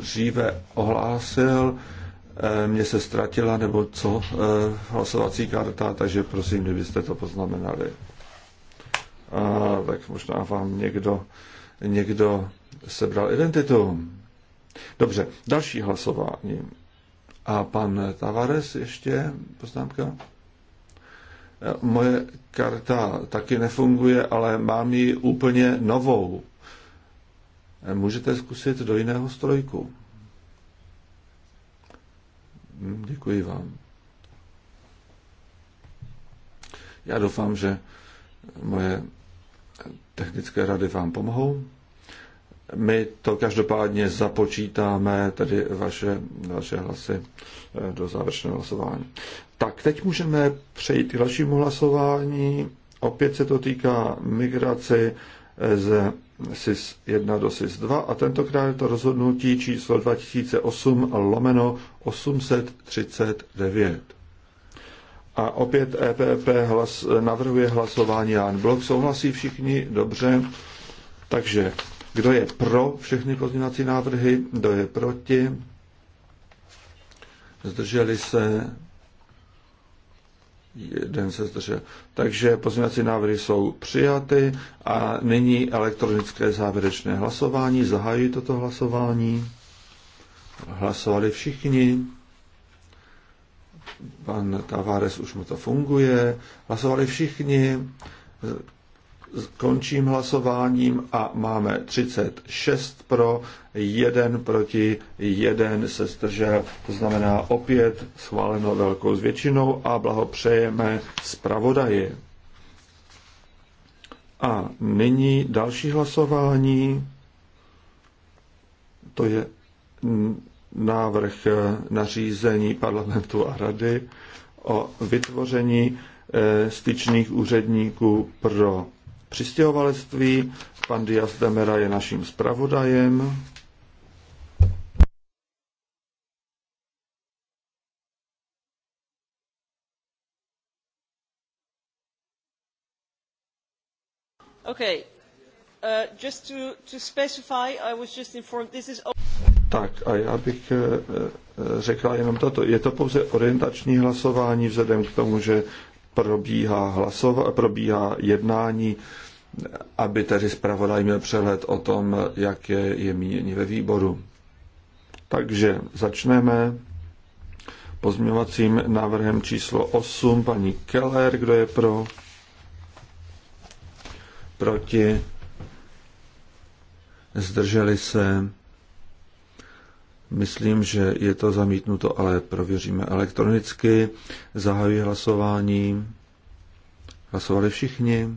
dříve ohlásil, eh, mě se ztratila nebo co eh, hlasovací karta, takže prosím, kdybyste to poznamenali. A, tak možná vám někdo, někdo sebral identitu. Dobře, další hlasování. A pan Tavares ještě poznámka? Eh, moje karta taky nefunguje, ale mám ji úplně novou můžete zkusit do jiného strojku. Hm, děkuji vám. Já doufám, že moje technické rady vám pomohou. My to každopádně započítáme, tedy vaše, vaše hlasy eh, do závěrečného hlasování. Tak, teď můžeme přejít k dalšímu hlasování. Opět se to týká migraci ze. SIS 1 do SIS 2 a tentokrát je to rozhodnutí číslo 2008 lomeno 839. A opět EPP hlas, navrhuje hlasování Jan Blok. Souhlasí všichni? Dobře. Takže kdo je pro všechny pozměňovací návrhy? Kdo je proti? Zdrželi se? jeden se zdržel. Takže pozměňovací návrhy jsou přijaty a nyní elektronické závěrečné hlasování. Zahajuji toto hlasování. Hlasovali všichni. Pan Tavares už mu to funguje. Hlasovali všichni. Končím hlasováním a máme 36 pro, 1 proti, 1 se zdržel. To znamená opět schváleno velkou zvětšinou a blahopřejeme zpravodaji. A nyní další hlasování. To je návrh eh, nařízení parlamentu a rady o vytvoření eh, styčných úředníků pro přistěhovalectví. Pan Dias Demera je naším zpravodajem. Okay. Uh, just to, to Tak a já bych eh, eh, řekla jenom toto. Je to pouze orientační hlasování vzhledem k tomu, že probíhá, hlasov, probíhá jednání, aby tedy zpravodaj měl přehled o tom, jak je, je mínění ve výboru. Takže začneme pozměňovacím návrhem číslo 8, paní Keller, kdo je pro, proti, zdrželi se, Myslím, že je to zamítnuto, ale prověříme elektronicky. Zahajuji hlasování. Hlasovali všichni.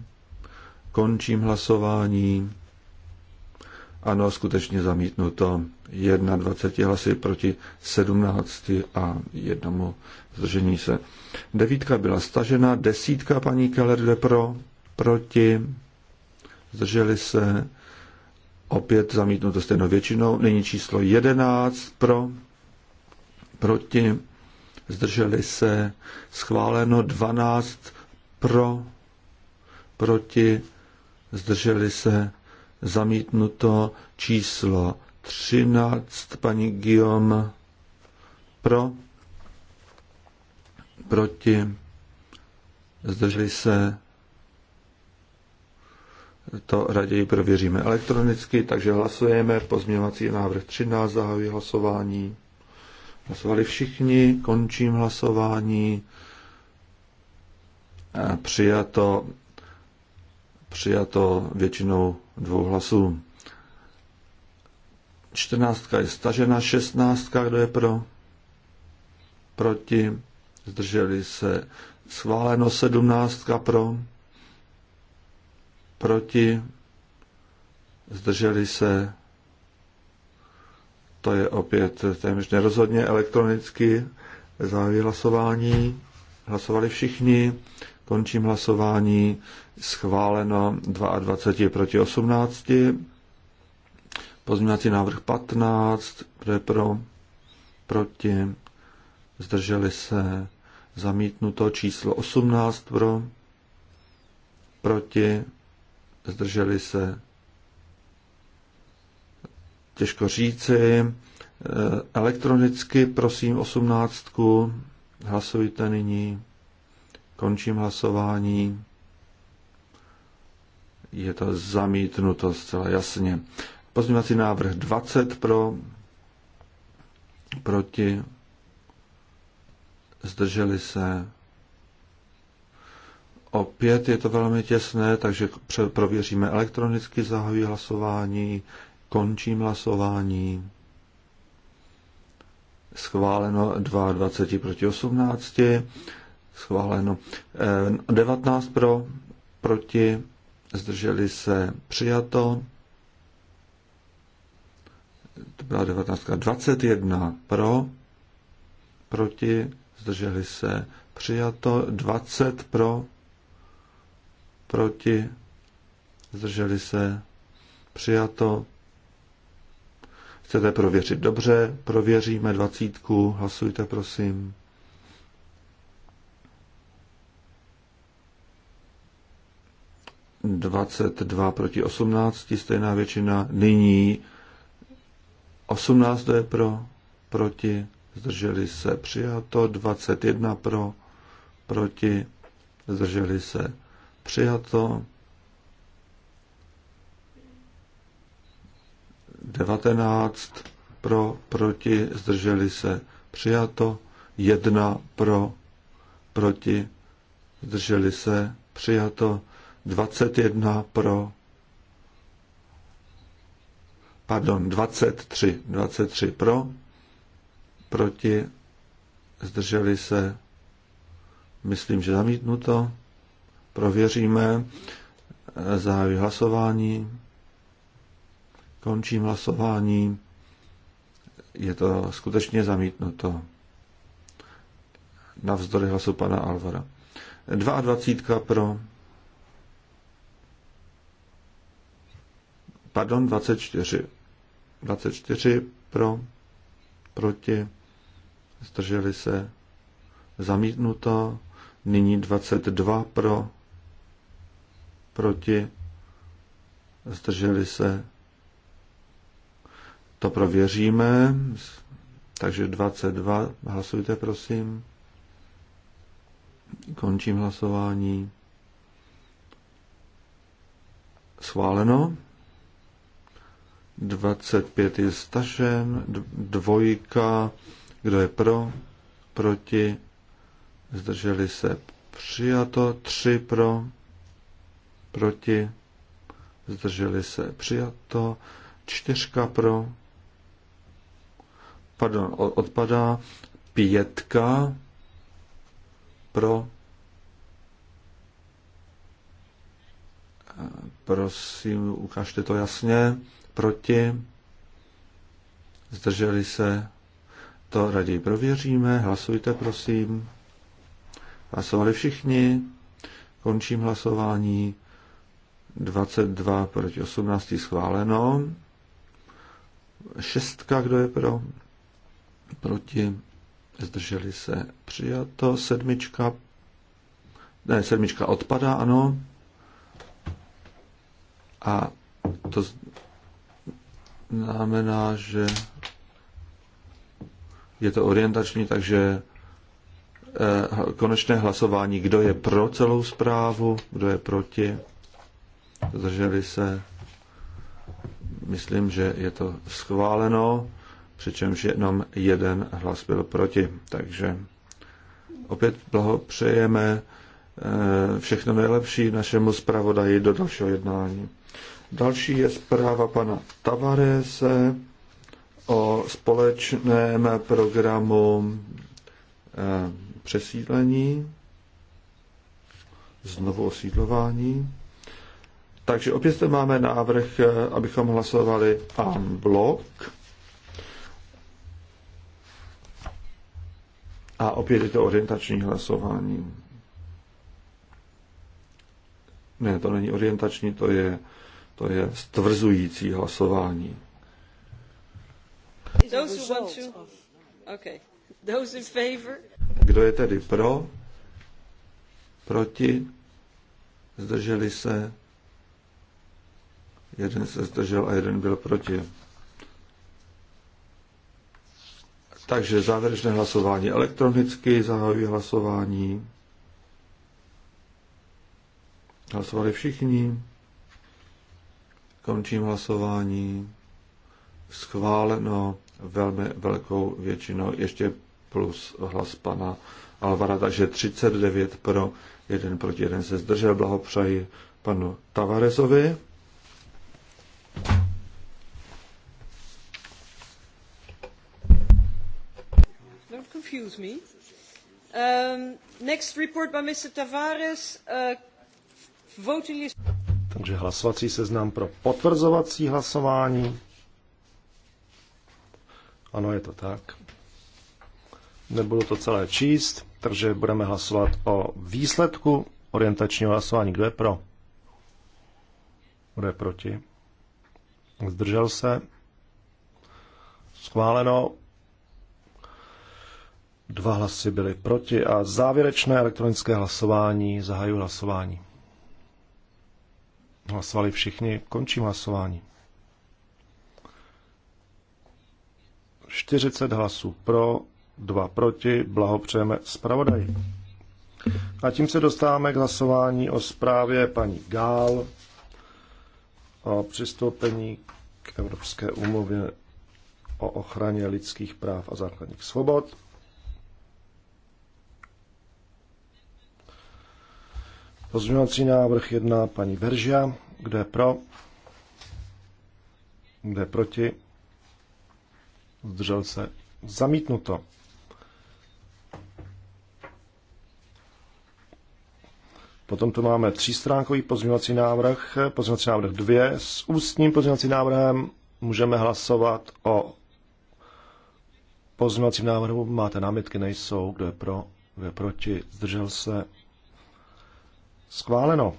Končím hlasování. Ano, skutečně zamítnuto. 21 hlasy proti 17 a jednomu zdržení se. Devítka byla stažena, desítka paní Keller jde pro, proti, zdrželi se, opět zamítnuto stejnou většinou. Nyní číslo 11 pro, proti, zdrželi se, schváleno 12 pro, proti, zdrželi se, zamítnuto číslo 13, paní Guillaume, pro, proti, zdrželi se, to raději prověříme elektronicky, takže hlasujeme pozměňovací návrh 13, zahajuji hlasování. Hlasovali všichni, končím hlasování. Přijato, přijato většinou dvou hlasů. 14 je stažena, 16, kdo je pro? Proti, zdrželi se. Schváleno 17 pro proti, zdrželi se, to je opět téměř nerozhodně elektronicky, zahájí hlasování, hlasovali všichni, končím hlasování, schváleno 22 proti 18, pozměňovací návrh 15, kdo je pro, proti, zdrželi se, zamítnuto číslo 18 pro, proti, zdrželi se, těžko říci, e, elektronicky prosím osmnáctku, hlasujte nyní, končím hlasování, je to zamítnuto zcela jasně. Pozměňovací návrh 20 pro, proti, zdrželi se, Opět je to velmi těsné, takže prověříme elektronicky zahajuji hlasování, končím hlasování. Schváleno 22 proti 18, schváleno 19 eh, pro, proti, zdrželi se přijato, to byla 19, 21 pro, proti, zdrželi se přijato, 20 pro, proti, zdrželi se, přijato. Chcete prověřit dobře, prověříme dvacítku, hlasujte prosím. Dvacet dva proti osmnácti, stejná většina. Nyní osmnáct je pro, proti, zdrželi se přijato, Dvacet jedna pro, proti, zdrželi se Přijato 19 pro, proti, zdrželi se. Přijato 1 pro, proti, zdrželi se. Přijato 21 pro, pardon, 23, 23 pro, proti, zdrželi se, myslím, že zamítnuto. Prověříme. Zahajuji hlasování. Končím hlasování. Je to skutečně zamítnuto. na vzdory hlasu pana Alvara. 22 pro. Pardon, 24. 24 pro, proti, zdrželi se, zamítnuto, nyní 22 pro, proti, zdrželi se. To prověříme, takže 22, hlasujte prosím. Končím hlasování. Schváleno. 25 je stažen, dvojka, kdo je pro, proti, zdrželi se přijato, 3 pro, proti, zdrželi se přijato, čtyřka pro, pardon, odpadá, pětka pro, prosím, ukážte to jasně, proti, zdrželi se, to raději prověříme, hlasujte prosím. Hlasovali všichni, končím hlasování, 22 proti 18 schváleno. Šestka, kdo je pro? Proti. Zdrželi se přijato. Sedmička. Ne, sedmička odpadá, ano. A to znamená, že je to orientační, takže eh, konečné hlasování, kdo je pro celou zprávu, kdo je proti zdrželi se, myslím, že je to schváleno, přičemž jenom jeden hlas byl proti. Takže opět blahopřejeme eh, všechno nejlepší našemu zpravodaji do dalšího jednání. Další je zpráva pana Tavarese o společném programu eh, přesídlení, znovu osídlování. Takže opět zde máme návrh, eh, abychom hlasovali en bloc. A opět je to orientační hlasování. Ne, to není orientační, to je, to je stvrzující hlasování. Kdo je tedy pro? Proti? Zdrželi se? jeden se zdržel a jeden byl proti. Takže závěrečné hlasování elektronicky, zahajují hlasování. Hlasovali všichni. Končím hlasování. Schváleno velmi velkou většinou, ještě plus hlas pana Alvara, takže 39 pro, jeden proti jeden se zdržel. Blahopřeji panu Tavaresovi. confuse me. Um, next report by Mr. Tavares. Uh, voting list. Takže hlasovací seznam pro potvrzovací hlasování. Ano, je to tak. Nebudu to celé číst, takže budeme hlasovat o výsledku orientačního hlasování. Kdo je pro? Kdo je proti? Zdržel se? Schváleno Dva hlasy byly proti a závěrečné elektronické hlasování zahaju hlasování. Hlasovali všichni, končím hlasování. 40 hlasů pro, 2 proti, blahopřejeme zpravodaji. A tím se dostáváme k hlasování o zprávě paní Gál o přistoupení k Evropské úmluvě o ochraně lidských práv a základních svobod. Pozměňovací návrh jedna, paní Beržia, Kdo je pro? Kdo je proti? Zdržel se. Zamítnuto. Potom tu máme třístránkový pozměňovací návrh, pozměňovací návrh 2. S ústním pozměňovacím návrhem můžeme hlasovat o pozměňovacím návrhu. Máte námitky, nejsou. Kdo je pro? Kdo je proti? Zdržel se? Schváleno.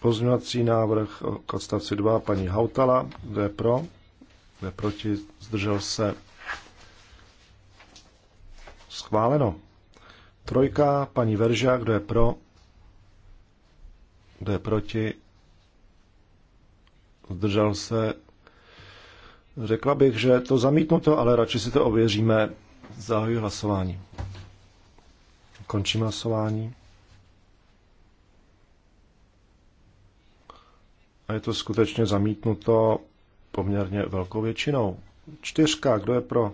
Pozměňovací návrh k odstavci 2 paní Hautala, kdo je pro, kdo je proti, zdržel se. Schváleno. Trojka, paní Verža, kdo je pro, kdo je proti, zdržel se, Řekla bych, že to zamítnuto, ale radši si to ověříme. Zahajuji hlasování. Končím hlasování. A je to skutečně zamítnuto poměrně velkou většinou. Čtyřka, kdo je pro?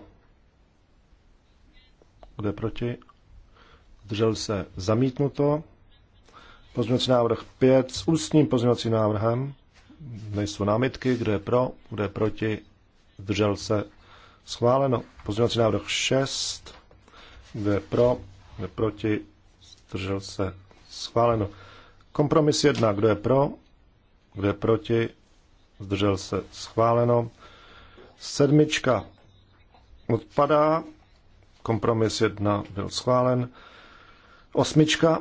Kdo je proti? Držel se zamítnuto. Pozměňovací návrh 5 s ústním pozměňovacím návrhem. Nejsou námitky, kdo je pro, kdo je proti, zdržel se, schváleno. Pozměňovací návrh 6, kdo je pro, kdo je proti, zdržel se, schváleno. Kompromis 1, kdo je pro, kdo je proti, zdržel se, schváleno. Sedmička odpadá, kompromis 1 byl schválen. Osmička,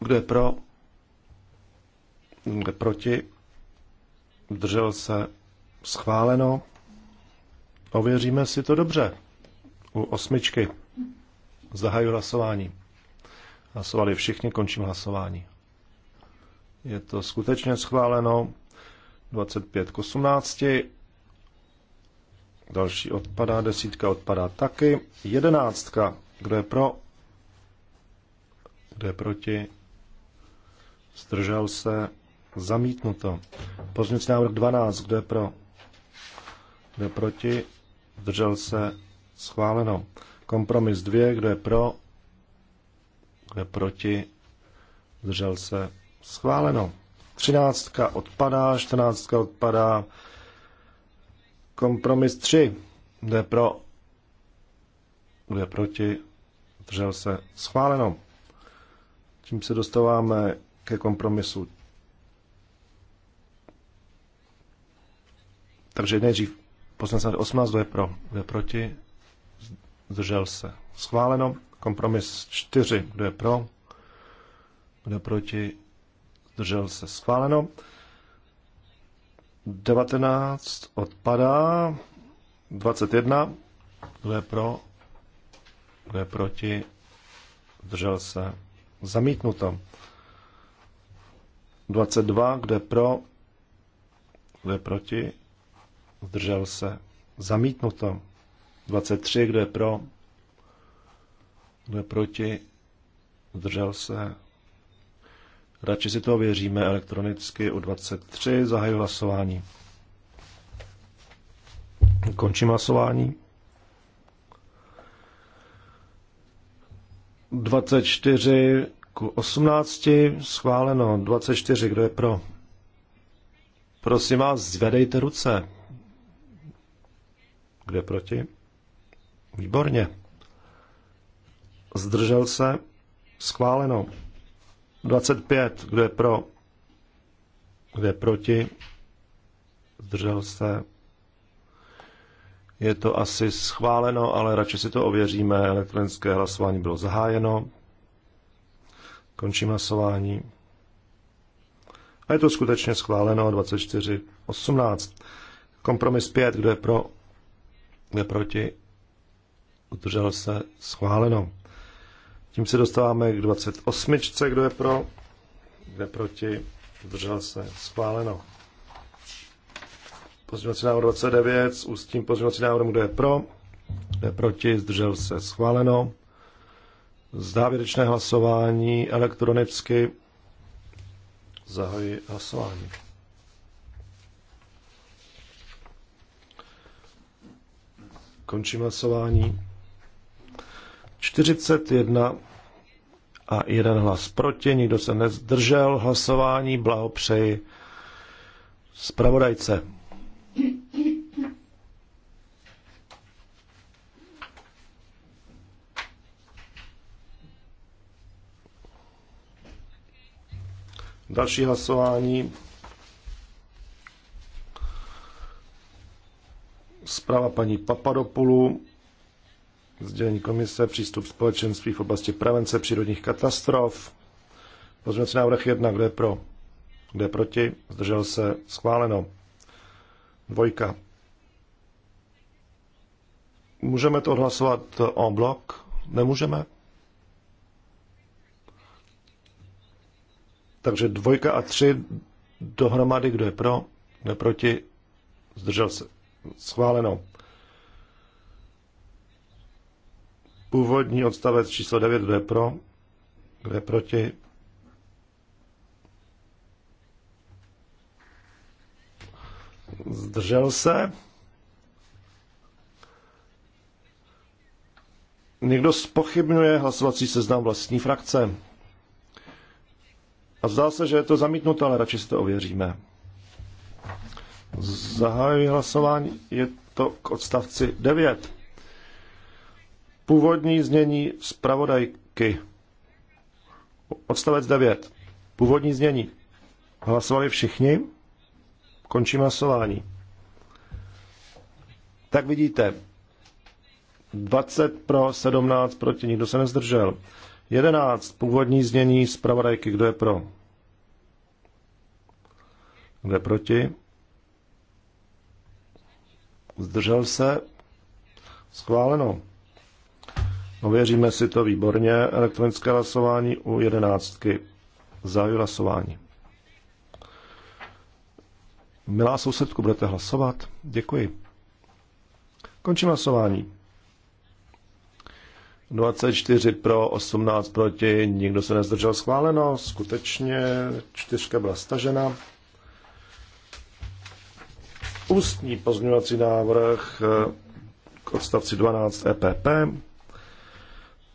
kdo je pro, kdo je proti, zdržel se, schváleno. Ověříme si to dobře. U osmičky. Zahaju hlasování. Hlasovali všichni, končím hlasování. Je to skutečně schváleno. 25 k 18. Další odpadá, desítka odpadá taky. Jedenáctka. Kdo je pro? Kdo je proti? Zdržel se. Zamítnuto. Pozměňovací návrh 12. Kdo je pro? Kdo je proti? zdržel se, schváleno. Kompromis 2, kdo je pro, kdo je proti, zdržel se, schváleno. 13 odpadá, 14 odpadá, kompromis 3, kdo je pro, kdo je proti, zdržel se, schváleno. Tím se dostáváme ke kompromisu. Takže nejdřív Poslanec 18, kdo je pro, kdo je proti, zdržel se. Schváleno. Kompromis 4, kdo je pro, kdo je proti, zdržel se. Schváleno. 19 odpadá. 21, kdo je pro, kdo je proti, zdržel se. Zamítnuto. 22, kdo je pro, kdo je proti, zdržel se, zamítnuto. 23, kdo je pro, kdo je proti, zdržel se. Radši si to věříme elektronicky u 23, zahajuji hlasování. Končím hlasování. 24 ku 18 schváleno. 24, kdo je pro? Prosím vás, zvedejte ruce. Kdo proti? Výborně. Zdržel se? Schváleno. 25. Kdo je pro? Kdo je proti? Zdržel se? Je to asi schváleno, ale radši si to ověříme. Elektronické hlasování bylo zahájeno. Končím hlasování. A je to skutečně schváleno 24, 18. Kompromis 5, kdo je pro, proti, udržel se, schváleno. Tím se dostáváme k 28. Kdo je pro? Kdo je proti? udržel se. Schváleno. Pozměňovací návrh 29 s ústím pozměňovacím návrhem. Kdo je pro? Kdo je proti? Zdržel se. Schváleno. Závěrečné hlasování elektronicky. Zahajuji hlasování. Končím hlasování. 41 a jeden hlas proti, nikdo se nezdržel hlasování, blahopřeji zpravodajce. Další hlasování Zpráva paní Papadopoulou, sdělení komise, přístup společenství v oblasti prevence přírodních katastrof. Pozměňovací návrh jedna, kde je pro, kde je proti, zdržel se, schváleno. Dvojka. Můžeme to odhlasovat o blok? Nemůžeme? Takže dvojka a tři dohromady, kdo je pro, kdo je proti, zdržel se, Schváleno. Původní odstavec číslo 9, kdo je pro, kdo je proti. Zdržel se. Někdo spochybňuje hlasovací seznam vlastní frakce. A zdá se, že je to zamítnuto, ale radši si to ověříme. Zahajuji hlasování, je to k odstavci 9. Původní znění zpravodajky. Odstavec 9. Původní znění. Hlasovali všichni. Končím hlasování. Tak vidíte, 20 pro, 17 proti, nikdo se nezdržel. 11. Původní znění zpravodajky, kdo je pro? Kdo je proti? zdržel se, schváleno. Ověříme si to výborně, elektronické hlasování u jedenáctky, zahajuji hlasování. Milá sousedku, budete hlasovat? Děkuji. Končím hlasování. 24 pro, 18 proti, nikdo se nezdržel schváleno, skutečně čtyřka byla stažena ústní pozměňovací návrh eh, k odstavci 12 EPP.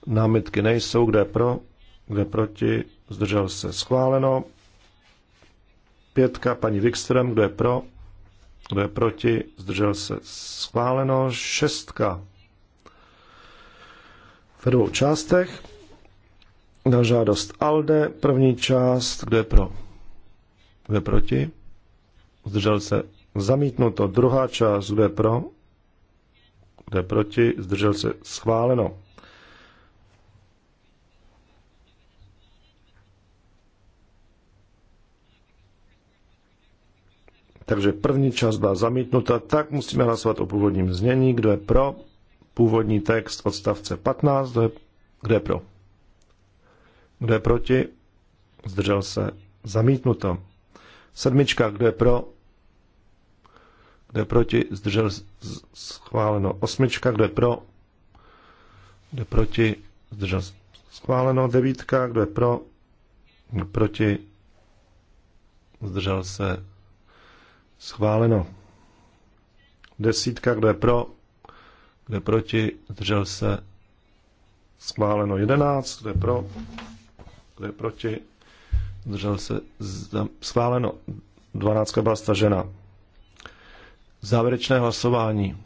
Námitky nejsou, kde pro, kde proti, zdržel se schváleno. Pětka paní Wikström, kde pro, kdo je proti, zdržel se schváleno. Šestka ve dvou částech. Na žádost ALDE, první část, kdo je pro, kdo je proti, zdržel se Zamítnuto. Druhá část, kdo je pro, kdo je proti, zdržel se schváleno. Takže první část byla zamítnuta, tak musíme hlasovat o původním znění. Kdo je pro? Původní text odstavce 15. Kdo je, kdo je pro? Kdo je proti? Zdržel se. Zamítnuto. Sedmička. Kdo je pro? je proti, zdržel schváleno. Osmička, je pro, je proti, zdržel schváleno. Devítka, je pro, je proti, zdržel se schváleno. Desítka, je pro, je proti, zdržel se schváleno. Jedenáct, je pro, je proti, zdržel se schváleno. Dvanáctka byla stažena. Závěrečné hlasování.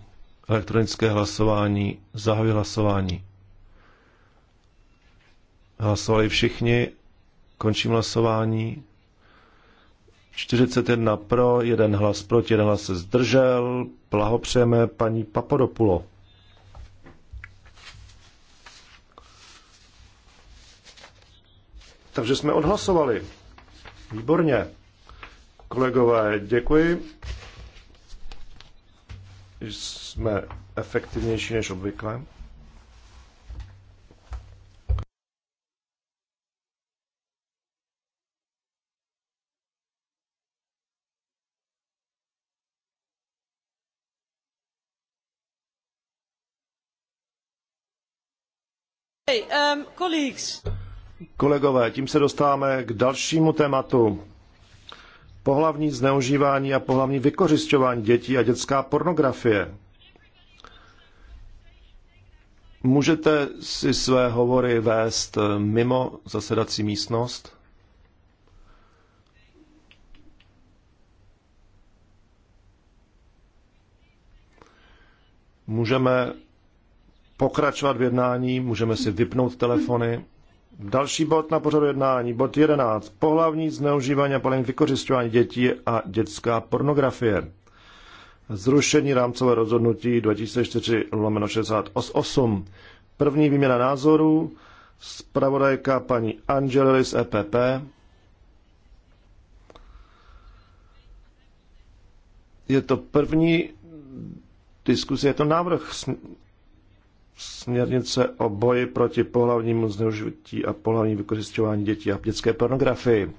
Elektronické hlasování. Zahajuji hlasování. Hlasovali všichni. Končím hlasování. 41 pro, jeden hlas proti, jeden hlas se zdržel. Blahopřejeme paní Papodopulo. Takže jsme odhlasovali. Výborně. Kolegové, děkuji jsme efektivnější než obvykle. Um, Kolegové, tím se dostáváme k dalšímu tématu pohlavní zneužívání a pohlavní vykořišťování dětí a dětská pornografie. Můžete si své hovory vést eh, mimo zasedací místnost? Můžeme pokračovat v jednání, můžeme si vypnout telefony. Další bod na pořadu jednání, bod 11. Pohlavní zneužívání a palení vykořišťování dětí a dětská pornografie. Zrušení rámcové rozhodnutí 2004 68. První výměna názorů. Spravodajka paní Angelis EPP. Je to první diskuse, je to návrh směrnice o boji proti pohlavnímu zneužití a pohlavnímu vykořišťování dětí a dětské pornografii.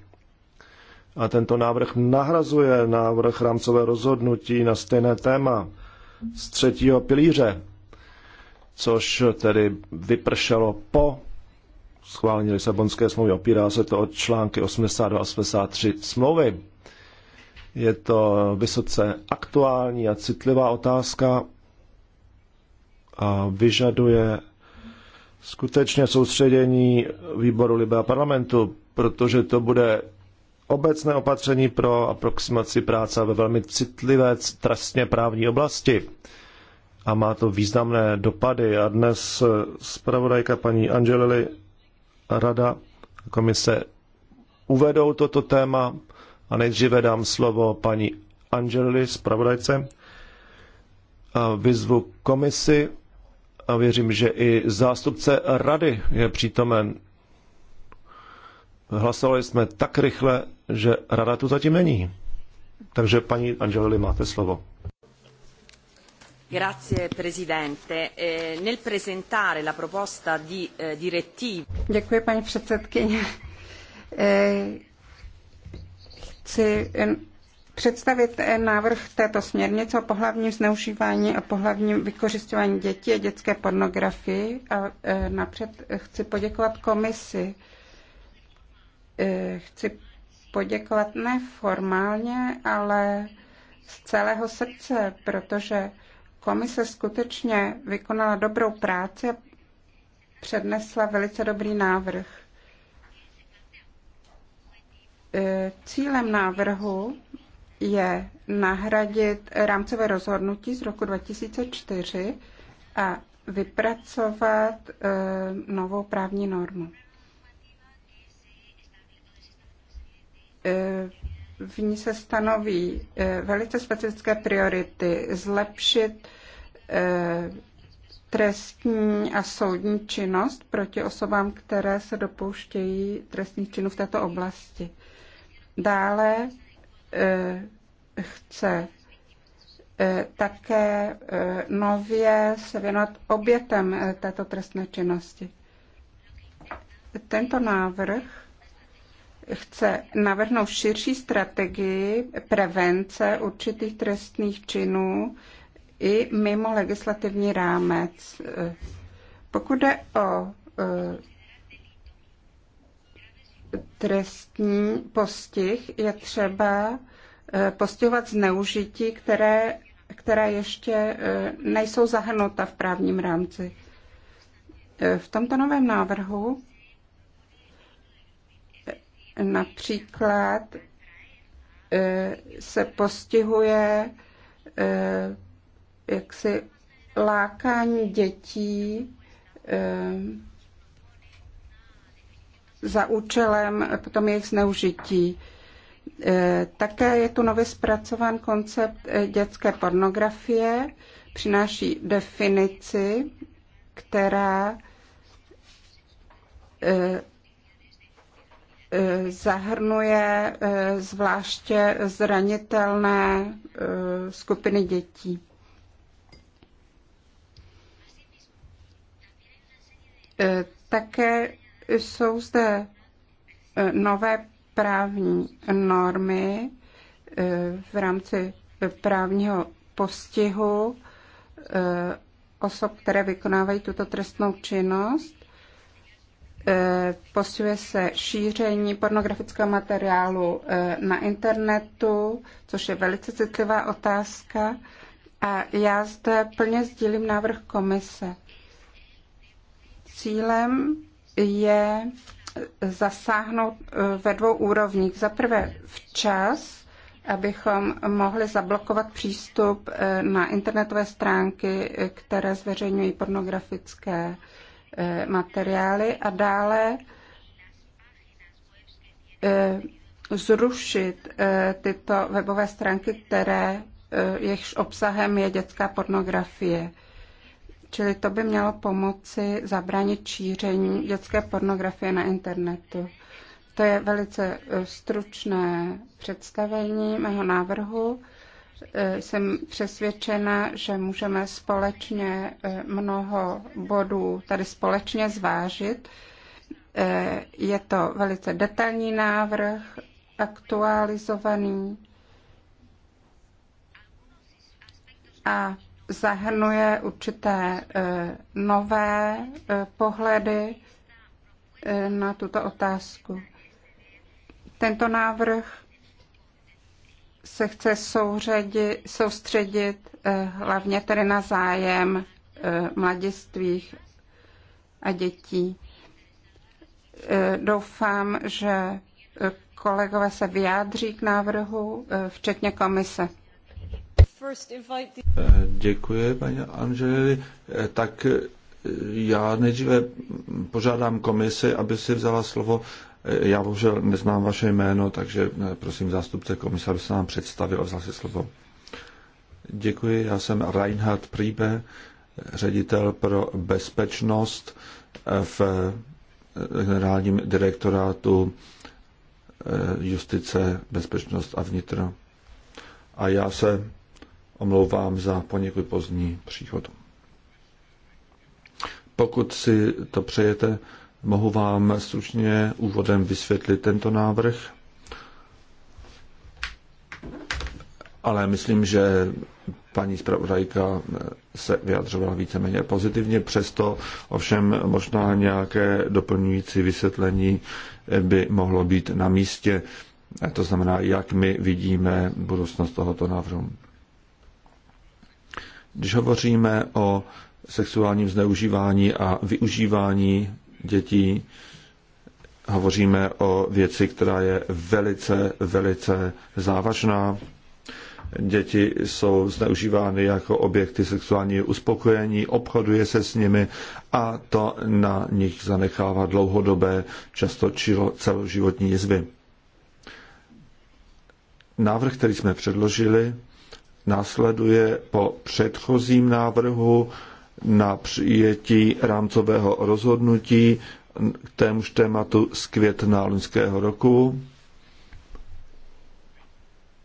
A tento návrh nahrazuje návrh rámcové rozhodnutí na stejné téma z třetího pilíře, což tedy vypršelo po schválení Lisabonské smlouvy. Opírá se to od články 82 a 83 smlouvy. Je to vysoce aktuální a citlivá otázka, a vyžaduje skutečně soustředění výboru a parlamentu, protože to bude obecné opatření pro aproximaci práce ve velmi citlivé trestně právní oblasti. A má to významné dopady. A dnes zpravodajka paní Angelili Rada komise uvedou toto téma. A nejdříve dám slovo paní Angelili, zpravodajce, a vyzvu komisi, a věřím, že i zástupce rady je přítomen. Hlasovali jsme tak rychle, že rada tu zatím není. Takže paní Angelili, máte slovo. Eh, eh, Děkuji paní předsedkyně. Eh, chci představit návrh této směrnice o pohlavním zneužívání a pohlavním vykořišťování dětí a dětské pornografii. A e, napřed chci poděkovat komisi. E, chci poděkovat ne formálně, ale z celého srdce, protože komise skutečně vykonala dobrou práci a přednesla velice dobrý návrh. E, cílem návrhu je nahradit rámcové rozhodnutí z roku 2004 a vypracovat eh, novou právní normu. Eh, v ní se stanoví eh, velice specifické priority zlepšit trestní a soudní činnost proti osobám, které se dopouštějí trestných činů v této oblasti. Dále Eh, chce eh, také eh, nově se věnovat obětem této trestné činnosti. Tento návrh chce navrhnout širší strategii prevence určitých trestných činů i mimo legislativní rámec. Pokud jde o trestní postih je třeba eh, postihovat zneužití, které, které ještě eh, nejsou zahrnuta v právním rámci. Eh, v tomto novém návrhu například se postihuje jaksi lákání dětí za účelem potom jejich zneužití. E, také je tu nově zpracován koncept e, dětské pornografie, přináší definici, která e, zahrnuje zvláště zranitelné skupiny dětí. Také jsou zde eh, nové právní normy eh, v rámci právního postihu eh, osob, které vykonávají tuto trestnou činnost. Posuje se šíření pornografického materiálu na internetu, což je velice citlivá otázka. A já zde plně sdílím návrh komise. Cílem je zasáhnout e, ve dvou úrovních. Za prvé včas, abychom mohli zablokovat přístup e, na internetové stránky, e, které zveřejňují pornografické materiály a dále zrušit tyto webové stránky, které jejichž obsahem je dětská pornografie. Čili to by mělo pomoci zabránit šíření dětské pornografie na internetu. To je velice eh, stručné představení mého návrhu. Eh, jsem přesvědčena, že můžeme společně eh, mnoho bodů tady společně zvážit. Je to velice detailní návrh, aktualizovaný. A zahrnuje určité eh, nové eh, pohledy eh, na tuto otázku. Tento návrh se chce souředit, soustředit hlavně tedy na zájem mladistvých a dětí. Doufám, že kolegové se vyjádří k návrhu, včetně komise. Eh, děkuji, paní Anželi. Eh, tak eh, já nejdříve požádám komisi, aby si vzala slovo. Já bohužel neznám vaše jméno, takže prosím zástupce komise, aby se nám představil a vzal si slovo. Děkuji, já jsem Reinhard Príbe, ředitel pro bezpečnost v generálním direktorátu justice, bezpečnost a vnitro. A já se omlouvám za poněkud pozdní příchod. Pokud si to přejete, mohu vám stručně úvodem vysvětlit tento návrh, ale myslím, že paní zpravodajka se vyjadřovala víceméně pozitivně, přesto ovšem možná nějaké doplňující vysvětlení by mohlo být na místě. To znamená, jak my vidíme budoucnost tohoto návrhu. Když hovoříme o sexuálním zneužívání a využívání dětí, hovoříme o věci, která je velice, velice závažná. Děti jsou zneužívány jako objekty sexuálního uspokojení, obchoduje se s nimi a to na nich zanechává dlouhodobé, často celoživotní jizvy. Návrh, který jsme předložili, následuje po předchozím návrhu na přijetí rámcového rozhodnutí k témuž tématu z května loňského roku.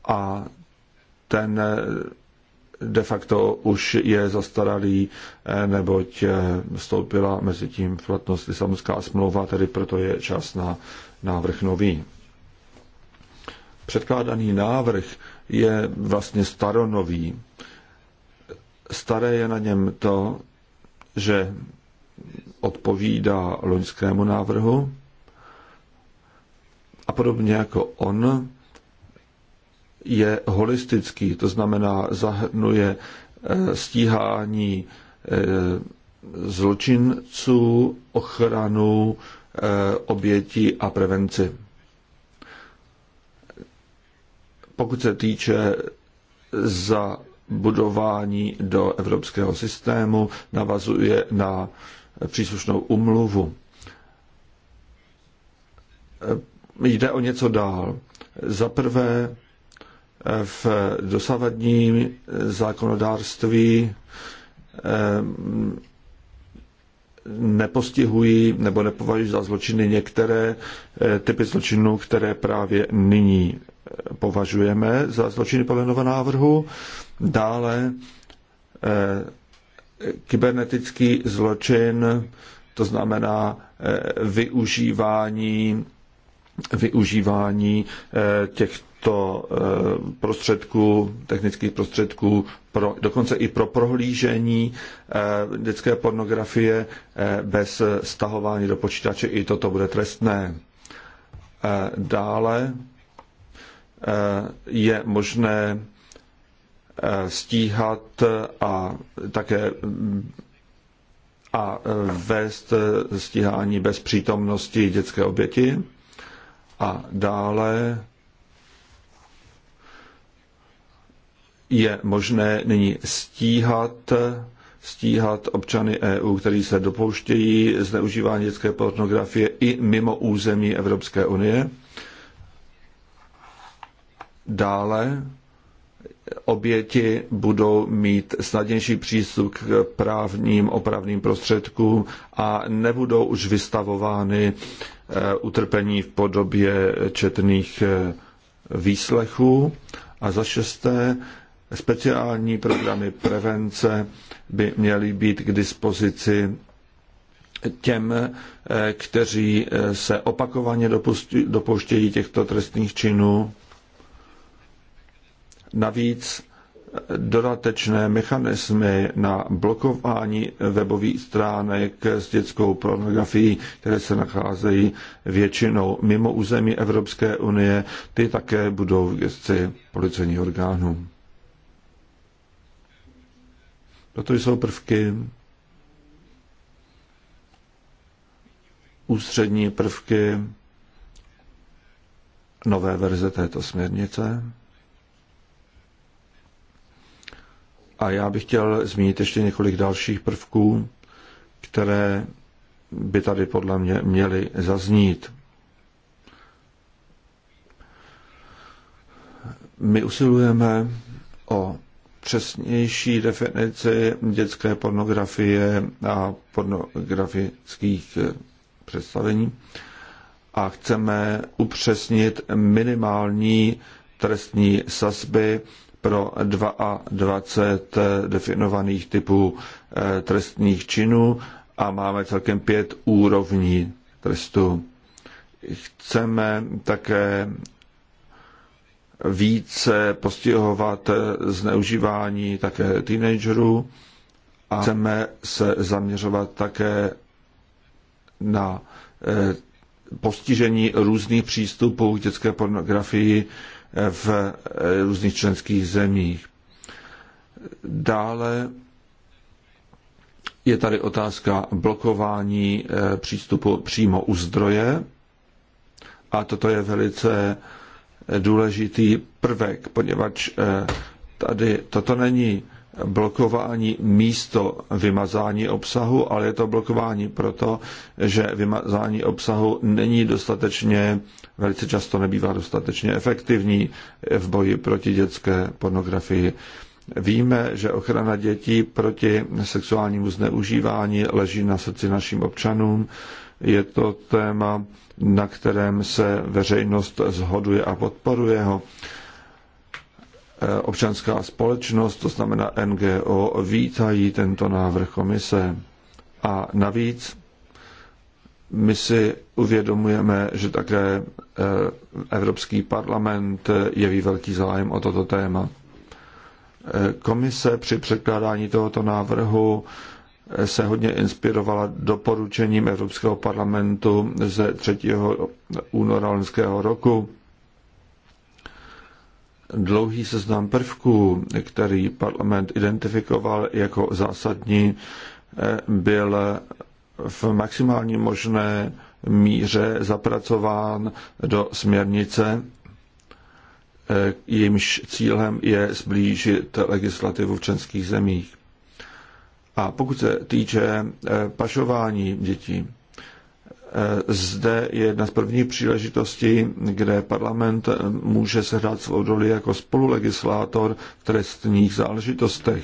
A ten eh, de facto už je zastaralý, eh, neboť eh, vstoupila mezi tím v platnost Lisabonská smlouva, tedy proto je čas na návrh nový. Předkládaný návrh je vlastně staronový. Staré je na něm to, že odpovídá loňskému návrhu a podobně jako on je holistický, to znamená zahrnuje e, stíhání e, zločinců, ochranu e, obětí a prevenci. pokud se týče za budování do evropského systému, navazuje na příslušnou umluvu. Jde o něco dál. Za prvé, v dosavadním zákonodárství ehm, nepostihují nebo nepovažují za zločiny některé eh, typy zločinů, které právě nyní považujeme za zločiny podle nového návrhu. Dále eh, kybernetický zločin, to znamená eh, využívání, využívání eh, těchto prostředků, technických prostředků, pro, dokonce i pro prohlížení dětské pornografie bez stahování do počítače, i toto bude trestné. Dále Eh, je možné eh, stíhat a také a eh, vést stíhání bez přítomnosti dětské oběti. A dále je možné nyní stíhat, stíhat občany EU, kteří se dopouštějí zneužívání dětské pornografie i mimo území Evropské unie. Dále oběti budou mít snadnější přístup k právním opravným prostředkům a nebudou už vystavovány eh, utrpení v podobě četných eh, výslechů. A za šesté, speciální programy prevence by měly být k dispozici těm, eh, kteří se opakovaně dopouštějí těchto trestných činů Navíc eh, dodatečné mechanismy na blokování webových stránek s dětskou pornografií, které se nacházejí většinou mimo území Evropské unie, ty také budou v gestci policejních orgánů. Toto jsou prvky ústřední prvky nové verze této směrnice. A já bych chtěl zmínit ještě několik dalších prvků, které by tady podle mě měly zaznít. My usilujeme o přesnější definici dětské pornografie a pornografických eh, představení a chceme upřesnit minimální trestní sazby pro 22 definovaných typů eh, trestných činů a máme celkem pět úrovní trestu. Chceme také více postihovat eh, zneužívání také teenagerů a chceme se zaměřovat také na eh, postižení různých přístupů k dětské pornografii, v eh, různých členských zemích. Dále je tady otázka blokování eh, přístupu přímo u zdroje a toto je velice eh, důležitý prvek, poněvadž tady toto není blokování místo vymazání obsahu, ale je to blokování proto, že vymazání obsahu není dostatečně, velice často nebývá dostatečně efektivní v boji proti dětské pornografii. Víme, že ochrana dětí proti sexuálnímu zneužívání leží na srdci našim občanům. Je to téma, na kterém se veřejnost zhoduje a podporuje ho. Eh, občanská společnost, to znamená NGO, vítají tento návrh komise. A navíc my si uvědomujeme, že také eh, Evropský parlament jeví velký zájem o toto téma. Eh, komise při překládání tohoto návrhu se hodně inspirovala doporučením Evropského parlamentu ze 3. února loňského roku dlouhý seznam prvků, který parlament identifikoval jako zásadní, eh, byl v maximální možné míře zapracován do směrnice, eh, jejímž cílem je zblížit legislativu v členských zemích. A pokud se týče eh, pašování dětí, Eh, zde je jedna z prvních příležitostí, kde parlament eh, může sehrát svou roli jako spolulegislátor v trestních záležitostech.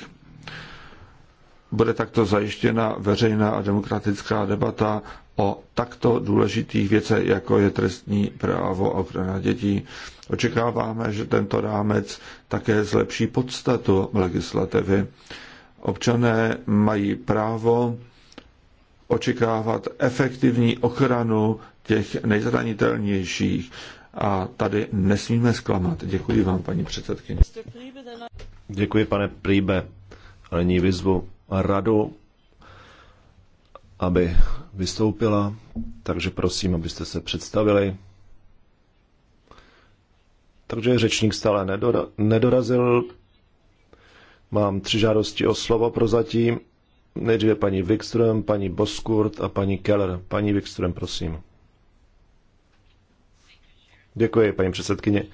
Bude takto zajištěna veřejná a demokratická debata o takto důležitých věcech, jako je trestní právo a ochrana dětí. Očekáváme, že tento rámec také zlepší podstatu legislativy. Občané mají právo očekávat efektivní ochranu těch nejzranitelnějších. A tady nesmíme zklamat. Děkuji vám, paní předsedkyně. Děkuji, pane Príbe. A nyní vyzvu radu, aby vystoupila. Takže prosím, abyste se představili. Takže řečník stále nedorazil. Mám tři žádosti o slovo prozatím Nejdříve paní Wikström, paní Boskurt a paní Keller. Paní Wikström, prosím. Děkuji, paní předsedkyně.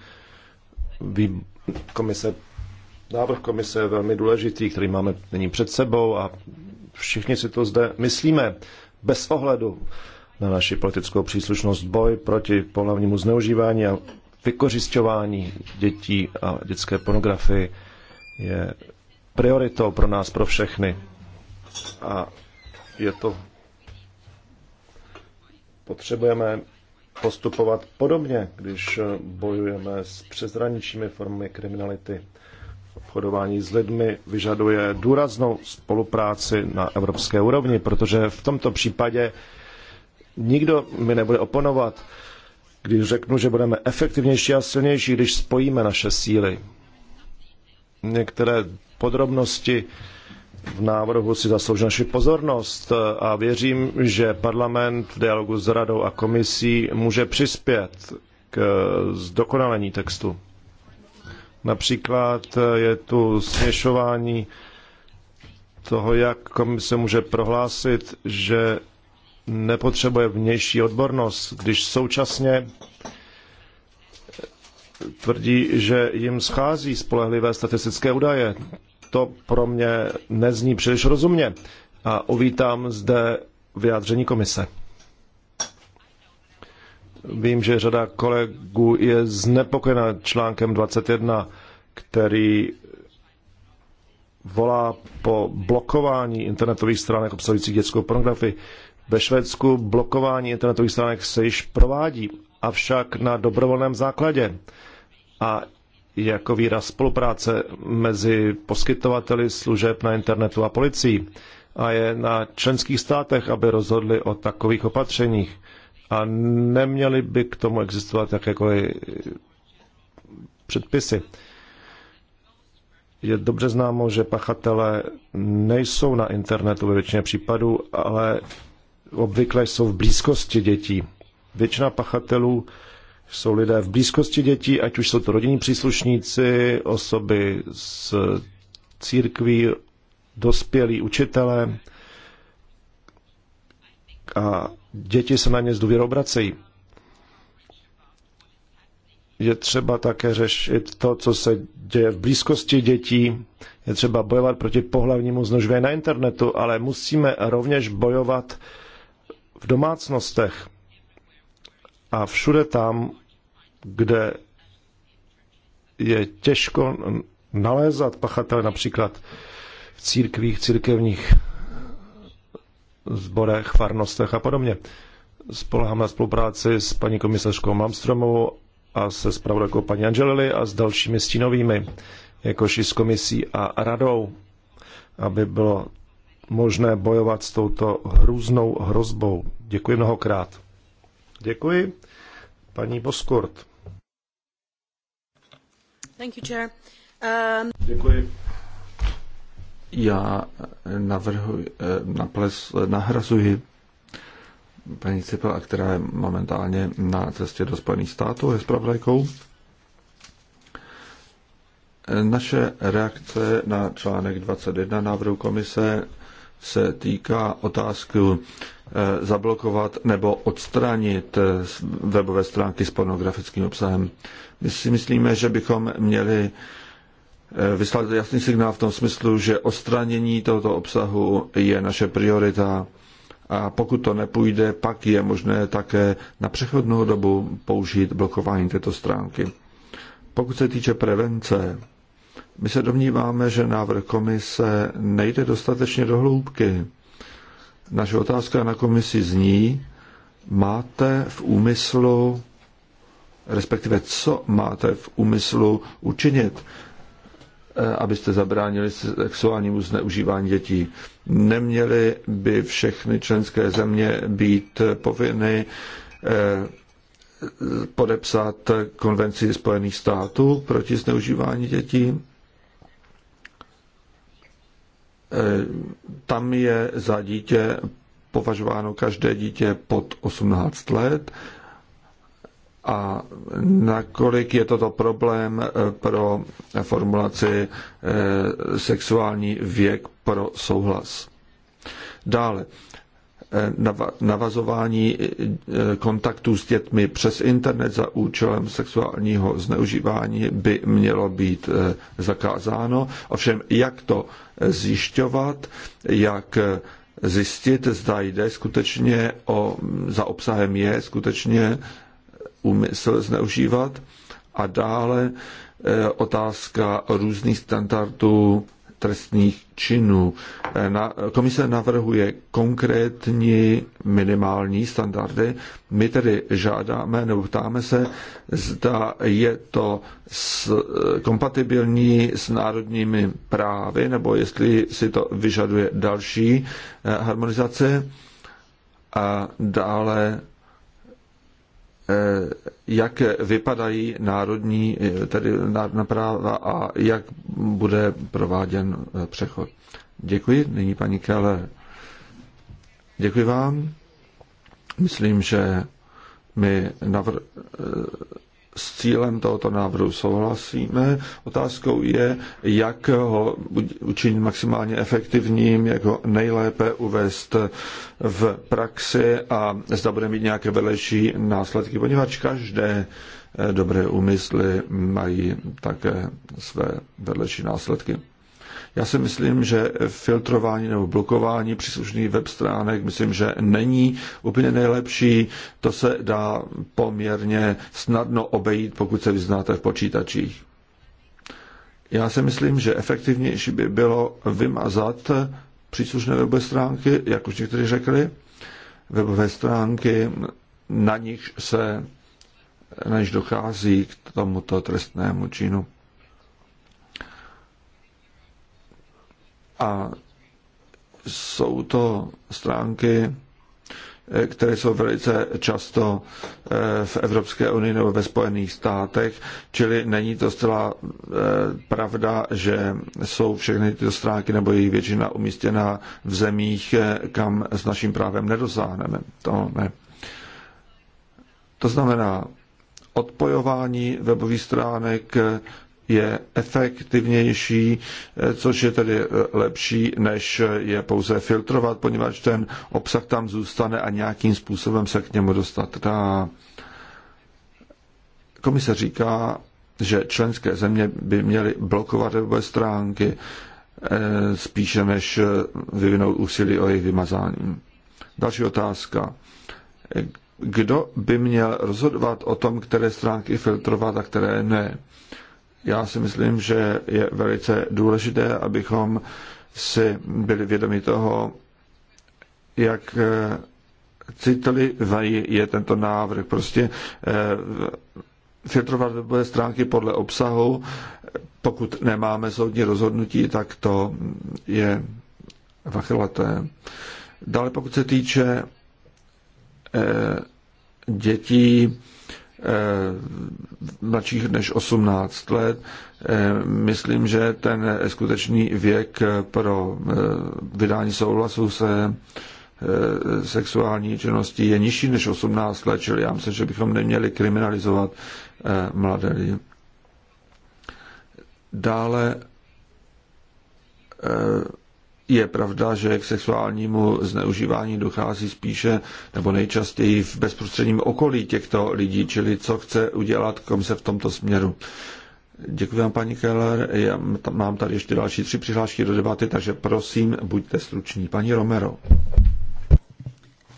Vy, komise, návrh komise je velmi důležitý, který máme nyní před sebou a všichni si to zde myslíme bez ohledu na naši politickou příslušnost boj proti pohlavnímu zneužívání a vykořišťování dětí a dětské pornografii je prioritou pro nás, pro všechny a je to potřebujeme postupovat podobně, když bojujeme s přezraničními formami kriminality. Obchodování s lidmi vyžaduje důraznou spolupráci na evropské úrovni, protože v tomto případě nikdo mi nebude oponovat, když řeknu, že budeme efektivnější a silnější, když spojíme naše síly. Některé podrobnosti v návrhu si zaslouží naši pozornost a věřím, že parlament v dialogu s radou a komisí může přispět k zdokonalení textu. Například je tu směšování toho, jak komise může prohlásit, že nepotřebuje vnější odbornost, když současně tvrdí, že jim schází spolehlivé statistické údaje to pro mě nezní příliš rozumně a uvítám zde vyjádření komise. Vím, že řada kolegů je znepokojena článkem 21, který volá po blokování internetových stránek obsahujících dětskou pornografii. Ve Švédsku blokování internetových stránek se již provádí, avšak na dobrovolném základě. A jako výraz spolupráce mezi poskytovateli služeb na internetu a policií. A je na členských státech, aby rozhodli o takových opatřeních. A neměly by k tomu existovat jakékoliv předpisy. Je dobře známo, že pachatele nejsou na internetu ve většině případů, ale obvykle jsou v blízkosti dětí. Většina pachatelů jsou lidé v blízkosti dětí, ať už jsou to rodinní příslušníci, osoby z církví, dospělí učitelé a děti se na ně z důvěru obracejí. Je třeba také řešit to, co se děje v blízkosti dětí. Je třeba bojovat proti pohlavnímu znožvě na internetu, ale musíme rovněž bojovat v domácnostech a všude tam, kde je těžko nalézat pachatele, například v církvích, církevních zborech, farnostech a podobně. Spolehám na spolupráci s paní komisařkou Malmstromovou a se zpravodajkou paní Angelili a s dalšími stínovými, jakož i s komisí a radou, aby bylo možné bojovat s touto hrůznou hrozbou. Děkuji mnohokrát. Děkuji. Paní Boskurt. Thank you, chair. Um... Děkuji. Já navrhuji, eh, naples, eh, nahrazuji paní Cipel, která je momentálně na cestě do Spojených států, je zpravodajkou. Eh, naše reakce na článek 21 návrhu komise se týká otázky eh, zablokovat nebo odstranit eh, webové stránky s pornografickým obsahem. My si myslíme, že bychom měli eh, vyslat jasný signál v tom smyslu, že odstranění tohoto obsahu je naše priorita a pokud to nepůjde, pak je možné také na přechodnou dobu použít blokování této stránky. Pokud se týče prevence, my se domníváme, že návrh komise nejde dostatečně do hloubky. Naše otázka na komisi zní, máte v úmyslu, respektive co máte v úmyslu učinit, eh, abyste zabránili sexuálnímu zneužívání dětí. Neměly by všechny členské země být povinny eh, podepsat konvenci Spojených států proti zneužívání dětí. Tam je za dítě považováno každé dítě pod 18 let a nakolik je toto problém eh, pro formulaci eh, sexuální věk pro souhlas. Dále, navazování e, kontaktů s dětmi přes internet za účelem sexuálního zneužívání by mělo být e, zakázáno. Ovšem, jak to e, zjišťovat, jak zjistit, zda jde skutečně o, za obsahem je skutečně úmysl zneužívat. A dále otázka různých standardů trestných činů. Eh, na, komise navrhuje konkrétní minimální standardy. My tedy žádáme nebo ptáme se, zda je to s, eh, kompatibilní s národními právy, nebo jestli si to vyžaduje další eh, harmonizace. A dále Eh, jak vypadají národní, eh, tedy národná práva a jak bude prováděn eh, přechod. Děkuji. Nyní paní Keller. Děkuji vám. Myslím, že my navr- s cílem tohoto návrhu souhlasíme. Otázkou je, jak ho učinit maximálně efektivním, jak ho nejlépe uvést v praxi a zda bude mít nějaké vedlejší následky, poněvadž každé dobré úmysly mají také své vedlejší následky. Já si myslím, že filtrování nebo blokování příslušných web stránek, myslím, že není úplně nejlepší. To se dá poměrně snadno obejít, pokud se vyznáte v počítačích. Já si myslím, že efektivnější by bylo vymazat příslušné webové stránky, jak už někteří řekli, webové stránky, na nich se, na nich dochází k tomuto trestnému činu. A jsou to stránky, eh, které jsou velice často eh, v Evropské unii nebo ve Spojených státech, čili není to zcela eh, pravda, že jsou všechny tyto stránky nebo jejich většina umístěna v zemích, kam s naším právem nedosáhneme. To ne. To znamená, odpojování webových stránek je efektivnější, eh, což je tedy eh, lepší, než eh, je pouze filtrovat, poněvadž ten obsah tam zůstane a nějakým způsobem se k němu dostat dá. Komise říká, že členské země by měly blokovat webové stránky spíše než vyvinout úsilí o jejich vymazání. Další otázka. Kdo by měl rozhodovat o tom, které stránky filtrovat a které ne? já si myslím, že je velice důležité, abychom si byli vědomi toho, jak eh, citlivý je tento návrh. Prostě eh, filtrovat webové stránky podle obsahu, pokud nemáme soudní rozhodnutí, tak to je vachylaté. Dále pokud se týče eh, dětí, Eh, mladších než 18 let. Eh, myslím, že ten skutečný věk pro eh, vydání souhlasu se sexuální činnosti je nižší než 18 let, čili já myslím, že bychom neměli kriminalizovat mladé lidi. Dále je pravda, že k sexuálnímu zneužívání dochází spíše nebo nejčastěji v bezprostředním okolí těchto lidí, čili co chce udělat komise v tomto směru. Děkuji vám, paní Keller. Já mám tady ještě další tři přihlášky do debaty, takže prosím, buďte struční. Paní Romero.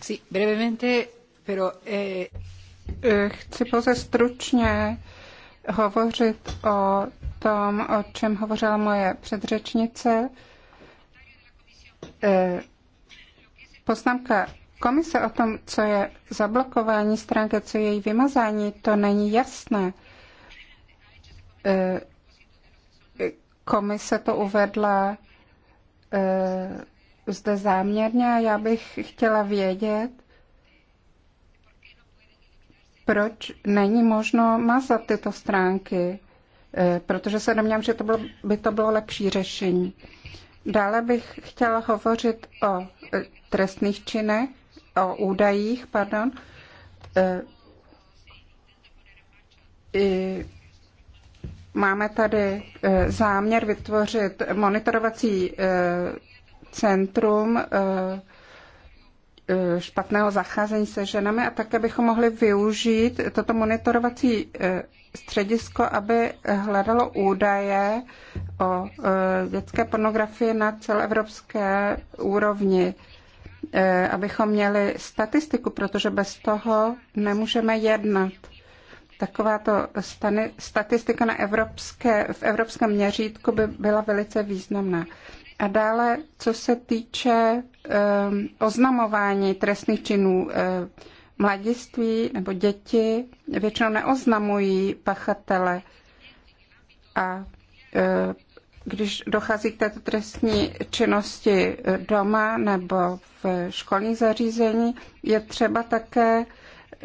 Sí, brevemente, pero, eh... eh chci pouze stručně hovořit o tom, o čem hovořila moje předřečnice. Eh, Eh, poznámka komise o tom, co je zablokování stránky, co je její vymazání, to není jasné. Eh, komise to uvedla eh, zde záměrně a já bych chtěla vědět, proč není možno mazat tyto stránky, protože se domnívám, že to bylo, by to bylo lepší řešení. Dále bych chtěla hovořit o e, trestných činech, o údajích, pardon. E, I máme tady e, záměr vytvořit monitorovací centrum špatného zacházení se ženami a také bychom mohli využít toto monitorovací středisko, aby hledalo údaje o e, dětské pornografii na celoevropské úrovni, e, abychom měli statistiku, protože bez toho nemůžeme jednat. Takováto statistika na evropské, v evropském měřítku by byla velice významná. A dále, co se týče um, oznamování trestných činů, um, mladiství nebo děti většinou neoznamují pachatele a um, když dochází k této trestní činnosti doma nebo v školní zařízení, je třeba také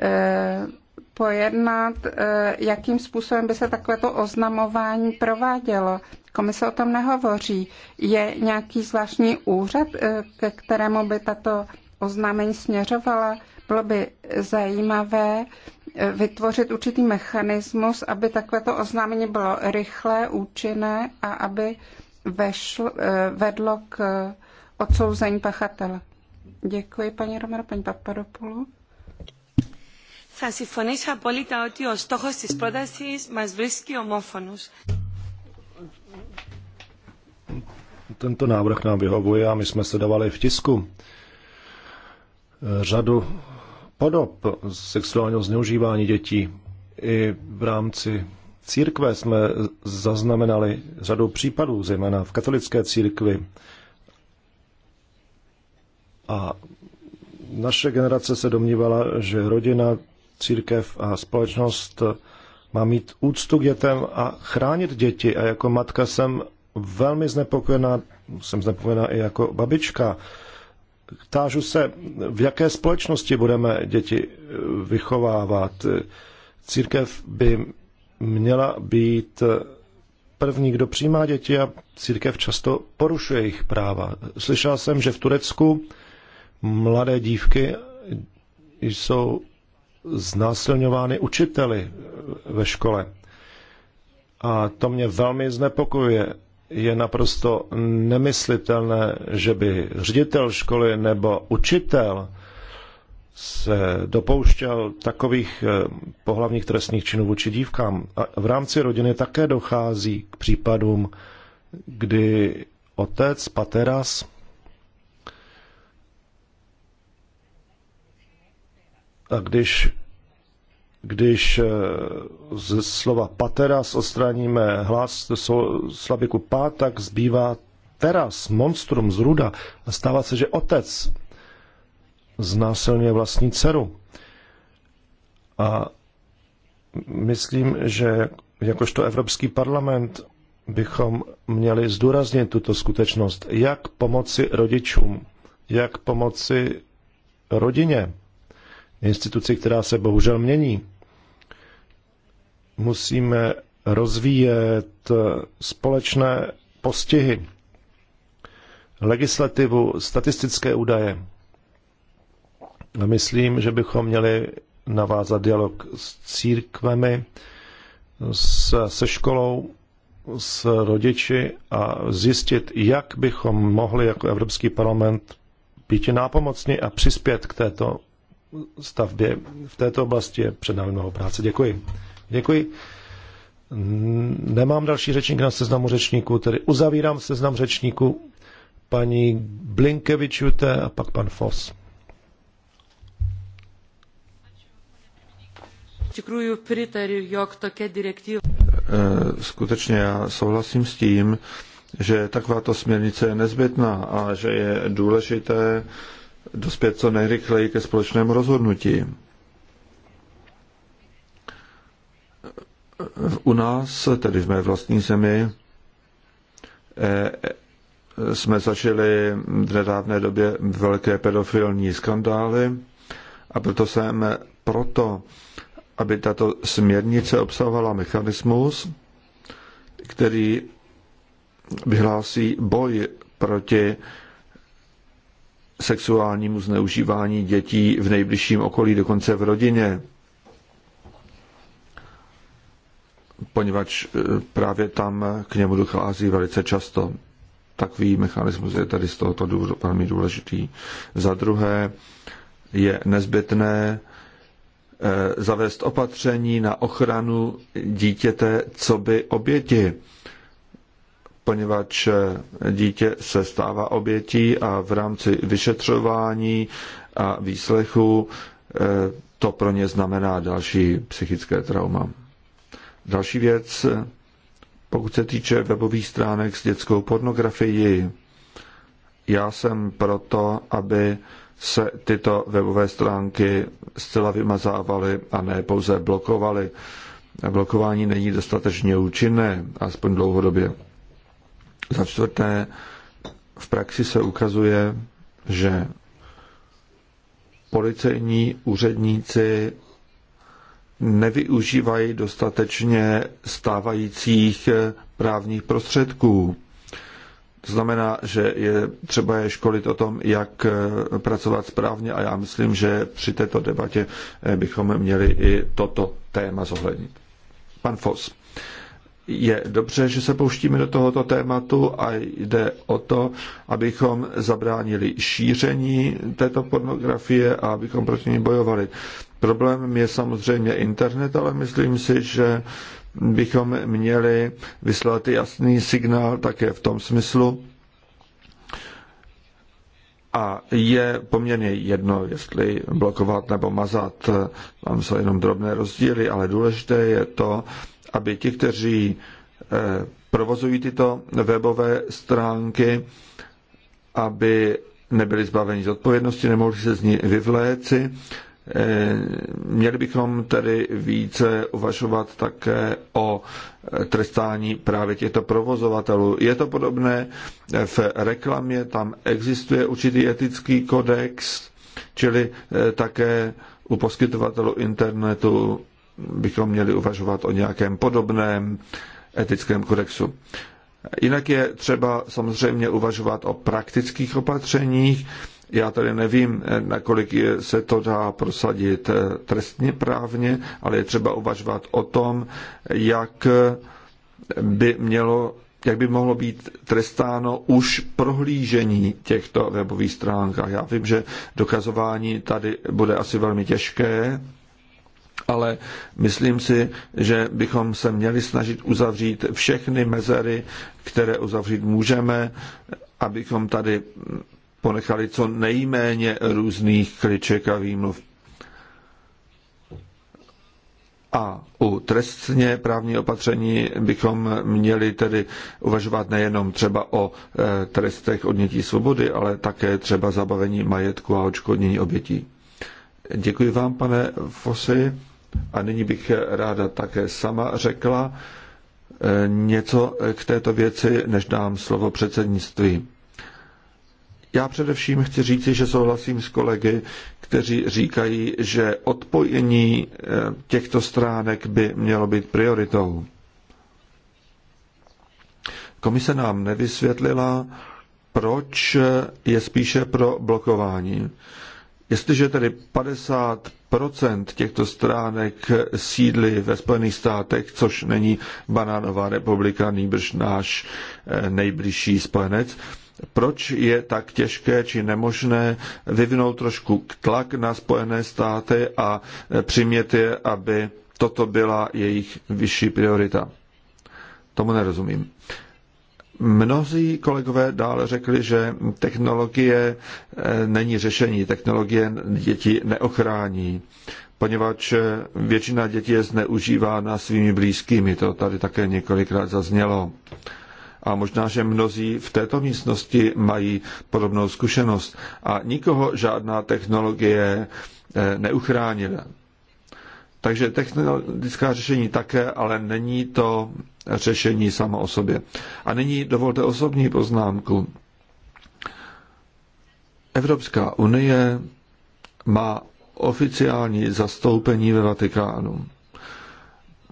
eh, pojednat, eh, jakým způsobem by se takovéto oznamování provádělo. Komise o tom nehovoří. Je nějaký zvláštní úřad, eh, ke kterému by tato oznámení směřovala? Bylo by zajímavé vytvořit určitý mechanismus, aby takovéto oznámení bylo rychlé, účinné a aby vešl, eh, vedlo k odsouzení pachatele. Děkuji, paní Romero, paní Papadopoulou. Θα συμφωνήσω απόλυτα ότι ο στόχος της πρότασης μας βρίσκει Tento návrh nám vyhovuje a my jsme se dávali v tisku eh, řadu podob sexuálního zneužívání dětí i v rámci církve jsme zaznamenali řadu případů, zejména v katolické církvi. A naše generace se domnívala, že rodina, církev a společnost má mít úctu k dětem a chránit děti. A jako matka jsem velmi znepokojená, jsem znepokojená i jako babička, tážu se, v jaké společnosti budeme děti vychovávat. Církev by měla být první, kdo přijímá děti a církev často porušuje jejich práva. Slyšel jsem, že v Turecku mladé dívky jsou znásilňovány učiteli ve škole. A to mě velmi znepokojuje je naprosto nemyslitelné, že by ředitel školy nebo učitel se dopouštěl takových eh, pohlavních trestných činů vůči dívkám. A v rámci rodiny také dochází k případům, kdy otec Pateras a když když eh, ze slova pateras odstraníme hlas slabiku pá, tak zbývá teras, monstrum z ruda a stává se, že otec znásilňuje vlastní dceru. A myslím, že jakožto Evropský parlament bychom měli zdůraznit tuto skutečnost, jak pomoci rodičům, jak pomoci rodině, instituci, která se bohužel mění musíme rozvíjet společné postihy, legislativu, statistické údaje. A myslím, že bychom měli navázat dialog s církvemi, s, se školou, s rodiči a zjistit, jak bychom mohli jako Evropský parlament být nápomocni a přispět k této stavbě. V této oblasti je před námi mnoho práce. Děkuji. Děkuji. Nemám další řečník na seznamu řečníků, tedy uzavírám seznam řečníků paní Blinkevičute a pak pan Foss. E, skutečně já souhlasím s tím, že takováto směrnice je nezbytná a že je důležité dospět co nejrychleji ke společnému rozhodnutí. u nás, tedy v mé vlastní zemi, eh, jsme zažili v nedávné době velké pedofilní skandály a proto jsem proto, aby tato směrnice obsahovala mechanismus, který vyhlásí boj proti sexuálnímu zneužívání dětí v nejbližším okolí, dokonce v rodině. poněvadž e, právě tam k němu dochází velice často. Takový mechanismus je tady z tohoto důvodu velmi důležitý. Za druhé je nezbytné e, zavést opatření na ochranu dítěte, co by oběti poněvadž e, dítě se stává obětí a v rámci vyšetřování a výslechu to pro ně znamená další psychické trauma. Další věc, pokud se týče webových stránek s dětskou pornografií, já jsem proto, aby se tyto webové stránky zcela vymazávaly a ne pouze blokovaly. Blokování není dostatečně účinné, aspoň dlouhodobě. Za čtvrté, v praxi se ukazuje, že policejní úředníci nevyužívají dostatečně stávajících eh, právních prostředků. To znamená, že je třeba je školit o tom, jak eh, pracovat správně a já myslím, že při této debatě eh, bychom měli i toto téma zohlednit. Pan Fos. Je dobře, že se pouštíme do tohoto tématu a jde o to, abychom zabránili šíření této pornografie a abychom proti ní bojovali. Problémem je samozřejmě internet, ale myslím si, že bychom měli vyslat jasný signál také v tom smyslu, a je poměrně jedno, jestli blokovat nebo mazat, tam jsou jenom drobné rozdíly, ale důležité je to, aby ti, kteří eh, provozují tyto webové stránky, aby nebyli zbaveni z odpovědnosti, nemohli se z ní vyvléci Eh, měli bychom tedy více uvažovat také o eh, trestání právě těchto provozovatelů. Je to podobné v reklamě, tam existuje určitý etický kodex, čili eh, také u poskytovatelů internetu bychom měli uvažovat o nějakém podobném etickém kodexu. Jinak je třeba samozřejmě uvažovat o praktických opatřeních, já tady nevím, eh, nakolik se to dá prosadit eh, trestně právně, ale je třeba uvažovat o tom, jak eh, by mělo jak by mohlo být trestáno už prohlížení těchto webových stránkách. Já vím, že dokazování tady bude asi velmi těžké, ale myslím si, že bychom se měli snažit uzavřít všechny mezery, které uzavřít můžeme, abychom tady ponechali co nejméně různých kliček a výmluv. A u trestně právní opatření bychom měli tedy uvažovat nejenom třeba o e, trestech odnětí svobody, ale také třeba zabavení majetku a odškodnění obětí. Děkuji vám, pane Fosy. A nyní bych ráda také sama řekla e, něco k této věci, než dám slovo předsednictví. Já především chci říci, že souhlasím s kolegy, kteří říkají, že odpojení eh, těchto stránek by mělo být prioritou. Komise nám nevysvětlila, proč je spíše pro blokování. Jestliže tedy 50 těchto stránek sídly ve Spojených státech, což není banánová republika, nýbrž náš eh, nejbližší spojenec, proč je tak těžké či nemožné vyvinout trošku tlak na Spojené státy a přimět je, aby toto byla jejich vyšší priorita. Tomu nerozumím. Mnozí kolegové dále řekli, že technologie eh, není řešení, technologie děti neochrání, poněvadž eh, většina dětí je zneužívána svými blízkými, to tady také několikrát zaznělo a možná, že mnozí v této místnosti mají podobnou zkušenost a nikoho žádná technologie eh, neuchránila. Takže technologická řešení také, ale není to řešení samo o sobě. A nyní dovolte osobní poznámku. Evropská unie má oficiální zastoupení ve Vatikánu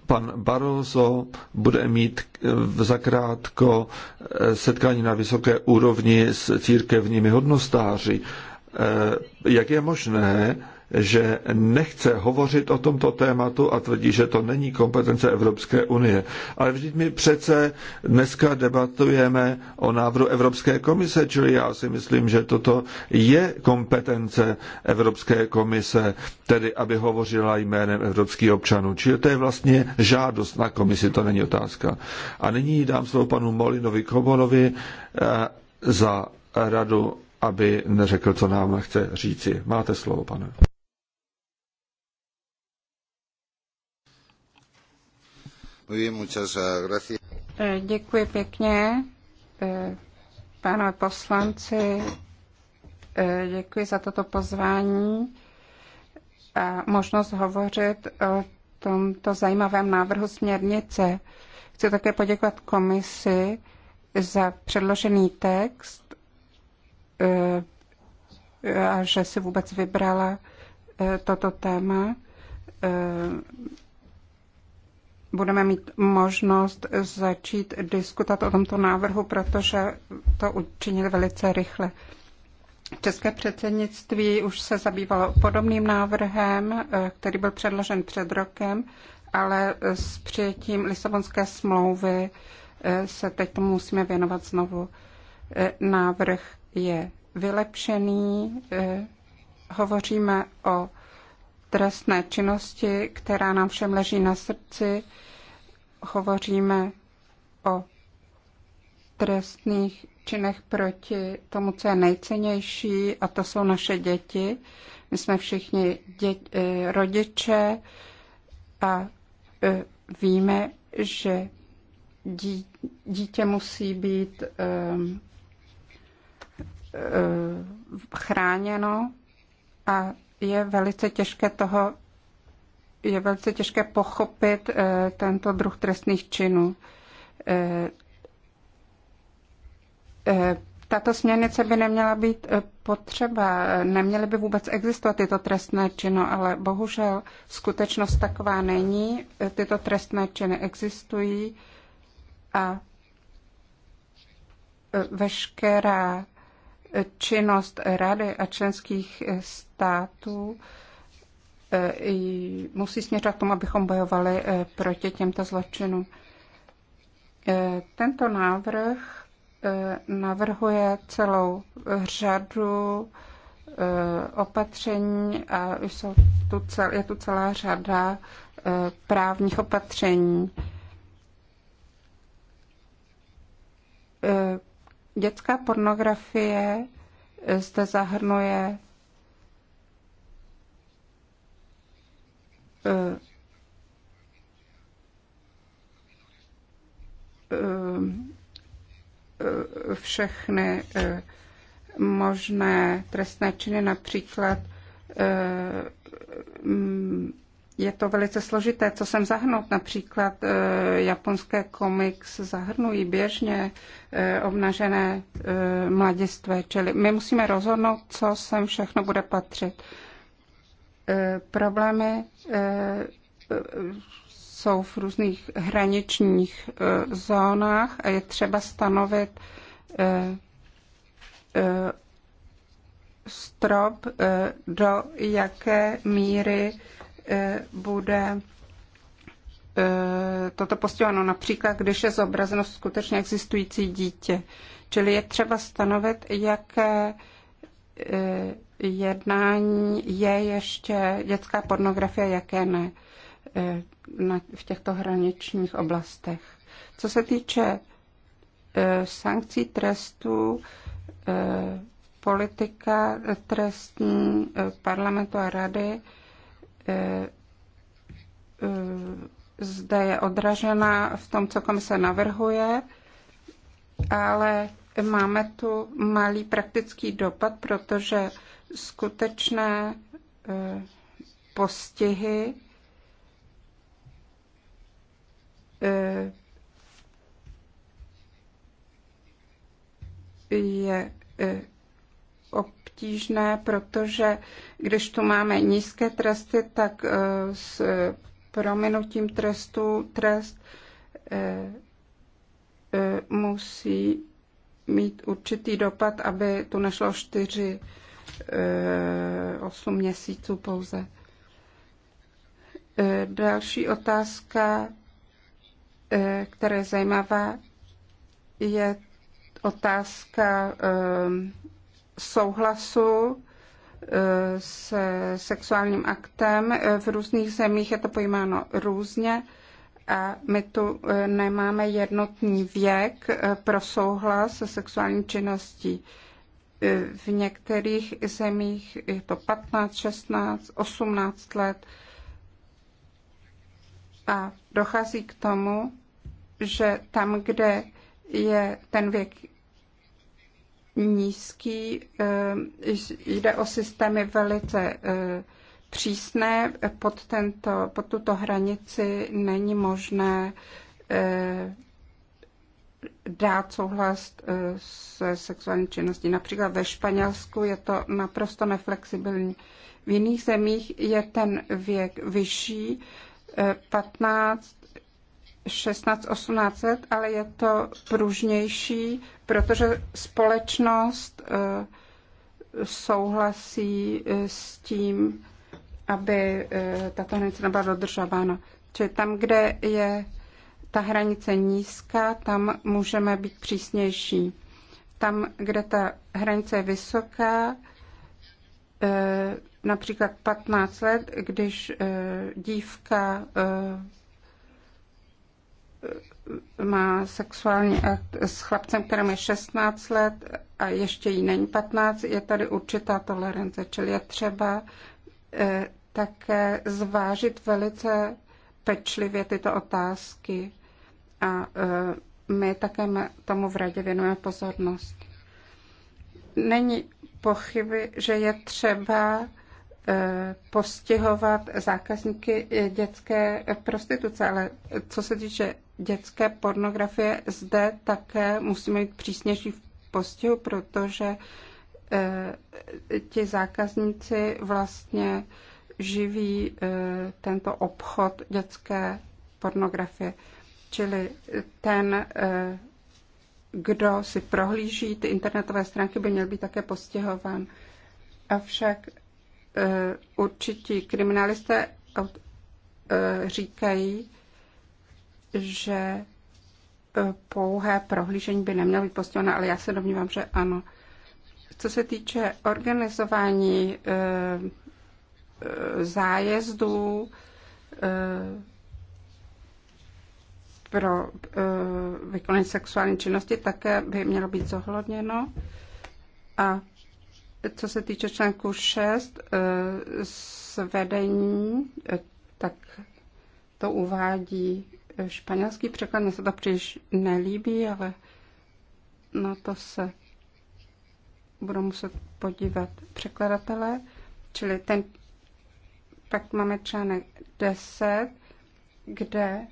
pan Barroso bude mít eh, zakrátko eh, setkání na vysoké úrovni s církevními hodnostáři. Eh, jak je možné, že nechce hovořit o tomto tématu a tvrdí, že to není kompetence Evropské unie. Ale vždyť my přece dneska debatujeme o návrhu Evropské komise, čili já si myslím, že toto je kompetence Evropské komise, tedy aby hovořila jménem evropských občanů. Čili to je vlastně žádost na komisi, to není otázka. A nyní dám slovo panu Molinovi Kobonovi eh, za radu aby neřekl, co nám chce říci. Máte slovo, pane. Eh, eh, děkuji pěkně, eh, pánové poslanci. Děkuji za toto pozvání a možnost hovořit o tomto zajímavém návrhu směrnice. Chci také poděkovat komisi za předložený text a že si vůbec vybrala toto téma budeme mít možnost začít diskutovat o tomto návrhu, protože to učinili velice rychle. České předsednictví už se zabývalo podobným návrhem, eh, který byl předložen před rokem, ale s přijetím Lisabonské smlouvy eh, se teď tomu musíme věnovat znovu. Eh, návrh je vylepšený, hovoříme o trestné činnosti, která nám všem leží na srdci. Hovoříme o trestných činech proti tomu, co je nejcennější, a to jsou naše děti. My jsme všichni dět, e, rodiče a e, víme, že dítě musí být e, chráněno a je velice těžké toho, je velice těžké pochopit eh, tento druh trestných činů. Eh, eh, tato směrnice by neměla být potřeba, neměly by vůbec existovat tyto trestné činy, ale bohužel skutečnost taková není. Tyto trestné činy existují a veškerá činnost Rady a členských států eh, musí směřovat k tomu, abychom bojovali eh, proti těmto zločinům. Eh, tento návrh navrhuje celou řadu opatření a jsou tu cel, je tu celá řada právních opatření, Dětská pornografie eh, zde zahrnuje eh, eh, všechny možné trestné činy, například mm, je to velice složité, co sem zahrnout. Například eh, japonské komiks zahrnují běžně eh, obnažené eh, mladistvé, čili my musíme rozhodnout, co sem všechno bude patřit. Problémy jsou v různých hraničních zónách a je třeba stanovit strop, do jaké míry E, bude e, toto postihováno, například když je zobrazeno skutečně existující dítě. Čili je třeba stanovit, jaké e, jednání je ještě dětská pornografie, jaké ne v těchto hraničních oblastech. Co se týče sankcí trestů, politika trestní parlamentu a rady, E, e, zde je odražena v tom, co komise navrhuje, ale máme tu malý praktický dopad, protože skutečné e, postihy je obtížné, protože když tu máme nízké tresty, tak eh, s eh, prominutím trestu trest eh, musí mít určitý dopad, aby tu nešlo 4 8 měsíců pouze. Další otázka, která je zajímavá, je otázka souhlasu eh, se sexuálním aktem. Eh, v různých zemích je to pojímáno různě a my tu eh, nemáme jednotný věk pro souhlas se sexuální činností. V některých zemích je to 15, 16, 18 let a dochází k tomu, že tam, kde je ten věk nízký. Eh, jde o systémy velice eh, přísné. Pod, tento, pod tuto hranici není možné eh, dát souhlas se sexuální činností. Například ve Španělsku je to naprosto neflexibilní. V jiných zemích je ten věk vyšší, 15 16-18 let, ale je to pružnější, protože společnost eh, souhlasí eh, s tím, aby eh, tato hranice byla dodržována. Čili tam, kde je ta hranice nízká, tam můžeme být přísnější. Tam, kde ta hranice je vysoká, například 15 let, když dívka má sexuální akt s chlapcem, kterým je 16 let a ještě jí není 15, je tady určitá tolerance, čili je třeba eh, také zvážit velice pečlivě tyto otázky a eh, my také tomu v radě věnujeme pozornost. Není pochyby, že je třeba eh, postihovat zákazníky dětské prostituce, ale co se týče dětské pornografie, zde také musíme být přísnější v postihu, protože e, ti zákazníci vlastně živí e, tento obchod dětské pornografie. Čili ten, e, kdo si prohlíží ty internetové stránky, by měl být také postihován. Avšak e, určití kriminalisté říkají, že e, pouhé prohlížení by nemělo být postihováno, ale já se domnívám, že ano. Co se týče organizování e, e, zájezdů pro vykonání sexuální činnosti, také by mělo být zohledněno. A co se týče článku 6, zvedení, tak to uvádí španělský překlad, mně se to příliš nelíbí, ale na to se budou muset podívat překladatelé. Čili ten, pak máme článek 10, kde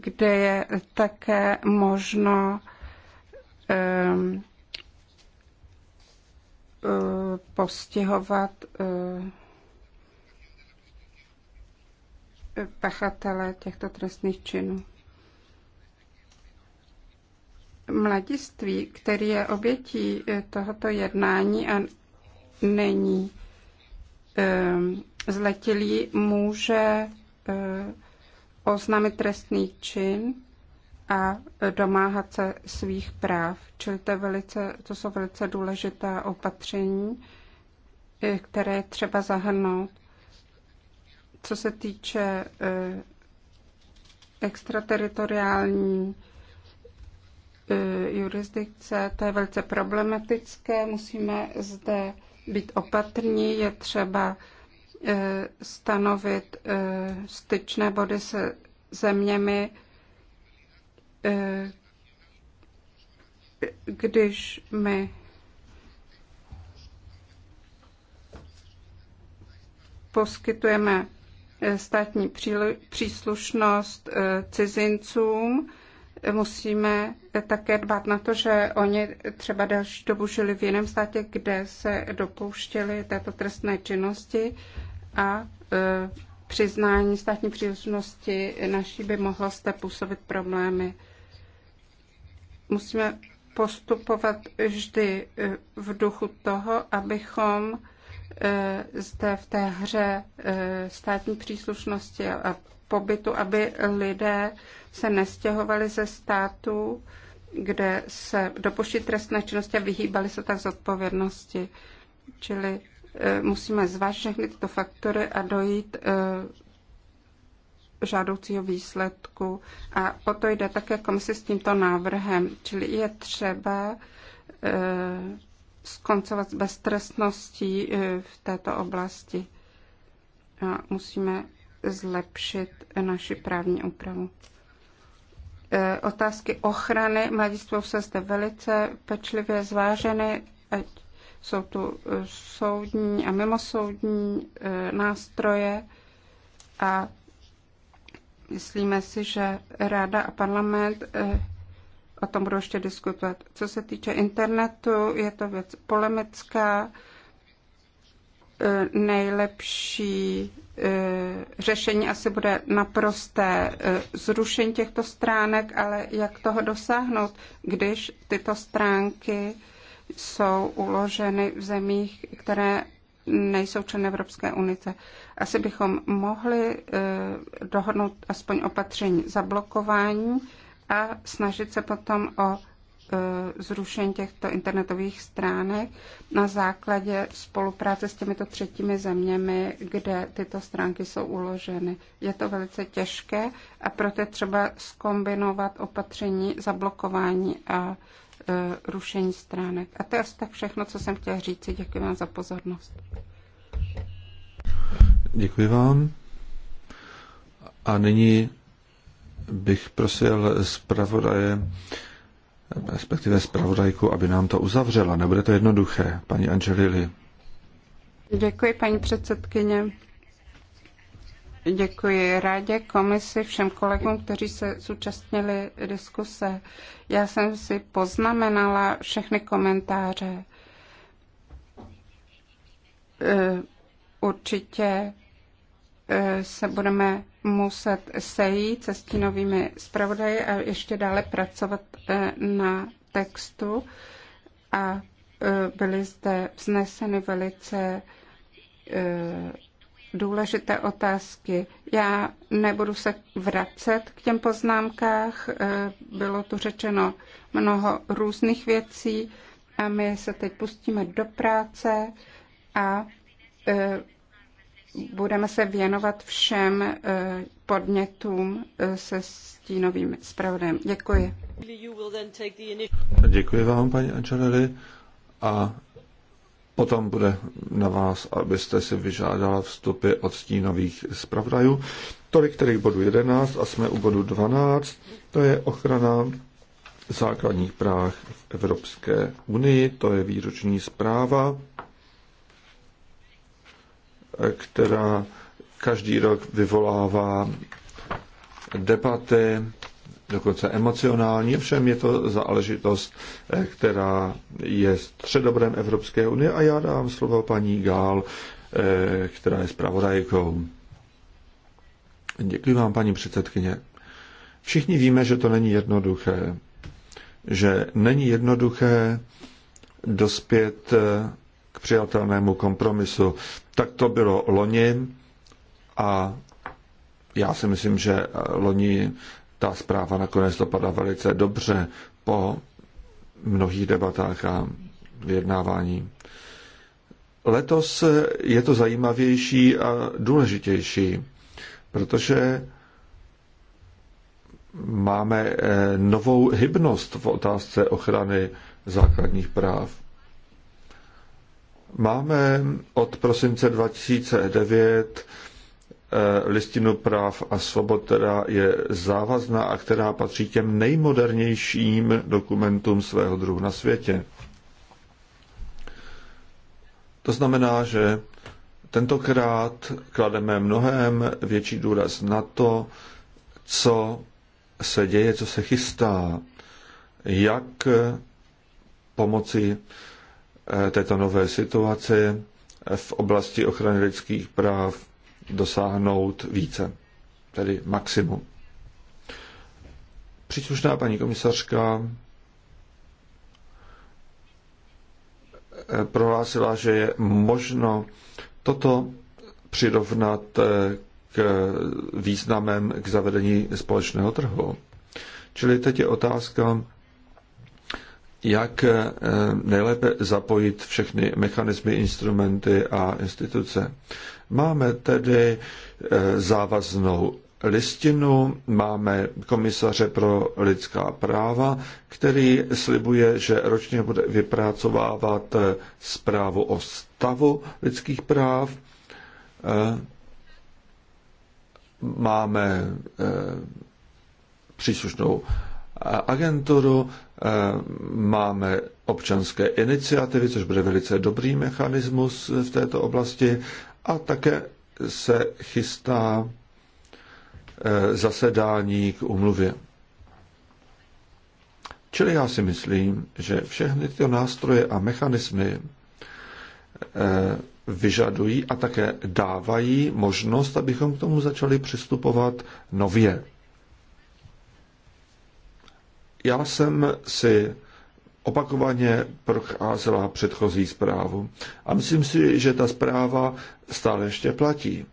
kde je také možno um, postihovat um, pachatele těchto trestných činů. Mladiství, který je obětí eh, tohoto jednání a není ehm, zletilý, může eh, oznámit trestný čin a domáhat se svých práv. Čili to, velice, to jsou velice důležitá opatření, eh, které třeba zahrnout co se týče e, extrateritoriální e, jurisdikce, to je velice problematické, musíme zde být opatrní, je třeba e, stanovit styčné body se zeměmi, když my poskytujeme státní příslušnost eh, cizincům. Musíme eh, také dbát na to, že oni třeba další dobu žili v jiném státě, kde se dopouštěli této trestné činnosti a eh, přiznání státní příslušnosti naší by mohlo zde působit problémy. Musíme postupovat vždy v duchu toho, abychom Eh, zde v té hře eh, státní příslušnosti a pobytu, aby lidé se nestěhovali ze státu, kde se dopuští trestné činnosti a vyhýbali se tak z odpovědnosti. Čili eh, musíme zvážit všechny tyto faktory a dojít žádoucího výsledku. A o to jde také komisi s tímto návrhem. Čili je třeba skoncovat s beztrestností eh, v této oblasti. A musíme zlepšit naši právní úpravu. Eh, otázky ochrany mladistvou se zde velice pečlivě zváženy, ať jsou tu eh, soudní a mimosoudní nástroje a myslíme si, že ráda a parlament o tom budu ještě diskutovat. Co se týče internetu, je to věc polemická. E, nejlepší e, řešení asi bude naprosté e, zrušení těchto stránek, ale jak toho dosáhnout, když tyto stránky jsou uloženy v zemích, které nejsou členy Evropské unice. Asi bychom mohli dohodnout aspoň opatření zablokování a snažit se potom o e, zrušení těchto internetových stránek na základě spolupráce s těmito třetími zeměmi, kde tyto stránky jsou uloženy. Je to velice těžké a proto je třeba skombinovat opatření zablokování a e, rušení stránek. A to je asi tak všechno, co jsem chtěla říct. Děkuji vám za pozornost. Děkuji vám. A nyní bych prosil zpravodaje, respektive zpravodajku, aby nám to uzavřela. Nebude to jednoduché, paní Angelili. Děkuji, paní předsedkyně. Děkuji rádě, komisi, všem kolegům, kteří se zúčastnili diskuse. Já jsem si poznamenala všechny komentáře. Eh, určitě eh, se budeme muset sejít se stínovými zpravodaji a ještě dále pracovat eh, na textu. A eh, byly zde vzneseny velice eh, důležité otázky. Já nebudu se vracet k těm poznámkách, bylo tu řečeno mnoho různých věcí a my se teď pustíme do práce a budeme se věnovat všem eh, podnětům eh, se stínovým zpravodem. Děkuji. Děkuji vám, paní Angelili. A potom bude na vás, abyste si vyžádala vstupy od stínových zpravodajů. Tolik tedy k bodu 11 a jsme u bodu 12. To je ochrana základních práv v Evropské unii. To je výroční zpráva která každý rok vyvolává debaty, dokonce emocionální, všem je to záležitost, eh, která je středobrem Evropské unie a já dám slovo paní Gál, eh, která je zpravodajkou. Děkuji vám, paní předsedkyně. Všichni víme, že to není jednoduché, že není jednoduché dospět eh, k přijatelnému kompromisu. Tak to bylo loni a já si myslím, že loni ta zpráva nakonec dopadla velice dobře po mnohých debatách a vyjednávání. Letos je to zajímavější a důležitější, protože máme eh, novou hybnost v otázce ochrany základních práv. Máme od prosince 2009 eh, listinu práv a svobod, která je závazná a která patří těm nejmodernějším dokumentům svého druhu na světě. To znamená, že tentokrát klademe mnohem větší důraz na to, co se děje, co se chystá, jak pomoci Eh, této nové situaci v oblasti ochrany lidských práv dosáhnout více, tedy maximum. Příslušná paní komisařka eh, prohlásila, že je možno toto přirovnat eh, k významem k zavedení společného trhu. Čili teď je otázka, jak eh, nejlépe zapojit všechny mechanismy, instrumenty a instituce. Máme tedy eh, závaznou listinu, máme komisaře pro lidská práva, který slibuje, že ročně bude vypracovávat eh, zprávu o stavu lidských práv. Máme příslušnou agenturu, Máme občanské iniciativy, což bude velice dobrý mechanismus v této oblasti. A také se chystá eh, zasedání k umluvě. Čili já si myslím, že všechny tyto nástroje a mechanismy eh, vyžadují a také dávají možnost, abychom k tomu začali přistupovat nově. Já jsem si opakovaně procházela předchozí zprávu a myslím si, že ta zpráva stále ještě platí.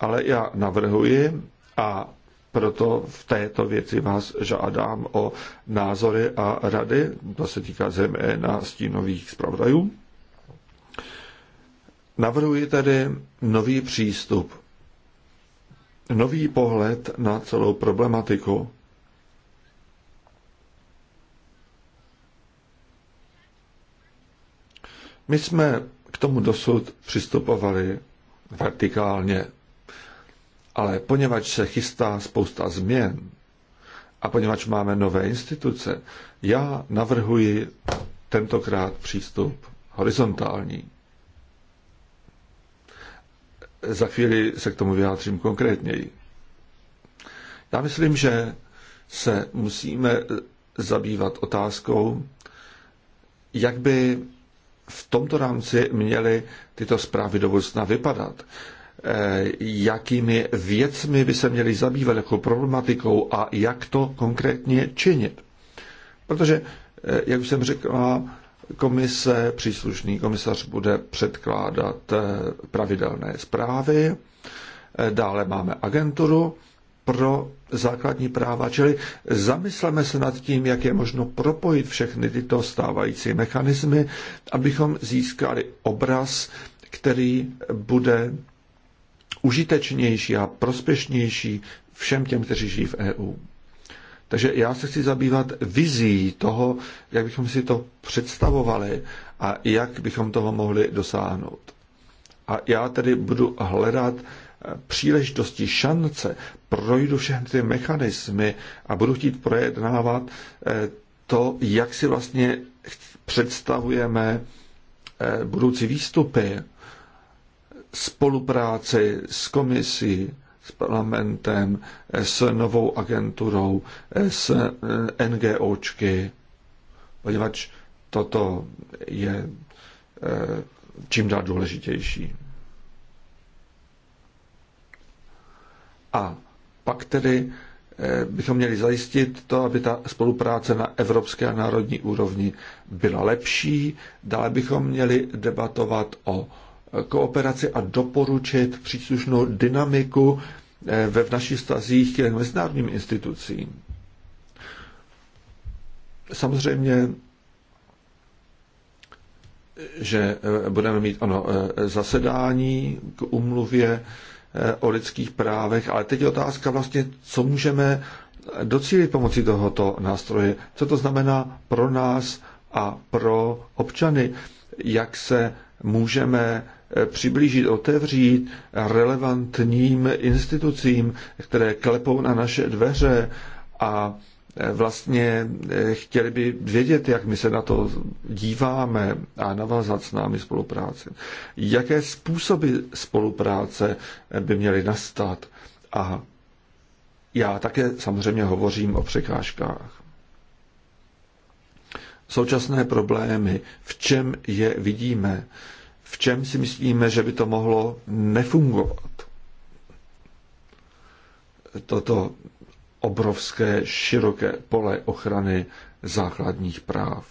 Ale já navrhuji a proto v této věci vás žádám o názory a rady, to se týká země na stínových zpravodajů. Navrhuji tedy nový přístup, nový pohled na celou problematiku My jsme k tomu dosud přistupovali vertikálně, ale poněvadž se chystá spousta změn a poněvadž máme nové instituce, já navrhuji tentokrát přístup horizontální. Za chvíli se k tomu vyjádřím konkrétněji. Já myslím, že se musíme zabývat otázkou, jak by v tomto rámci měly tyto zprávy do budoucna vypadat. Eh, jakými věcmi by se měly zabývat jako problematikou a jak to konkrétně činit. Protože, eh, jak už jsem řekla, komise, příslušný komisař bude předkládat eh, pravidelné zprávy. Dále máme agenturu pro základní práva. Čili zamysleme se nad tím, jak je možno propojit všechny tyto stávající mechanismy, abychom získali obraz, který bude užitečnější a prospěšnější všem těm, kteří žijí v EU. Takže já se chci zabývat vizí toho, jak bychom si to představovali a jak bychom toho mohli dosáhnout. A já tedy budu hledat příležitosti, šance projdu všechny ty mechanismy a budu chtít projednávat eh, to, jak si vlastně představujeme eh, budoucí výstupy, spolupráci s komisí, s parlamentem, eh, s novou agenturou, s NGOčky, poněvadž toto je čím dál důležitější. A pak tedy eh, bychom měli zajistit to, aby ta spolupráce na evropské a národní úrovni byla lepší. Dále bychom měli debatovat o eh, kooperaci a doporučit příslušnou dynamiku eh, ve v našich stazích k mezinárodním institucím. Samozřejmě, že budeme mít ano, zasedání k umluvě Eh, o lidských právech, ale teď je otázka vlastně, co můžeme docílit pomocí tohoto nástroje. Co to znamená pro nás a pro občany, jak se můžeme eh, přiblížit, otevřít relevantním institucím, které klepou na naše dveře a Eh, vlastně eh, chtěli by vědět, jak my se na to díváme a navázat s námi spolupráci. Jaké způsoby spolupráce eh, by měly nastat a já také samozřejmě hovořím o překážkách. Současné problémy, v čem je vidíme, v čem si myslíme, že by to mohlo nefungovat. Toto obrovské, široké pole ochrany základních práv.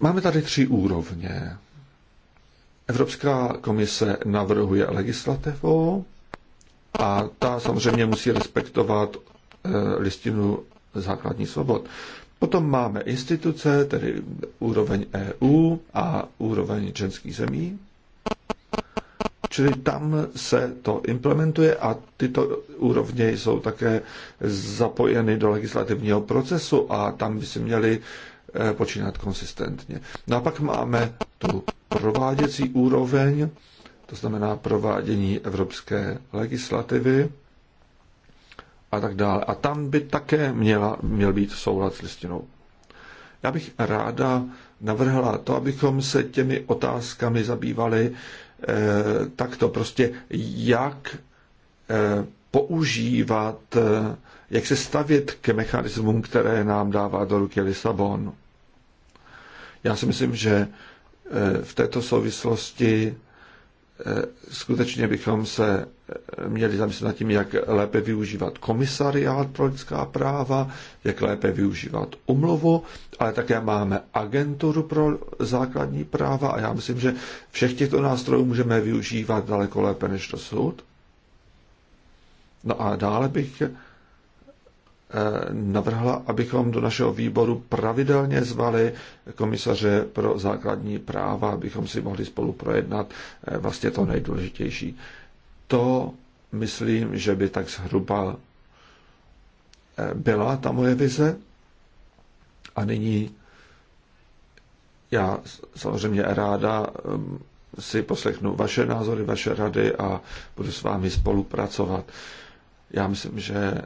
Máme tady tři úrovně. Evropská komise navrhuje legislativu a ta samozřejmě musí respektovat eh, listinu základních svobod. Potom máme instituce, tedy úroveň EU a úroveň členských zemí. Čili tam se to implementuje a tyto úrovně jsou také zapojeny do legislativního procesu a tam by si měli eh, počínat konsistentně. No a pak máme tu prováděcí úroveň, to znamená provádění evropské legislativy a tak dále. A tam by také měla, měl být soulad s listinou. Já bych ráda navrhla to, abychom se těmi otázkami zabývali Eh, tak to prostě jak eh, používat, eh, jak se stavět k mechanismům, které nám dává do ruky Lisabon. Já si myslím, že v této souvislosti skutečně bychom se měli zamyslet nad tím, jak lépe využívat komisariát pro lidská práva, jak lépe využívat umluvu, ale také máme agenturu pro základní práva a já myslím, že všech těchto nástrojů můžeme využívat daleko lépe než soud. No a dále bych eh, navrhla, abychom do našeho výboru pravidelně zvali komisaře pro základní práva, abychom si mohli spolu projednat eh, vlastně to nejdůležitější to myslím, že by tak zhruba eh, byla ta moje vize. A nyní já samozřejmě ráda ehm, si poslechnu vaše názory, vaše rady a budu s vámi spolupracovat. Já myslím, že eh,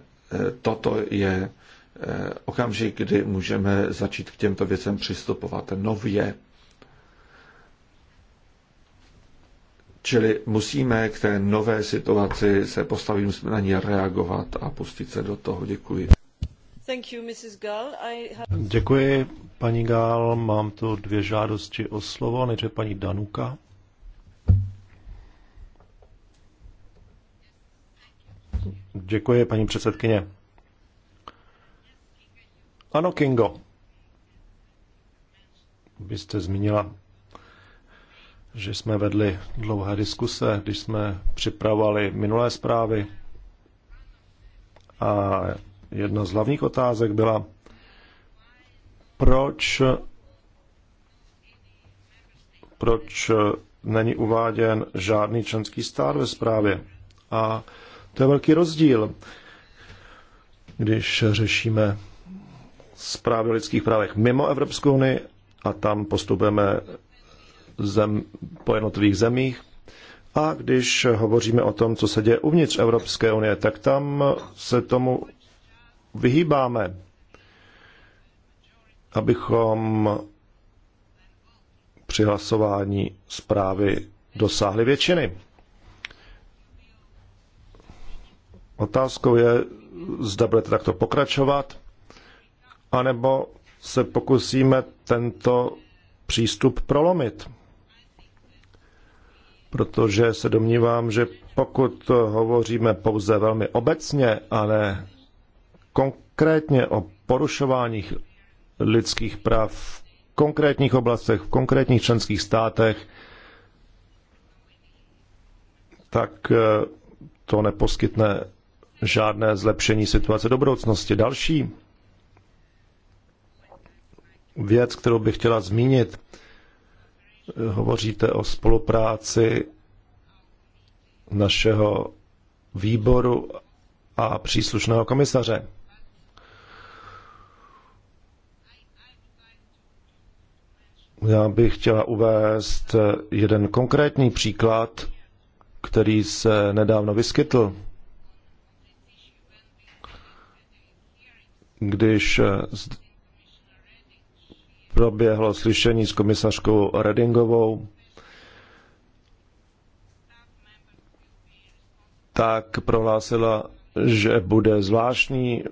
toto je eh, okamžik, kdy můžeme začít k těmto věcem přistupovat nově. Čili musíme k té nové situaci se postavit, musíme na ní reagovat a pustit se do toho. Děkuji. You, have... Děkuji, paní Gál. Mám tu dvě žádosti o slovo. Nejdřív paní Danuka. Děkuji, paní předsedkyně. Ano, Kingo. Byste zmínila že jsme vedli dlouhé diskuse, když jsme připravovali minulé zprávy. A jedna z hlavních otázek byla, proč, proč není uváděn žádný členský stát ve zprávě. A to je velký rozdíl, když řešíme zprávy o lidských právech mimo Evropskou unii a tam postupujeme zem, po jednotlivých zemích. A když hovoříme o tom, co se děje uvnitř Evropské unie, tak tam se tomu vyhýbáme, abychom při hlasování zprávy dosáhli většiny. Otázkou je, zda budete takto pokračovat, anebo se pokusíme tento přístup prolomit protože se domnívám, že pokud hovoříme pouze velmi obecně, ale konkrétně o porušování lidských práv v konkrétních oblastech, v konkrétních členských státech, tak eh, to neposkytne žádné zlepšení situace do budoucnosti. Další věc, kterou bych chtěla zmínit, hovoříte o spolupráci našeho výboru a příslušného komisaře. Já bych chtěla uvést jeden konkrétní příklad, který se nedávno vyskytl. Když proběhlo slyšení s komisařkou Redingovou, tak prohlásila, že bude zvláštní.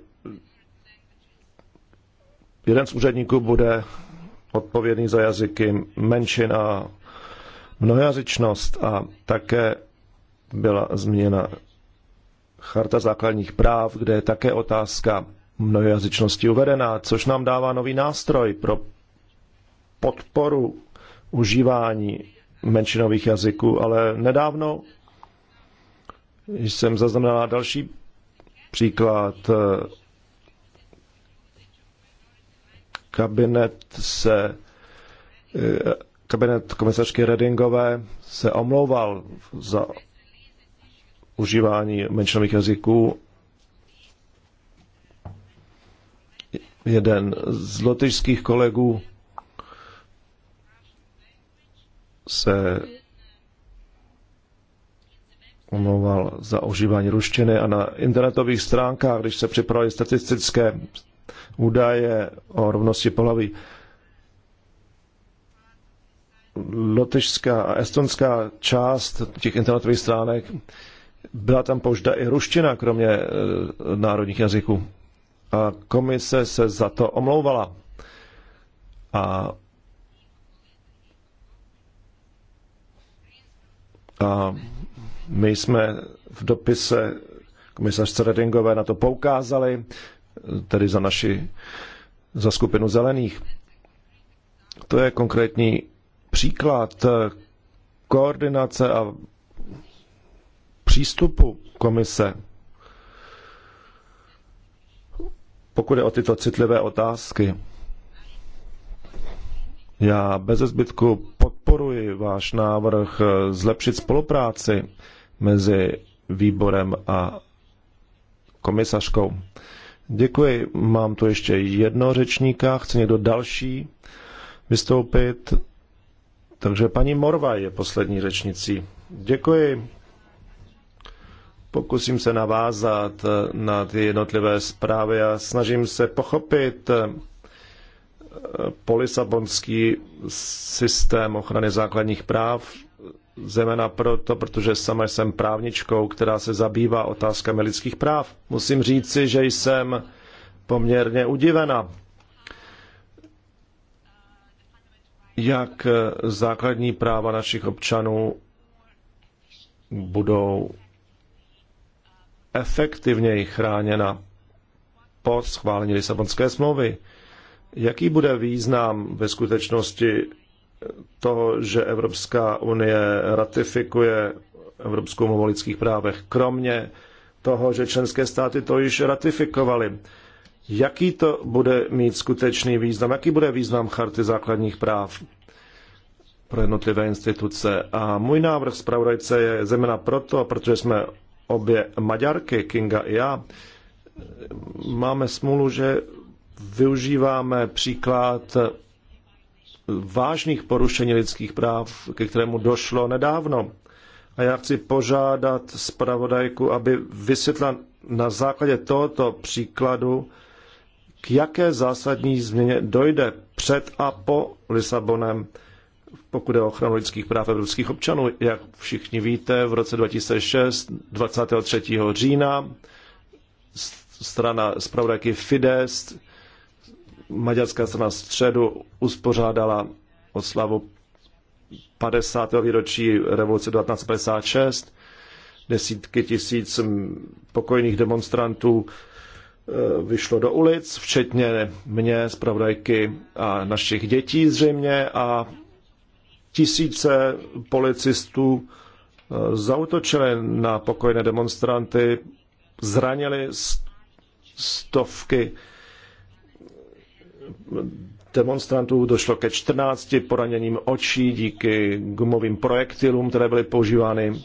Jeden z úředníků bude odpovědný za jazyky menšin a mnohojazyčnost a také byla změna Charta základních práv, kde je také otázka mnohojazyčnosti uvedená, což nám dává nový nástroj pro podporu užívání menšinových jazyků, ale nedávno jsem zaznamenala další příklad. Kabinet se kabinet komisařky Redingové se omlouval za užívání menšinových jazyků. Jeden z lotyšských kolegů se omlouval za ožívání ruštiny a na internetových stránkách, když se připravili statistické údaje o rovnosti pohlaví, lotyšská a estonská část těch internetových stránek, byla tam použita i ruština, kromě e, národních jazyků. A komise se za to omlouvala. A A my jsme v dopise komisařce Redingové na to poukázali, tedy za naši, za skupinu zelených. To je konkrétní příklad koordinace a přístupu komise, pokud je o tyto citlivé otázky. Já bez zbytku podporuji váš návrh eh, zlepšit spolupráci mezi výborem a komisařkou. Děkuji. Mám tu ještě jedno řečníka. Chce někdo další vystoupit? Takže paní Morva je poslední řečnicí. Děkuji. Pokusím se navázat eh, na ty jednotlivé zprávy a snažím se pochopit eh, Lisabonský systém ochrany základních práv, zejména proto, protože sama jsem právničkou, která se zabývá otázkami lidských práv. Musím říci, že jsem poměrně udivena, jak základní práva našich občanů budou efektivněji chráněna po schválení Lisabonské smlouvy. Jaký bude význam ve skutečnosti toho, že Evropská unie ratifikuje Evropskou mluvu o lidských právech, kromě toho, že členské státy to již ratifikovaly? Jaký to bude mít skutečný význam? Jaký bude význam Charty základních práv pro jednotlivé instituce? A můj návrh zpravodajce je zejména proto, protože jsme obě Maďarky, Kinga i já, máme smůlu, že využíváme příklad vážných porušení lidských práv, ke kterému došlo nedávno. A já chci požádat zpravodajku, aby vysvětla na základě tohoto příkladu, k jaké zásadní změně dojde před a po Lisabonem, pokud je o ochranu lidských práv evropských občanů. Jak všichni víte, v roce 2006, 23. října, strana zpravodajky Fidesz maďarská strana středu uspořádala oslavu 50. výročí revoluce 1956. Desítky tisíc pokojných demonstrantů e, vyšlo do ulic, včetně mě, zpravodajky a našich dětí zřejmě a tisíce policistů e, zautočili na pokojné demonstranty, zranili stovky demonstrantů, došlo ke 14 poraněním očí díky gumovým projektilům, které byly používány.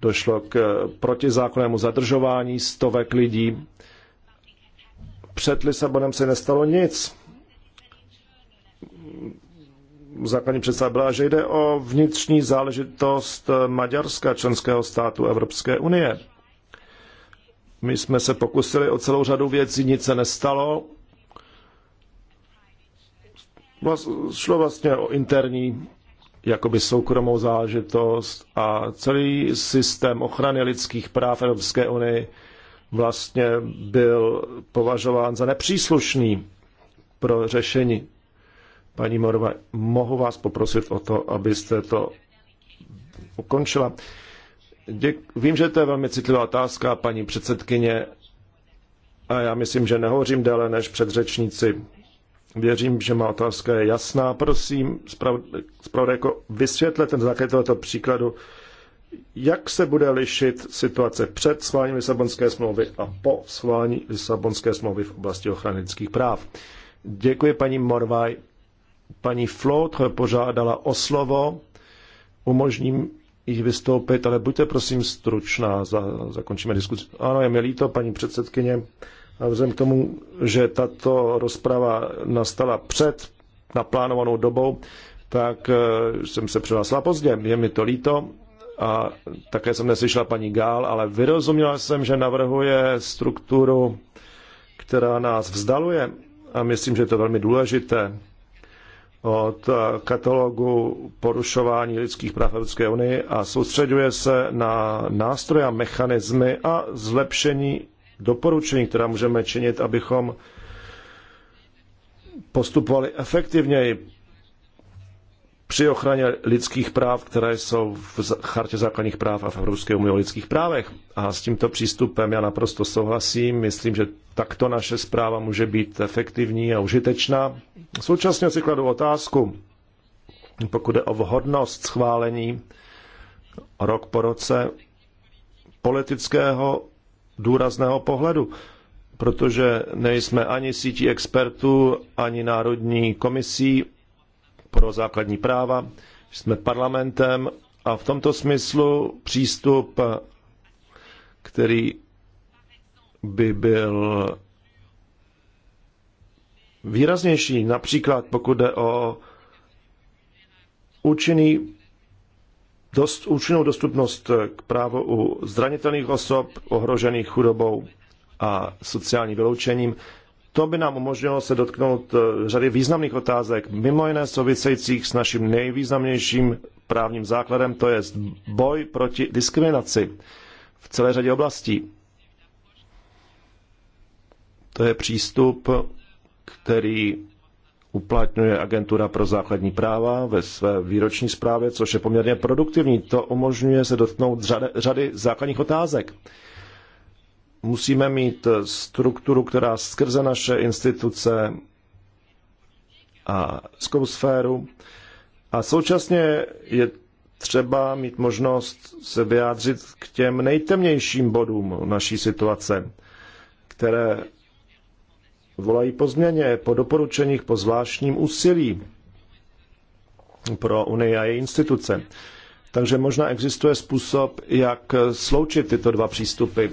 Došlo k protizákonnému zadržování stovek lidí. Před Lisabonem se nestalo nic. Základní představa byla, že jde o vnitřní záležitost Maďarska, členského státu Evropské unie. My jsme se pokusili o celou řadu věcí, nic se nestalo šlo vlastně o interní jakoby soukromou záležitost a celý systém ochrany lidských práv Evropské unie vlastně byl považován za nepříslušný pro řešení. Paní Morova, mohu vás poprosit o to, abyste to ukončila. Děk, vím, že to je velmi citlivá otázka, paní předsedkyně, a já myslím, že nehovořím déle než předřečníci. Věřím, že má otázka je jasná. Prosím, jako vysvětlete ten základ tohoto příkladu, jak se bude lišit situace před schválením Lisabonské smlouvy a po schválení Lisabonské smlouvy v oblasti ochrany lidských práv. Děkuji paní Morvaj. Paní Flot, požádala o slovo. Umožním jich vystoupit, ale buďte prosím stručná, za, zakončíme diskusi. Ano, je mi líto, paní předsedkyně, a vzhledem k tomu, že tato rozprava nastala před naplánovanou dobou, tak eh, jsem se přihlásila pozdě. Je mi to líto a také jsem neslyšela paní Gál, ale vyrozuměla jsem, že navrhuje strukturu, která nás vzdaluje a myslím, že je to velmi důležité od katalogu porušování lidských práv Evropské unie a soustředuje se na nástroje a mechanismy a zlepšení doporučení, která můžeme činit, abychom postupovali efektivněji při ochraně lidských práv, které jsou v Chartě základních práv a v Evropské unii o lidských právech. A s tímto přístupem já naprosto souhlasím. Myslím, že takto naše zpráva může být efektivní a užitečná. Současně si kladu otázku, pokud jde o vhodnost schválení rok po roce politického důrazného pohledu, protože nejsme ani sítí expertů, ani Národní komisí pro základní práva, jsme parlamentem a v tomto smyslu přístup, který by byl výraznější, například pokud jde o účinný dost, účinnou dostupnost k právu u zranitelných osob, ohrožených chudobou a sociálním vyloučením. To by nám umožnilo se dotknout eh, řady významných otázek, mimo jiné souvisejících s naším nejvýznamnějším právním základem, to je boj proti diskriminaci v celé řadě oblastí. To je přístup, který uplatňuje Agentura pro základní práva ve své výroční zprávě, což je poměrně produktivní. To umožňuje se dotknout řady, řady základních otázek. Musíme mít strukturu, která skrze naše instituce a sféru a současně je třeba mít možnost se vyjádřit k těm nejtemnějším bodům naší situace, které volají po změně, po doporučeních, po zvláštním úsilí pro Unii a její instituce. Takže možná existuje způsob, jak sloučit tyto dva přístupy,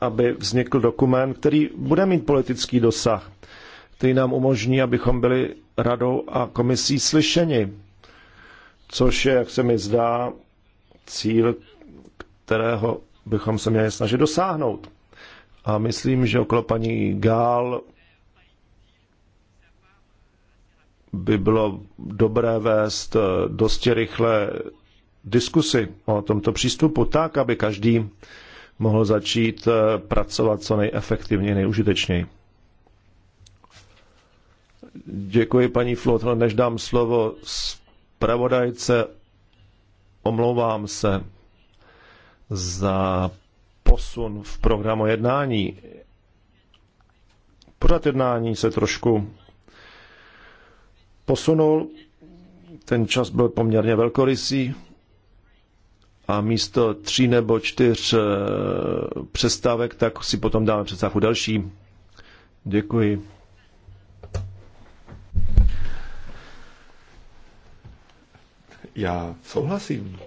aby vznikl dokument, který bude mít politický dosah, který nám umožní, abychom byli radou a komisí slyšeni. Což je, jak se mi zdá, cíl, kterého bychom se měli snažit dosáhnout. A myslím, že okolo paní Gál by bylo dobré vést eh, dosti rychle diskusy o tomto přístupu tak, aby každý mohl začít eh, pracovat co nejefektivněji, nejužitečněji. Děkuji paní Flot, než dám slovo zpravodajce, omlouvám se za posun v programu jednání. Pořad jednání se trošku posunul. Ten čas byl poměrně velkorysý a místo tří nebo čtyř eh, přestávek, tak si potom dáme přestávku další. Děkuji. Já souhlasím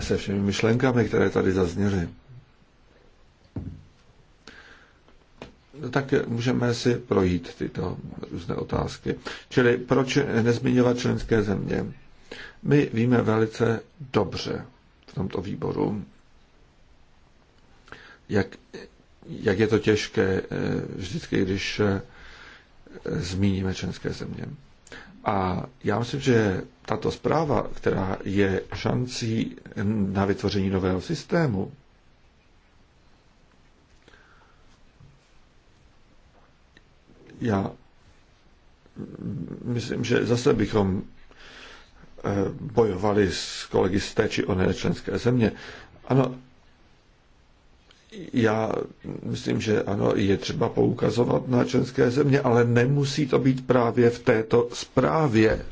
se všemi myšlenkami, které tady zazněly. tak můžeme si projít tyto různé otázky. Čili proč nezmiňovat členské země? My víme velice dobře v tomto výboru, jak, jak je to těžké eh, vždycky, když eh, zmíníme členské země. A já myslím, že tato zpráva, která je šancí na vytvoření nového systému, já myslím, že zase bychom eh, bojovali s kolegy z té či oné členské země. Ano, já myslím, že ano, je třeba poukazovat na členské země, ale nemusí to být právě v této zprávě.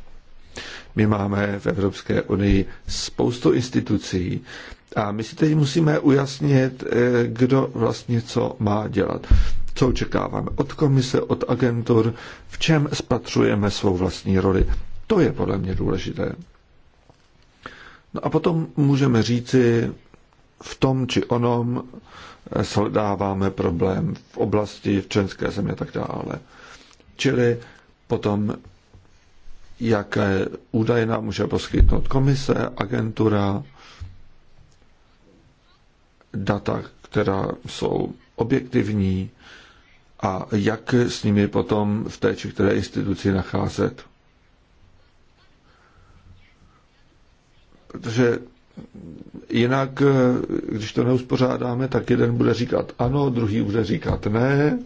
My máme v Evropské unii spoustu institucí a my si teď musíme ujasnit, eh, kdo vlastně co má dělat co očekáváme od komise, od agentur, v čem spatřujeme svou vlastní roli. To je podle mě důležité. No a potom můžeme říci, v tom či onom eh, shledáváme problém v oblasti, v členské země a tak dále. Čili potom, jaké údaje nám může poskytnout komise, agentura, data, která jsou objektivní, a jak s nimi potom v té či které instituci nacházet. Protože jinak, když to neuspořádáme, tak jeden bude říkat ano, druhý bude říkat ne.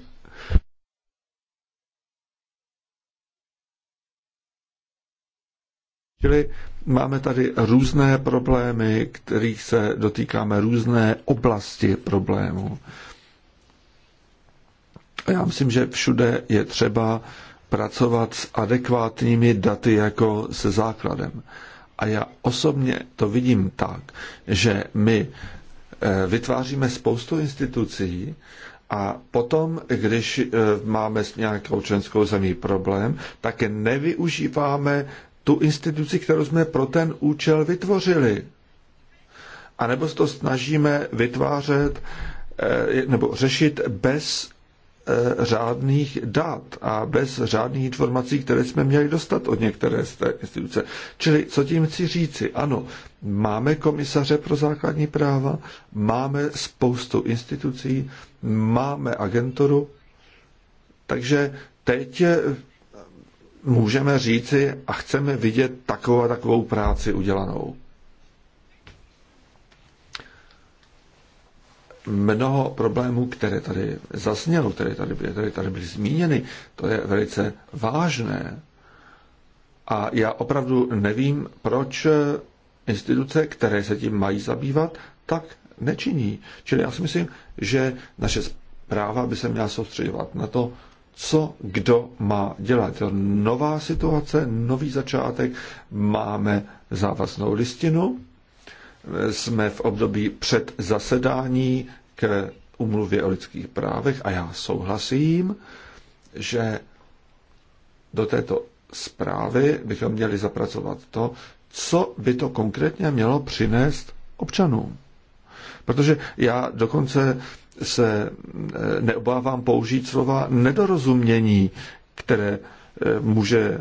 Čili máme tady různé problémy, kterých se dotýkáme různé oblasti problémů. A Já myslím, že všude je třeba pracovat s adekvátními daty jako se základem. A já osobně to vidím tak, že my eh, vytváříme spoustu institucí a potom, když eh, máme s nějakou členskou zemí problém, tak nevyužíváme tu instituci, kterou jsme pro ten účel vytvořili. A nebo se to snažíme vytvářet eh, nebo řešit bez Eh, řádných dat a bez řádných informací, které jsme měli dostat od některé z té instituce. Čili co tím chci říci? Ano, máme komisaře pro základní práva, máme spoustu institucí, máme agenturu, takže teď eh, můžeme říci a chceme vidět takovou a takovou práci udělanou. mnoho problémů, které tady zaznělo, které tady, které tady byly zmíněny, to je velice vážné. A já opravdu nevím, proč instituce, které se tím mají zabývat, tak nečiní. Čili já si myslím, že naše zpráva by se měla soustředovat na to, co kdo má dělat. To Nová situace, nový začátek, máme závaznou listinu, jsme v období před zasedání k umluvě o lidských právech a já souhlasím, že do této zprávy bychom měli zapracovat to, co by to konkrétně mělo přinést občanům. Protože já dokonce se eh, neobávám použít slova nedorozumění, které eh, může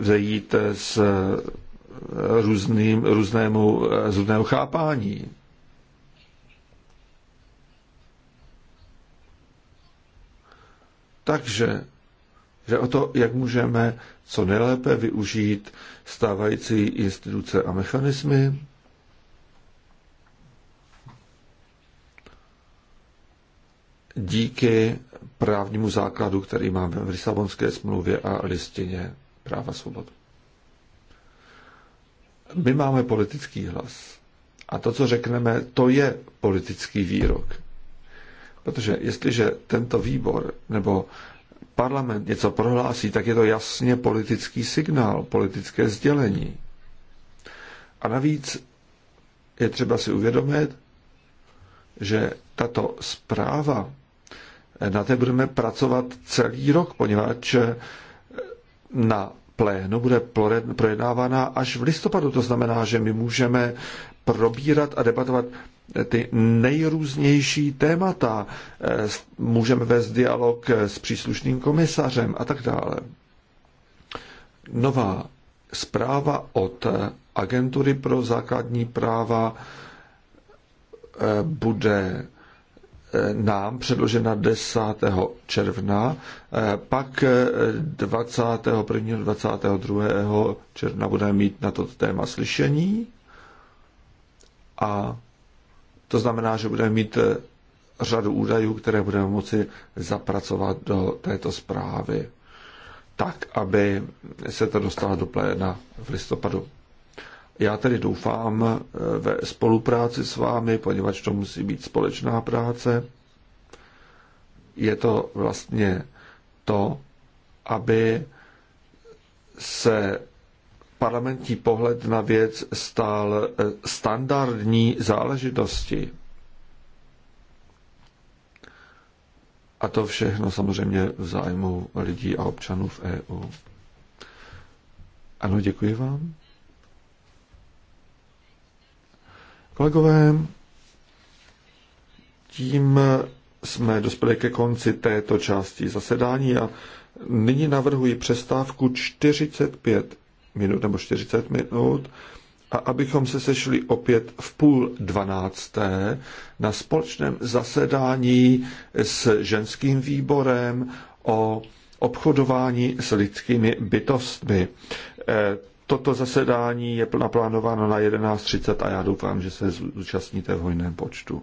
vzejít z různým, různému, různému chápání. Takže že o to, jak můžeme co nejlépe využít stávající instituce a mechanismy, díky právnímu základu, který máme v Lisabonské smlouvě a listině práva svobodu. My máme politický hlas. A to, co řekneme, to je politický výrok. Protože jestliže tento výbor nebo parlament něco prohlásí, tak je to jasně politický signál, politické sdělení. A navíc je třeba si uvědomit, že tato zpráva, na té budeme pracovat celý rok, poněvadž na plénu bude projednávána až v listopadu. To znamená, že my můžeme probírat a debatovat eh, ty nejrůznější témata. Eh, můžeme vést dialog eh, s příslušným komisařem a tak dále. Nová zpráva od Agentury pro základní práva bude Eh, nám předložena 10. června, eh, pak 21. Eh, 22. června budeme mít na toto téma slyšení a to znamená, že budeme mít řadu údajů, které budeme moci zapracovat do této zprávy, tak, aby se to dostalo do pléna v listopadu. Já tedy doufám eh, ve spolupráci s vámi, poněvadž to musí být společná práce. Je to vlastně to, aby se parlamentní pohled na věc stál eh, standardní záležitosti. A to všechno samozřejmě v zájmu lidí a občanů v EU. Ano, děkuji vám. Kolegové, tím jsme dospěli ke konci této části zasedání a nyní navrhuji přestávku 45 minut nebo 40 minut, a abychom se sešli opět v půl dvanácté na společném zasedání s ženským výborem o obchodování s lidskými bytostmi. Eh, Toto zasedání je naplánováno na 11.30 a já doufám, že se zúčastníte v hojném počtu.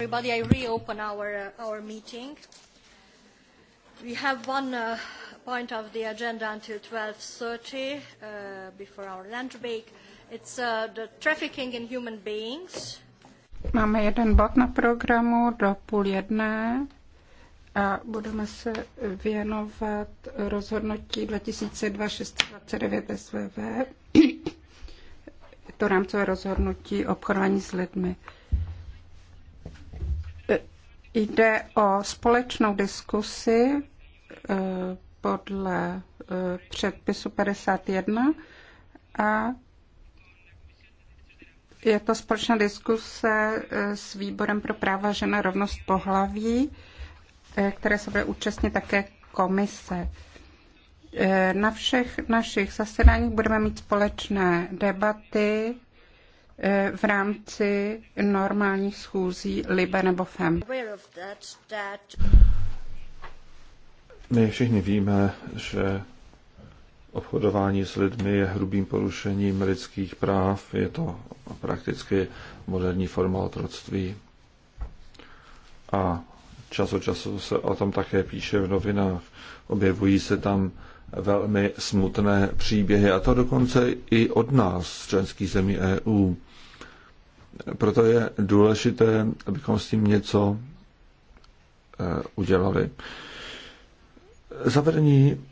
Everybody, I reopen our, uh, our meeting. We have one uh, point of the agenda until 12.30 uh, before our lunch break. It's uh, the trafficking in human beings. Máme jeden bod na programu do půl jedné a budeme se věnovat rozhodnutí 2002-629 SVV, to rámcové rozhodnutí obchodování s lidmi. Jde o společnou diskusi eh, podle eh, předpisu 51 a je to společná diskuse eh, s výborem pro práva žen a rovnost pohlaví, které se bude účastnit také komise. Na všech našich zasedáních budeme mít společné debaty Eh, v rámci normálních schůzí Libe nebo FEM. My všichni víme, že obchodování s lidmi je hrubým porušením lidských práv, je to prakticky moderní forma otroctví. A čas od času se o tom také píše v novinách. Objevují se tam velmi smutné příběhy, a to dokonce i od nás, členských zemí EU proto je důležité, abychom s tím něco eh, udělali. Zavedení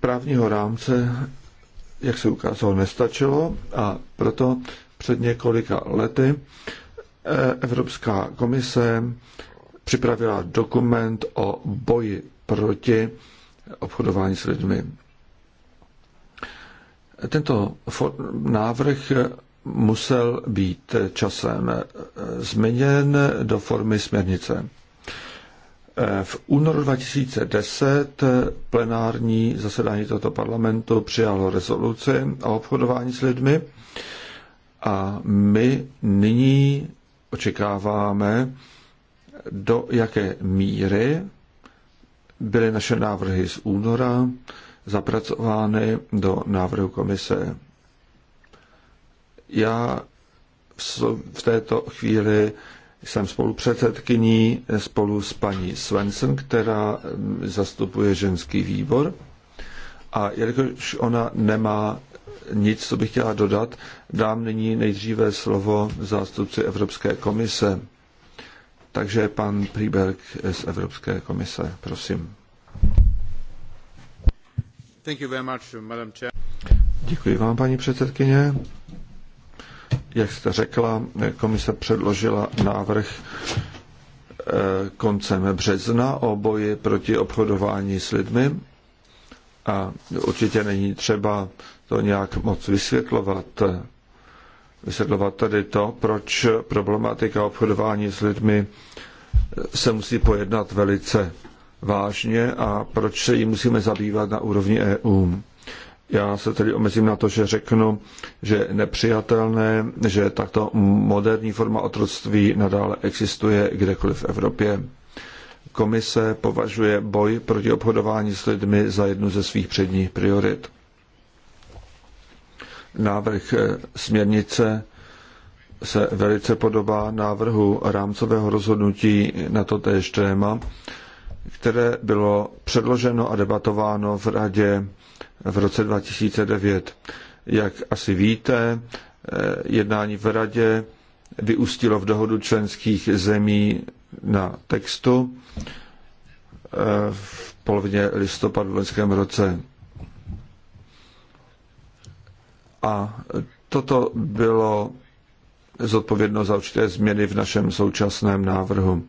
právního rámce, jak se ukázalo, nestačilo a proto před několika lety eh, Evropská komise připravila dokument o boji proti obchodování s lidmi. Tento návrh musel být časem eh, změněn do formy směrnice. Eh, v únoru 2010 plenární zasedání tohoto parlamentu přijalo rezoluci o obchodování s lidmi a my nyní očekáváme, do jaké míry byly naše návrhy z února zapracovány do návrhu komise já v této chvíli jsem spolupředsedkyní spolu s paní Svensson, která zastupuje ženský výbor. A jelikož ona nemá nic, co bych chtěla dodat, dám nyní nejdříve slovo zástupci Evropské komise. Takže pan Příberg z Evropské komise, prosím. Thank you very much, Madam Chair. Děkuji vám, paní předsedkyně. Jak jste řekla, komise předložila návrh eh, koncem března o boji proti obchodování s lidmi a určitě není třeba to nějak moc vysvětlovat. Vysvětlovat tady to, proč problematika obchodování s lidmi eh, se musí pojednat velice vážně a proč se jí musíme zabývat na úrovni EU. Já se tedy omezím na to, že řeknu, že je nepřijatelné, že takto moderní forma otroctví nadále existuje kdekoliv v Evropě. Komise považuje boj proti obchodování s lidmi za jednu ze svých předních priorit. Návrh eh, směrnice se velice podobá návrhu rámcového rozhodnutí na to též téma, které bylo předloženo a debatováno v Radě v roce 2009. Jak asi víte, eh, jednání v Radě vyústilo v dohodu členských zemí na textu eh, v polovině listopadu v loňském roce. A toto bylo zodpovědno za určité změny v našem současném návrhu.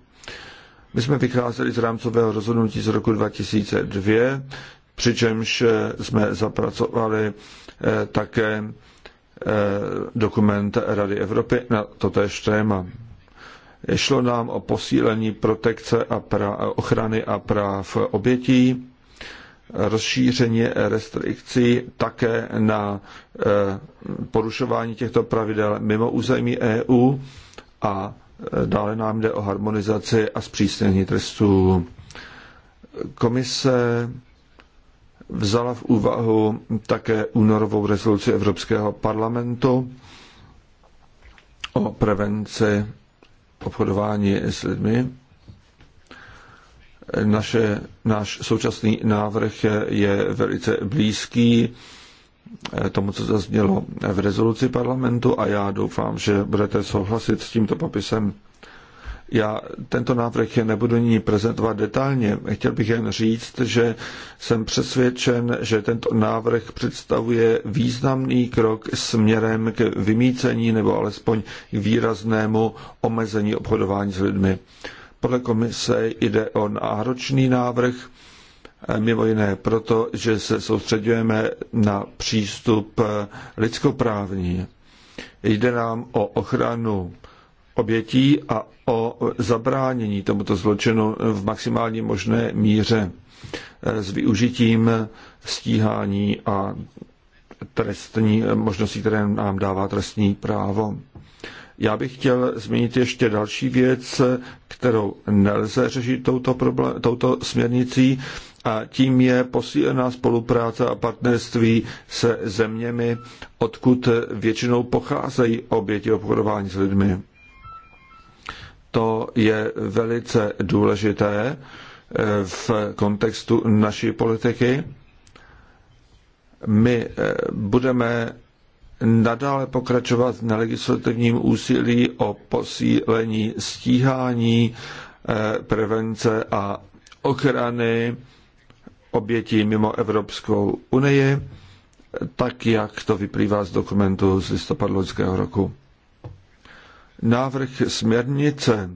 My jsme vycházeli z rámcového rozhodnutí z roku 2002, přičemž eh, jsme zapracovali eh, také eh, dokument Rady Evropy na totéž téma. Šlo nám o posílení protekce a pra, ochrany a práv obětí, rozšíření restrikcí také na porušování těchto pravidel mimo území EU a dále nám jde o harmonizaci a zpřísnění trestů. Komise vzala v úvahu také únorovou rezoluci Evropského parlamentu o prevenci obchodování s lidmi. Naše, náš současný návrh je velice blízký eh, tomu, co zaznělo v rezoluci parlamentu a já doufám, že budete souhlasit s tímto popisem já tento návrh je nebudu nyní prezentovat detailně. Chtěl bych jen říct, že jsem přesvědčen, že tento návrh představuje významný krok směrem k vymícení nebo alespoň k výraznému omezení obchodování s lidmi. Podle komise jde o náročný návrh, mimo jiné proto, že se soustředujeme na přístup lidskoprávní. Jde nám o ochranu obětí a o zabránění tomuto zločinu v maximální možné míře eh, s využitím stíhání a trestní eh, možností, které nám dává trestní právo. Já bych chtěl zmínit ještě další věc, kterou nelze řešit touto, problém, touto směrnicí, a tím je posílená spolupráce a partnerství se zeměmi, odkud většinou pocházejí oběti obchodování s lidmi. To je velice důležité eh, v kontextu naší politiky. My eh, budeme nadále pokračovat v nelegislativním úsilí o posílení stíhání, eh, prevence a ochrany obětí mimo Evropskou unii, tak jak to vyplývá z dokumentu z listopadu loňského roku. Návrh směrnice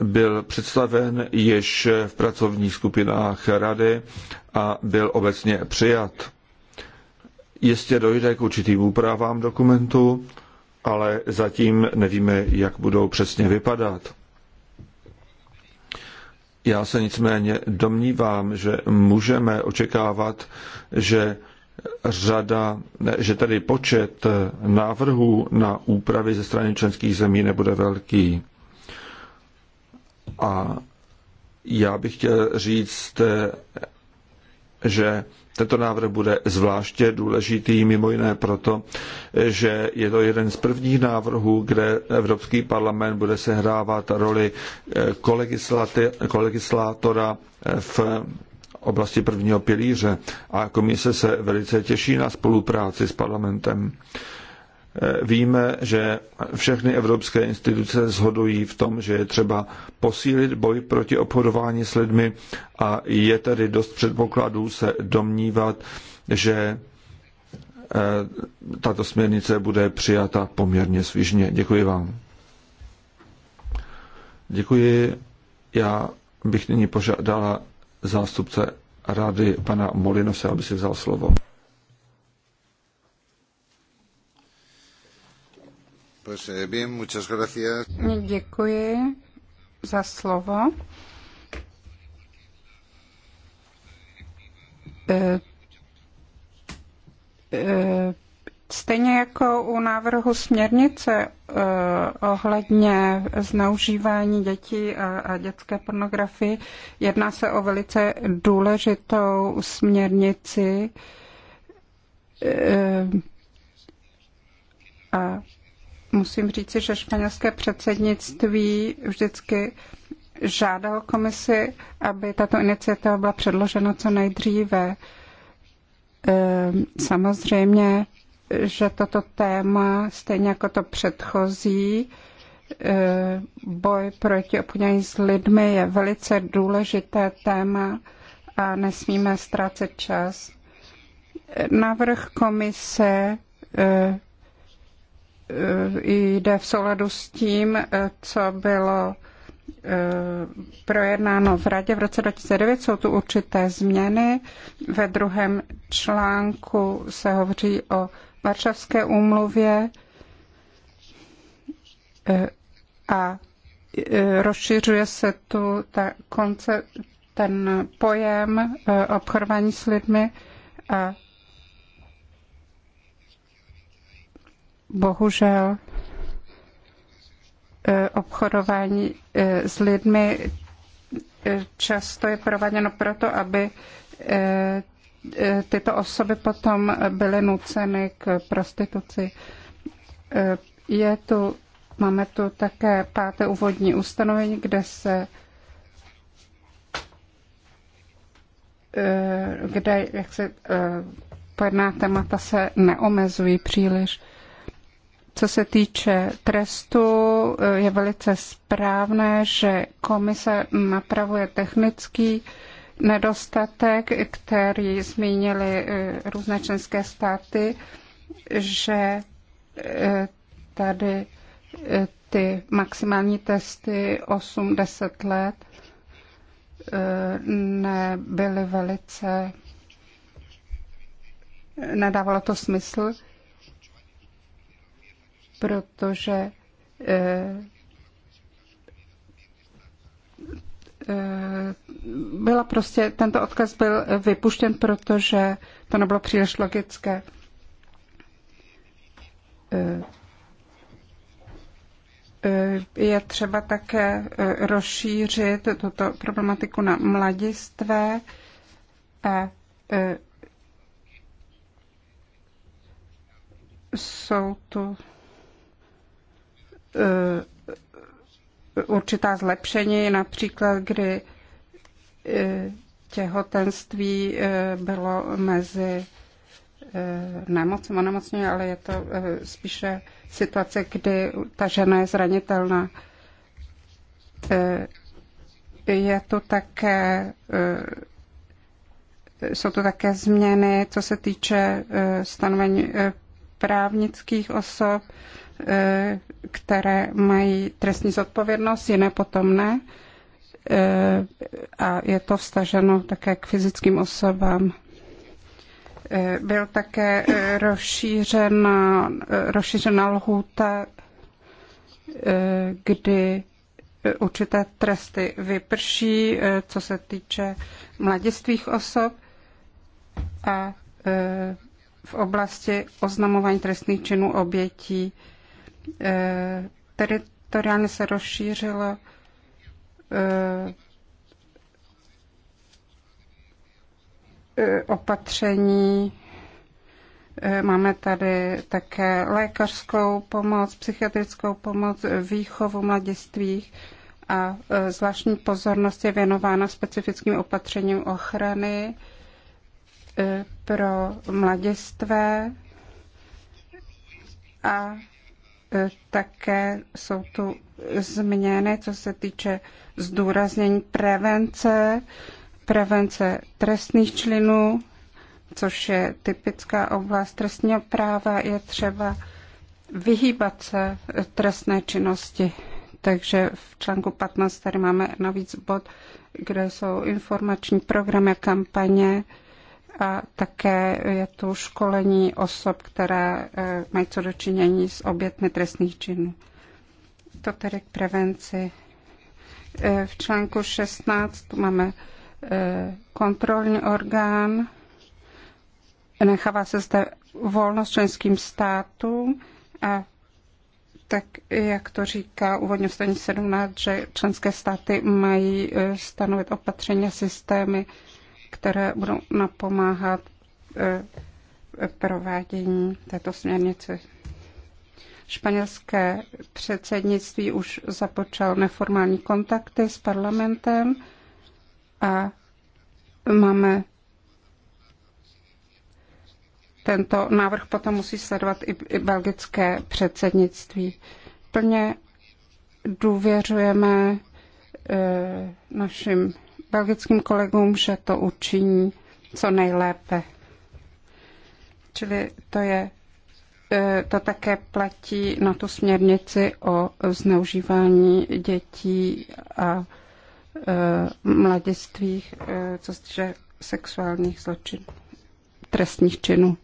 byl představen již v pracovních skupinách rady a byl obecně přijat. Jistě dojde k určitým úpravám dokumentu, ale zatím nevíme, jak budou přesně vypadat. Já se nicméně domnívám, že můžeme očekávat, že řada, že tedy počet návrhů na úpravy ze strany členských zemí nebude velký. A já bych chtěl říct, že tento návrh bude zvláště důležitý, mimo jiné proto, že je to jeden z prvních návrhů, kde Evropský parlament bude sehrávat roli kolegislátora v oblasti prvního pilíře a komise se velice těší na spolupráci s parlamentem. Eh, víme, že všechny evropské instituce shodují v tom, že je třeba posílit boj proti obchodování s lidmi a je tedy dost předpokladů se domnívat, že eh, tato směrnice bude přijata poměrně svižně. Děkuji vám. Děkuji. Já bych nyní požádala zástupce rady pana Molinose, aby si vzal slovo. Eh, Děkuji za slovo. E, e, Stejně jako u návrhu směrnice eh, ohledně zneužívání dětí a, a dětské pornografie, jedná se o velice důležitou směrnici eh, a musím říci, že španělské předsednictví vždycky žádalo komisi, aby tato iniciativa byla předložena co nejdříve. Eh, samozřejmě že toto téma, stejně jako to předchozí, eh, boj proti obchodňování s lidmi je velice důležité téma a nesmíme ztrácet čas. Návrh komise eh, eh, jde v souladu s tím, co bylo projednáno v Radě v roce 2009. Jsou tu určité změny. Ve druhém článku se hovoří o Varšavské úmluvě eh, a eh, rozšiřuje se tu ta konce, ten pojem eh, obchodování s lidmi a bohužel obchodování s lidmi často je prováděno proto, aby E, tyto osoby potom byly nuceny k prostituci. E, je tu, máme tu také páté úvodní ustanovení, kde se e, kde jak se pojedná témata se neomezují příliš. Co se týče trestu, je velice správné, že komise napravuje technický nedostatek, který zmínili eh, různé členské státy, že eh, tady eh, ty maximální testy 8-10 let nebyly velice, nedávalo to smysl, protože Eh, byla prostě, tento odkaz byl vypuštěn, protože to nebylo příliš logické. Eh, eh, je třeba také rozšířit tuto problematiku na mladistvé a jsou tu určitá zlepšení, například kdy e, těhotenství e, bylo mezi e, nemocem a nemocně, ale je to spíše situace, kdy ta žena je zranitelná. Je to také, jsou to také změny, co se týče stanovení právnických osob, Eh, které mají trestní zodpovědnost, jiné potom ne. Eh, a je to vstaženo také k fyzickým osobám. Eh, byl také rozšířena, rozšířena lhůta, kdy určité tresty vyprší, co se týče mladistvých osob a v oblasti oznamování trestných činů obětí Eh, teritoriálně se rozšířilo eh, eh, opatření. Máme tady také lékařskou pomoc, psychiatrickou pomoc, výchovu mladistvých a zvláštní pozornost je věnována specifickým opatřením ochrany pro mladistvé a E, také jsou tu změny, co se týče zdůraznění prevence, prevence trestných činů, což je typická oblast trestního práva, je třeba vyhýbat se trestné činnosti. Takže v článku 15 tady máme navíc bod, kde jsou informační programy a kampaně, a také je tu školení osob, které eh, mají co dočinění s obětmi trestných činů. To tedy k prevenci. Eh, v článku 16 tu máme eh, kontrolní orgán. Nechává se zde volnost členským státům a tak jak to říká úvodně v 17, že členské státy mají stanovit opatření a systémy které budou napomáhat eh, provádění této směrnice. Španělské předsednictví už započal neformální kontakty s parlamentem a máme tento návrh potom musí sledovat i belgické předsednictví. Plně důvěřujeme eh, našim belgickým kolegům, že to učiní co nejlépe. Čili to je e, to také platí na tu směrnici o zneužívání dětí a e, mladistvých, e, co se týče sexuálních zločinů, trestních činů.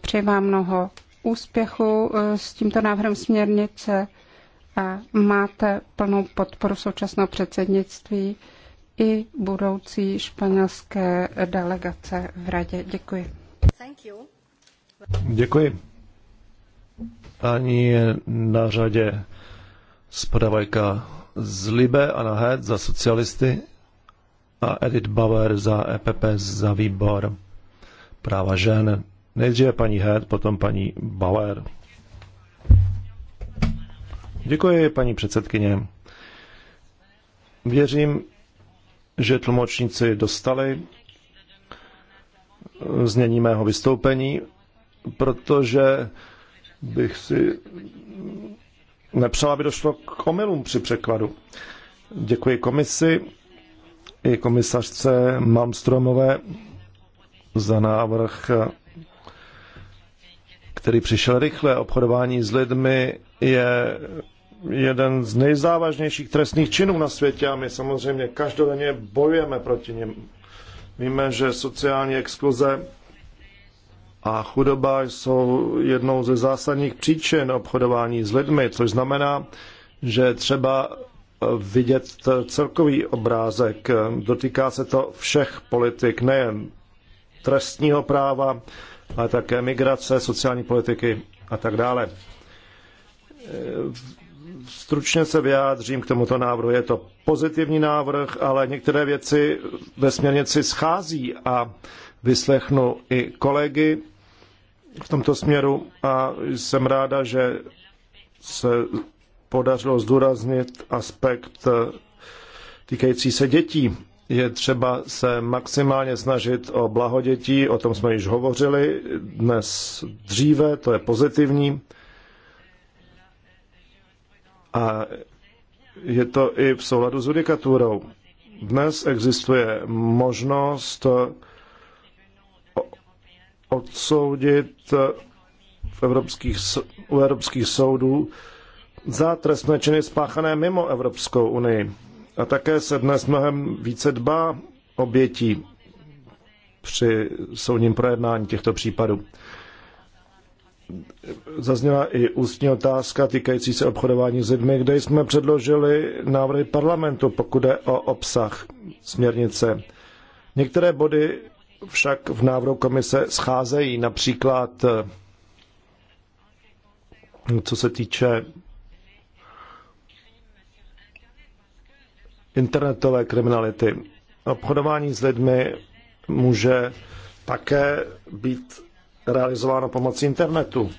Přeji vám mnoho úspěchu s tímto návrhem směrnice a máte plnou podporu současného předsednictví i budoucí španělské delegace v radě. Děkuji. Děkuji. Ani na řadě spodavajka z Libe a na HED za socialisty a Edith Bauer za EPP za výbor práva žen. Nejdříve paní HED, potom paní Bauer. Děkuji, paní předsedkyně. Věřím, že tlumočníci dostali eh, znění mého vystoupení, protože bych si nepřál, aby došlo k omylům při překladu. Děkuji komisi i komisařce Malmstromové za návrh, který přišel rychle. Obchodování s lidmi je jeden z nejzávažnějších trestných činů na světě a my samozřejmě každodenně bojujeme proti něm. Víme, že sociální exkluze a chudoba jsou jednou ze zásadních příčin obchodování s lidmi, což znamená, že třeba vidět celkový obrázek. Dotýká se to všech politik, nejen trestního práva, ale také migrace, sociální politiky a tak dále. Stručně se vyjádřím k tomuto návrhu. Je to pozitivní návrh, ale některé věci ve směrnici schází a vyslechnu i kolegy v tomto směru a jsem ráda, že se podařilo zdůraznit aspekt týkající se dětí. Je třeba se maximálně snažit o blaho dětí, o tom jsme již hovořili dnes dříve, to je pozitivní. A je to i v souladu s judikaturou. Dnes existuje možnost odsoudit v evropských, u evropských soudů za trestné činy spáchané mimo Evropskou unii. A také se dnes mnohem více dbá obětí při soudním projednání těchto případů zazněla i ústní otázka týkající se obchodování s lidmi, kde jsme předložili návrhy parlamentu, pokud jde o obsah směrnice. Některé body však v návrhu komise scházejí, například co se týče internetové kriminality. Obchodování s lidmi může také být realizováno pomocí internetu.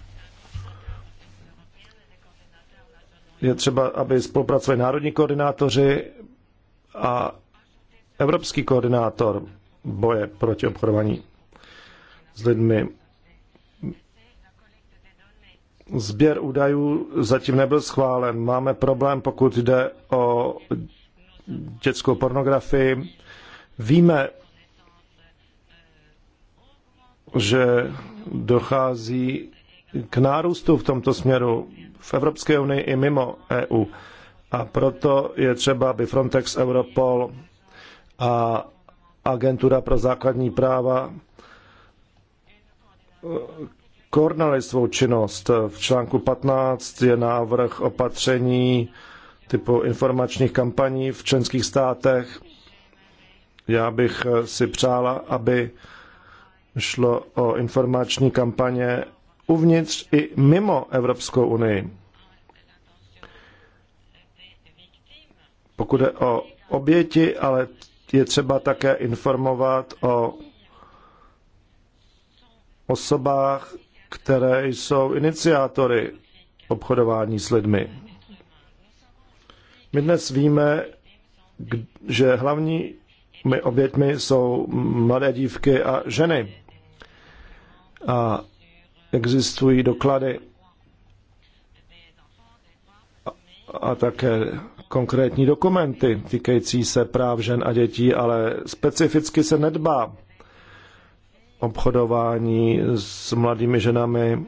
Je třeba, aby spolupracovali národní koordinátoři a evropský koordinátor boje proti obchodování s lidmi. Sběr údajů zatím nebyl schválen. Máme problém, pokud jde o dětskou pornografii. Víme, že dochází k nárůstu v tomto směru v Evropské unii i mimo EU. A proto je třeba, aby Frontex, Europol a Agentura pro základní práva eh, koordinali svou činnost. V článku 15 je návrh opatření typu informačních kampaní v členských státech. Já bych eh, si přála, aby Šlo o informační kampaně uvnitř i mimo Evropskou unii. Pokud je o oběti, ale je třeba také informovat o osobách, které jsou iniciátory obchodování s lidmi. My dnes víme, že hlavními oběťmi jsou mladé dívky a ženy a existují doklady a také konkrétní dokumenty týkající se práv žen a dětí, ale specificky se nedbá obchodování s mladými ženami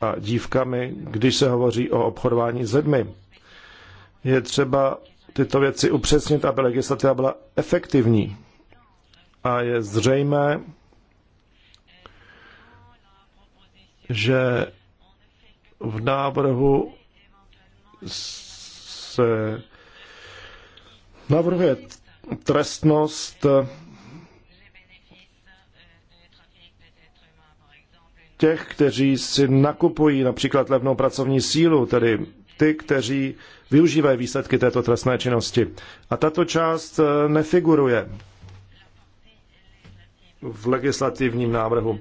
a dívkami, když se hovoří o obchodování s lidmi. Je třeba tyto věci upřesnit, aby legislativa byla efektivní. A je zřejmé, že v návrhu se navrhuje trestnost těch, kteří si nakupují například levnou pracovní sílu, tedy ty, kteří využívají výsledky této trestné činnosti. A tato část eh, nefiguruje v legislativním návrhu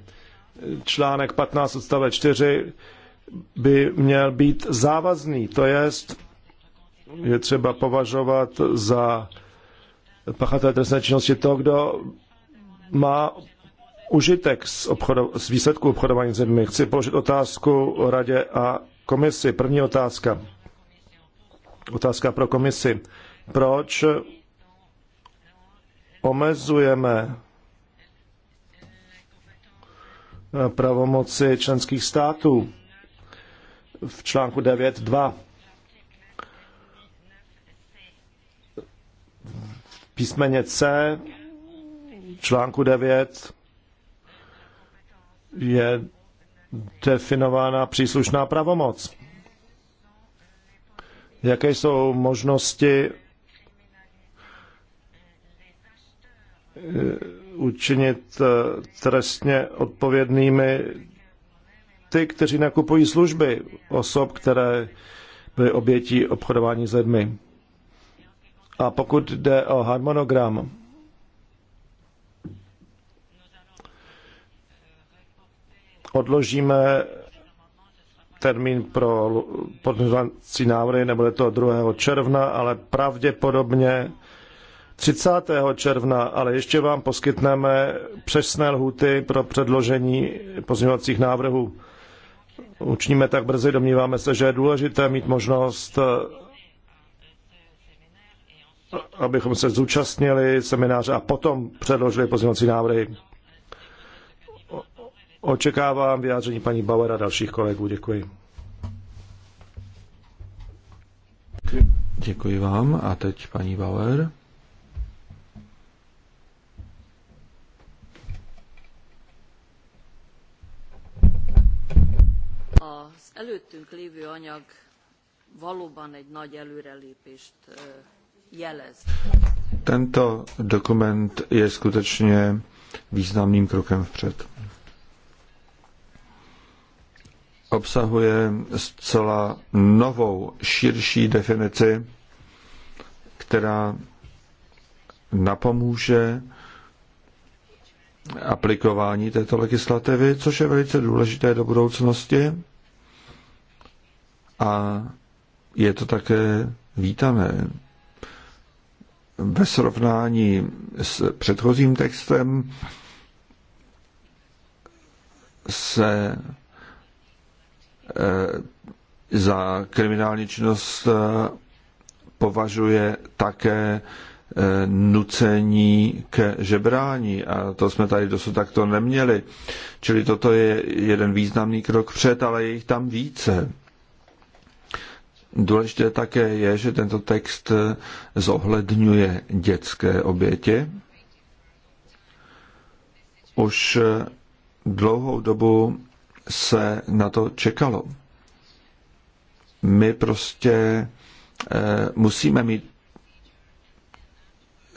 článek 15 odstavec 4 by měl být závazný. To jest, je třeba považovat za pachatele trestné činnosti to, kdo má užitek z, obchodo- z výsledku obchodování s lidmi. Chci položit otázku radě a komisi. První otázka. Otázka pro komisi. Proč omezujeme pravomoci členských států v článku 9.2. V písmeně C článku 9 je definována příslušná pravomoc. Jaké jsou možnosti učinit eh, trestně odpovědnými ty, kteří nakupují služby osob, které byly obětí obchodování s lidmi. A pokud jde o harmonogram, odložíme termín pro podnovací návrhy, nebude to 2. června, ale pravděpodobně 30. června, ale ještě vám poskytneme přesné lhuty pro předložení pozměňovacích návrhů. Učiníme tak brzy, domníváme se, že je důležité mít možnost, abychom se zúčastnili semináře a potom předložili pozměňovací návrhy. Očekávám vyjádření paní Bauer a dalších kolegů. Děkuji. Děkuji vám. A teď paní Bauer. előttünk lévő anyag valóban egy nagy előrelépést jelez. Tento dokument je skutečně významným krokem vpřed. Obsahuje zcela novou, širší definici, která napomůže aplikování této legislativy, což je velice důležité do budoucnosti a je to také vítané. Ve srovnání s předchozím textem se eh, za kriminální činnost eh, považuje také eh, nucení k žebrání a to jsme tady dosud takto neměli. Čili toto je jeden významný krok před, ale je jich tam více. Důležité také je, že tento text zohledňuje dětské oběti. Už dlouhou dobu se na to čekalo. My prostě eh, musíme mít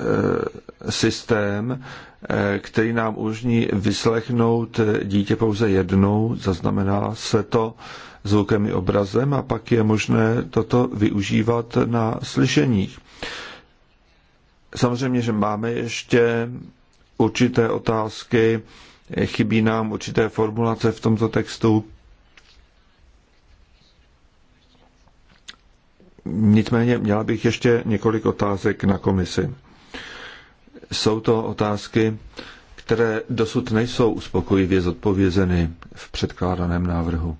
eh, systém, eh, který nám užní, vyslechnout dítě pouze jednou, zaznamená se to zvukem i obrazem a pak je možné toto využívat na slyšeních. Samozřejmě, že máme ještě určité otázky, chybí nám určité formulace v tomto textu. Nicméně měla bych ještě několik otázek na komisi. Jsou to otázky, které dosud nejsou uspokojivě zodpovězeny v předkládaném návrhu.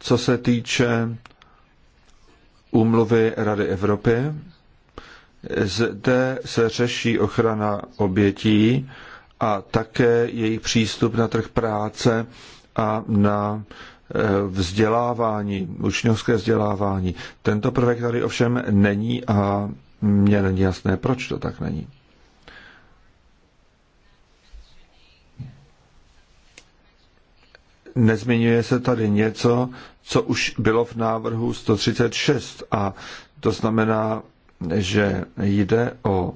co se týče úmluvy Rady Evropy, zde se řeší ochrana obětí a také jejich přístup na trh práce a na eh, vzdělávání, učňovské vzdělávání. Tento prvek tady ovšem není a mně není jasné, proč to tak není. nezmiňuje se tady něco, co už bylo v návrhu 136 a to znamená, že jde o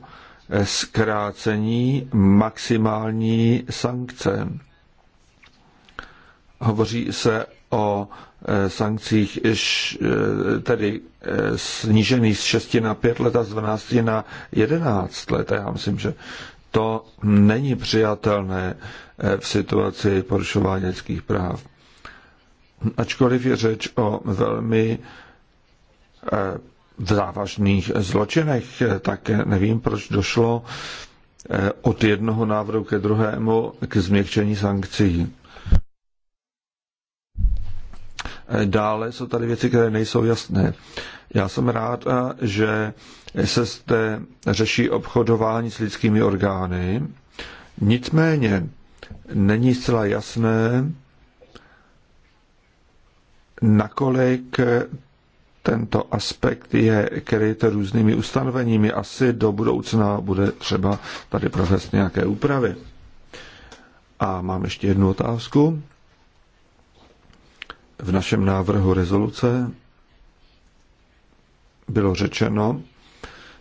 zkrácení maximální sankce. Hovoří se o e, sankcích e, tedy e, snížených z 6 na 5 let a z 12 na 11 let. Já myslím, že to není přijatelné eh, v situaci porušování lidských práv. Ačkoliv je řeč o velmi v eh, závažných zločinech, eh, tak nevím, proč došlo od jednoho návrhu ke druhému k změkčení sankcí. Dále jsou tady věci, které nejsou jasné. Já jsem rád, eh, že se zde řeší obchodování s lidskými orgány. Nicméně není zcela jasné, nakolik tento aspekt je kryt různými ustanoveními. Asi do budoucna bude třeba tady provést nějaké úpravy. A mám ještě jednu otázku v našem návrhu rezoluce bylo řečeno,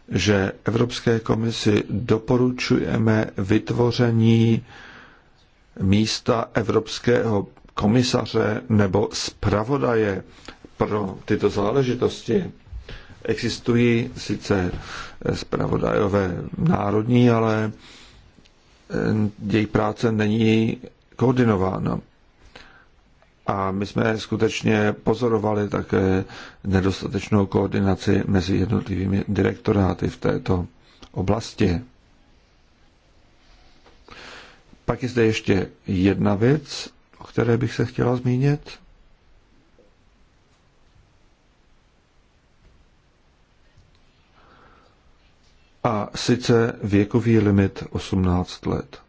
že Evropské komisi doporučujeme vytvoření místa Evropského komisaře nebo zpravodaje pro tyto záležitosti. Existují sice zpravodajové národní, ale eh, jejich práce není koordinována. A my jsme skutečně pozorovali také nedostatečnou koordinaci mezi jednotlivými direktoráty v této oblasti. Pak je zde ještě jedna věc, o které bych se chtěla zmínit. A sice věkový limit 18 let.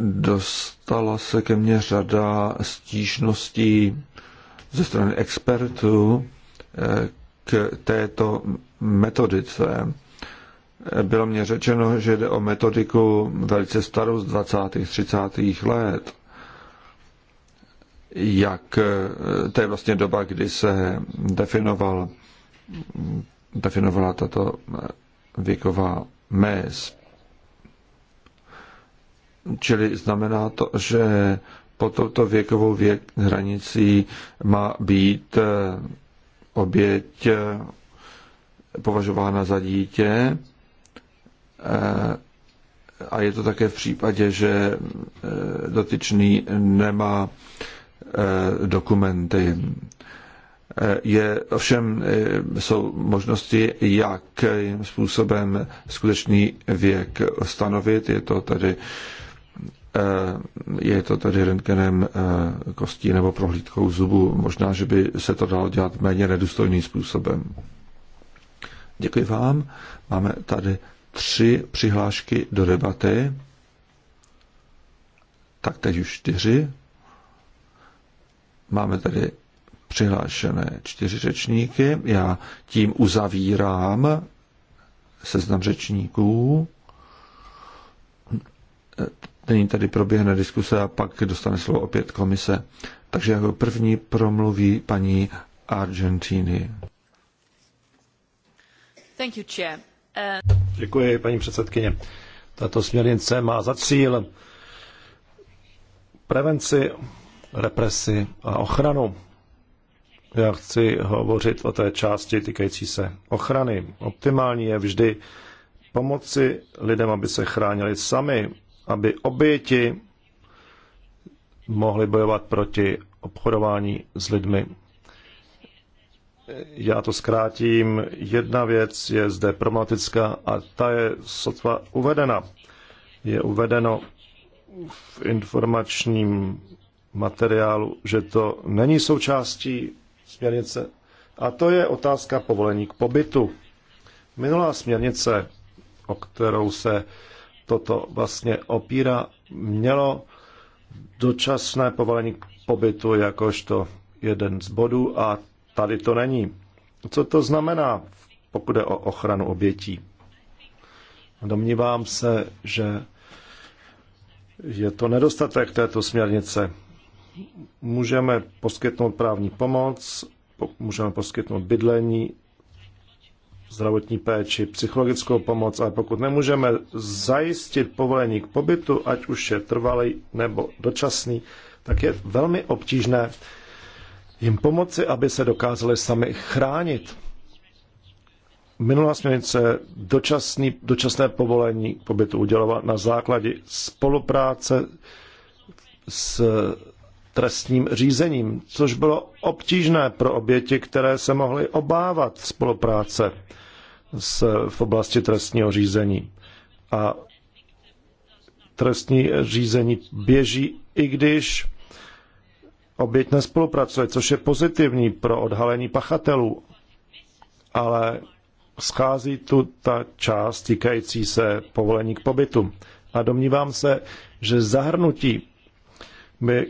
dostala se ke mně řada stížností ze strany expertů eh, k této metodice. Bylo mně řečeno, že jde o metodiku velice starou z 20. 30. let. Jak, eh, to je vlastně doba, kdy se definoval, definovala tato eh, věková mez. Čili znamená to, že po touto věkovou věk hranicí má být eh, oběť eh, považována za dítě eh, a je to také v případě, že dotyčný nemá dokumenty. Je, ovšem jsou možnosti, jakým způsobem skutečný věk stanovit. Je to tedy Eh, je to tedy rentgenem eh, kostí nebo prohlídkou zubu. Možná, že by se to dalo dělat méně nedůstojným způsobem. Děkuji vám. Máme tady tři přihlášky do debaty. Tak teď už čtyři. Máme tady přihlášené čtyři řečníky. Já tím uzavírám seznam řečníků Nyní tady proběhne diskuse a pak dostane slovo opět komise. Takže jako první promluví paní Argentini. Thank you, chair. Uh, Děkuji, paní předsedkyně. Tato směrnice má za cíl prevenci, represi a ochranu. Já chci hovořit o té části týkající se ochrany. Optimální je vždy pomoci lidem, aby se chránili sami aby oběti mohli bojovat proti obchodování s lidmi. Já to zkrátím. Jedna věc je zde problematická a ta je sotva uvedena. Je uvedeno v informačním materiálu, že to není součástí směrnice. A to je otázka povolení k pobytu. Minulá směrnice, o kterou se toto vlastně opírá, mělo dočasné povolení k pobytu jakožto jeden z bodů a tady to není. Co to znamená, pokud je o ochranu obětí? Domnívám se, že je to nedostatek této směrnice. Můžeme poskytnout právní pomoc, můžeme poskytnout bydlení zdravotní péči, psychologickou pomoc, ale pokud nemůžeme zajistit povolení k pobytu, ať už je trvalý nebo dočasný, tak je velmi obtížné jim pomoci, aby se dokázali sami chránit. Minulá směrnice dočasný, dočasné povolení k pobytu udělovat na základě spolupráce s trestním řízením, což bylo obtížné pro oběti, které se mohly obávat spolupráce s, v oblasti trestního řízení. A trestní řízení běží, i když oběť nespolupracuje, což je pozitivní pro odhalení pachatelů. Ale schází tu ta část týkající se povolení k pobytu. A domnívám se, že zahrnutí by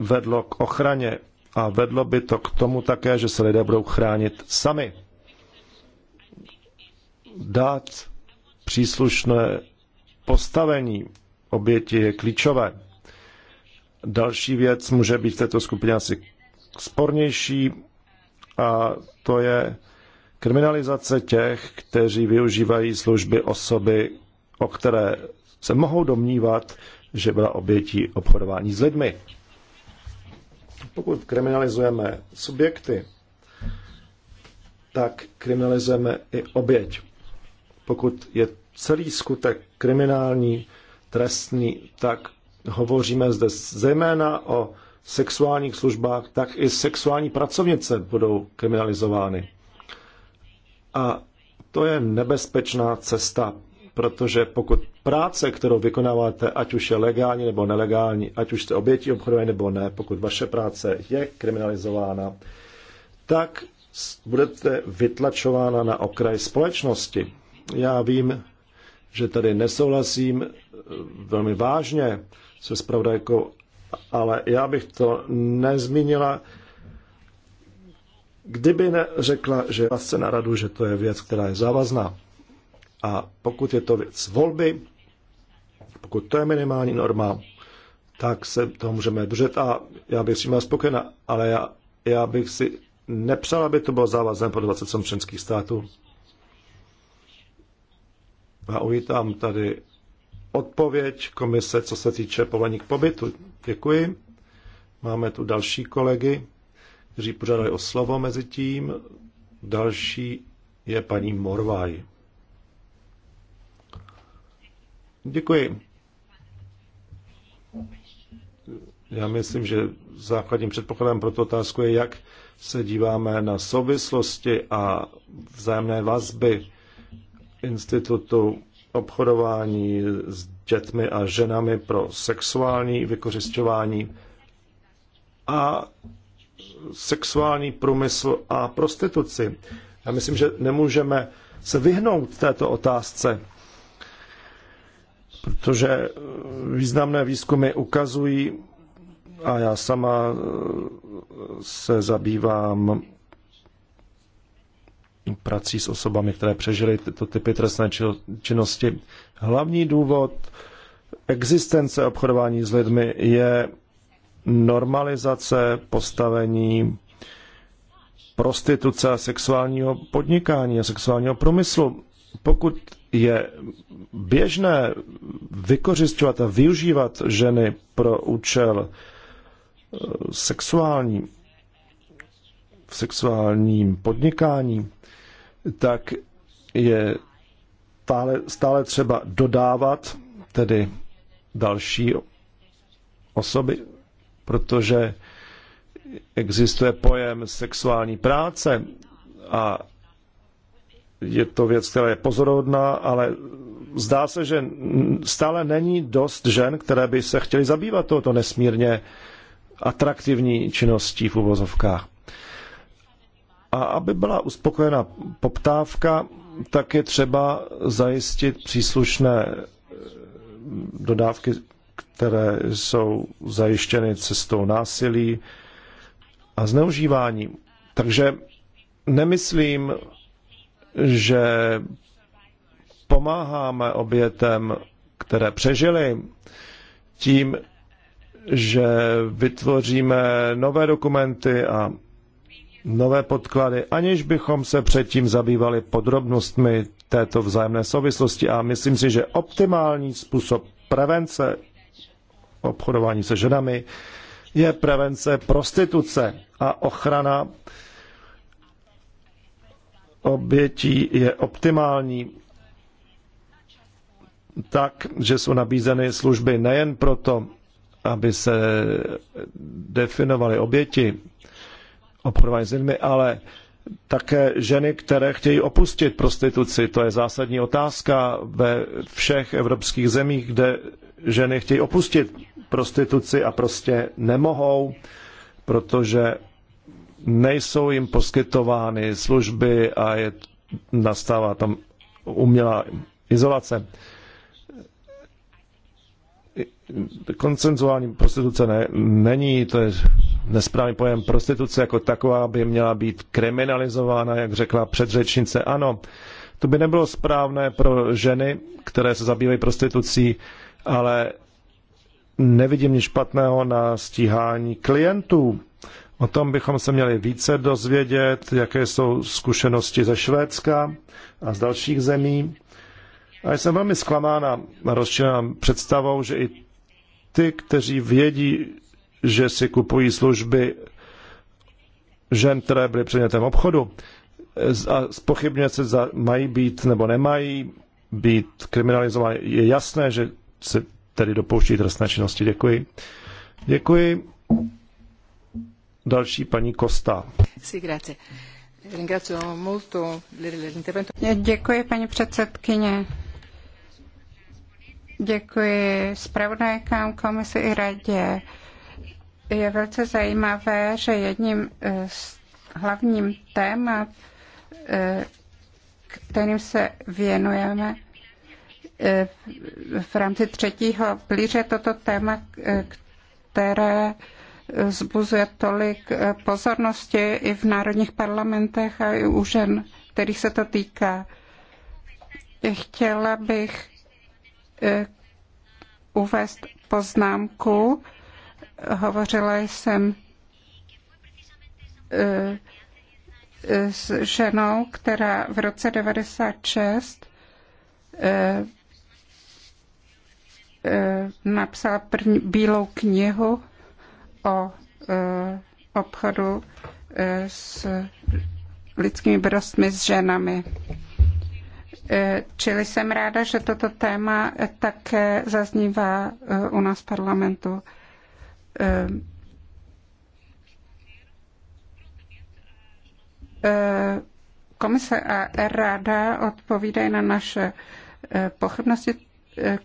vedlo k ochraně a vedlo by to k tomu také, že se lidé budou chránit sami. Dát příslušné postavení oběti je klíčové. Další věc může být v této skupině asi spornější a to je kriminalizace těch, kteří využívají služby osoby, o které se mohou domnívat, že byla obětí obchodování s lidmi. Pokud kriminalizujeme subjekty, tak kriminalizujeme i oběť. Pokud je celý skutek kriminální, trestný, tak hovoříme zde zejména o sexuálních službách, tak i sexuální pracovnice budou kriminalizovány. A to je nebezpečná cesta protože pokud práce, kterou vykonáváte, ať už je legální nebo nelegální, ať už jste obětí obchodové nebo ne, pokud vaše práce je kriminalizována, tak budete vytlačována na okraj společnosti. Já vím, že tady nesouhlasím eh, velmi vážně se spravodajkou, ale já bych to nezmínila, kdyby neřekla, že vás se na radu, že to je věc, která je závazná. A pokud je to věc volby, pokud to je minimální norma, tak se toho můžeme držet a já bych přímo spokojená, ale já, já bych si nepřál, aby to bylo závazné pro 27 členských států. A uvítám tady odpověď komise, co se týče povolení k pobytu. Děkuji. Máme tu další kolegy, kteří požádali o slovo mezi tím. Další je paní Morvaj. Děkuji. Já myslím, že základním předpokladem pro tu otázku je, jak se díváme na souvislosti a vzájemné vazby institutu obchodování s dětmi a ženami pro sexuální vykořišťování a sexuální průmysl a prostituci. Já myslím, že nemůžeme se vyhnout této otázce protože významné výzkumy ukazují, a já sama eh, se zabývám prací s osobami, které přežily tyto typy trestné činnosti. Hlavní důvod existence obchodování s lidmi je normalizace postavení prostituce a sexuálního podnikání a sexuálního průmyslu. Pokud je běžné vykořišťovat a využívat ženy pro účel eh, sexuální, v sexuálním podnikání, tak je stále, stále třeba dodávat tedy další osoby, protože existuje pojem sexuální práce a je to věc, která je pozorodná, ale zdá se, že stále není dost žen, které by se chtěly zabývat touto nesmírně atraktivní činností v uvozovkách. A aby byla uspokojena poptávka, tak je třeba zajistit příslušné eh, dodávky, které jsou zajištěny cestou násilí a zneužívání. Takže nemyslím, že pomáháme obětem, které přežily, tím, že vytvoříme nové dokumenty a nové podklady, aniž bychom se předtím zabývali podrobnostmi této vzájemné souvislosti. A myslím si, že optimální způsob prevence obchodování se ženami je prevence prostituce a ochrana obětí je optimální tak, že jsou nabízeny služby nejen proto, aby se definovaly oběti obchodování s lidmi, ale také ženy, které chtějí opustit prostituci. To je zásadní otázka ve všech evropských zemích, kde ženy chtějí opustit prostituci a prostě nemohou, protože nejsou jim poskytovány služby a je, nastává tam umělá izolace. Koncenzuální prostituce ne, není, to je nesprávný pojem. Prostituce jako taková by měla být kriminalizována, jak řekla předřečnice. Ano, to by nebylo správné pro ženy, které se zabývají prostitucí, ale nevidím nic špatného na stíhání klientů O tom bychom se měli více dozvědět, jaké jsou zkušenosti ze Švédska a z dalších zemí. A jsem velmi zklamána a rozčilená představou, že i ty, kteří vědí, že si kupují služby žen, které byly předmětem obchodu, a spochybňuje se, za, mají být nebo nemají být kriminalizovány. Je jasné, že se tedy dopouští trestné činnosti. Děkuji. Děkuji. Další paní Kosta. Děkuji, paní předsedkyně. Děkuji zpravodajkám komisi i radě. Je velice zajímavé, že jedním eh, z hlavním témat, eh, kterým se věnujeme eh, v rámci třetího pilíře, toto téma, které zbuzuje tolik eh, pozornosti i v národních parlamentech a i u žen, kterých se to týká. Chtěla bych eh, uvést poznámku. Hovořila jsem eh, s ženou, která v roce 96 napsala první bílou knihu o e, obchodu e, s lidskými bytostmi s ženami. E, čili jsem ráda, že toto téma také zaznívá u nás v parlamentu. Komise a ráda odpovídají na naše pochybnosti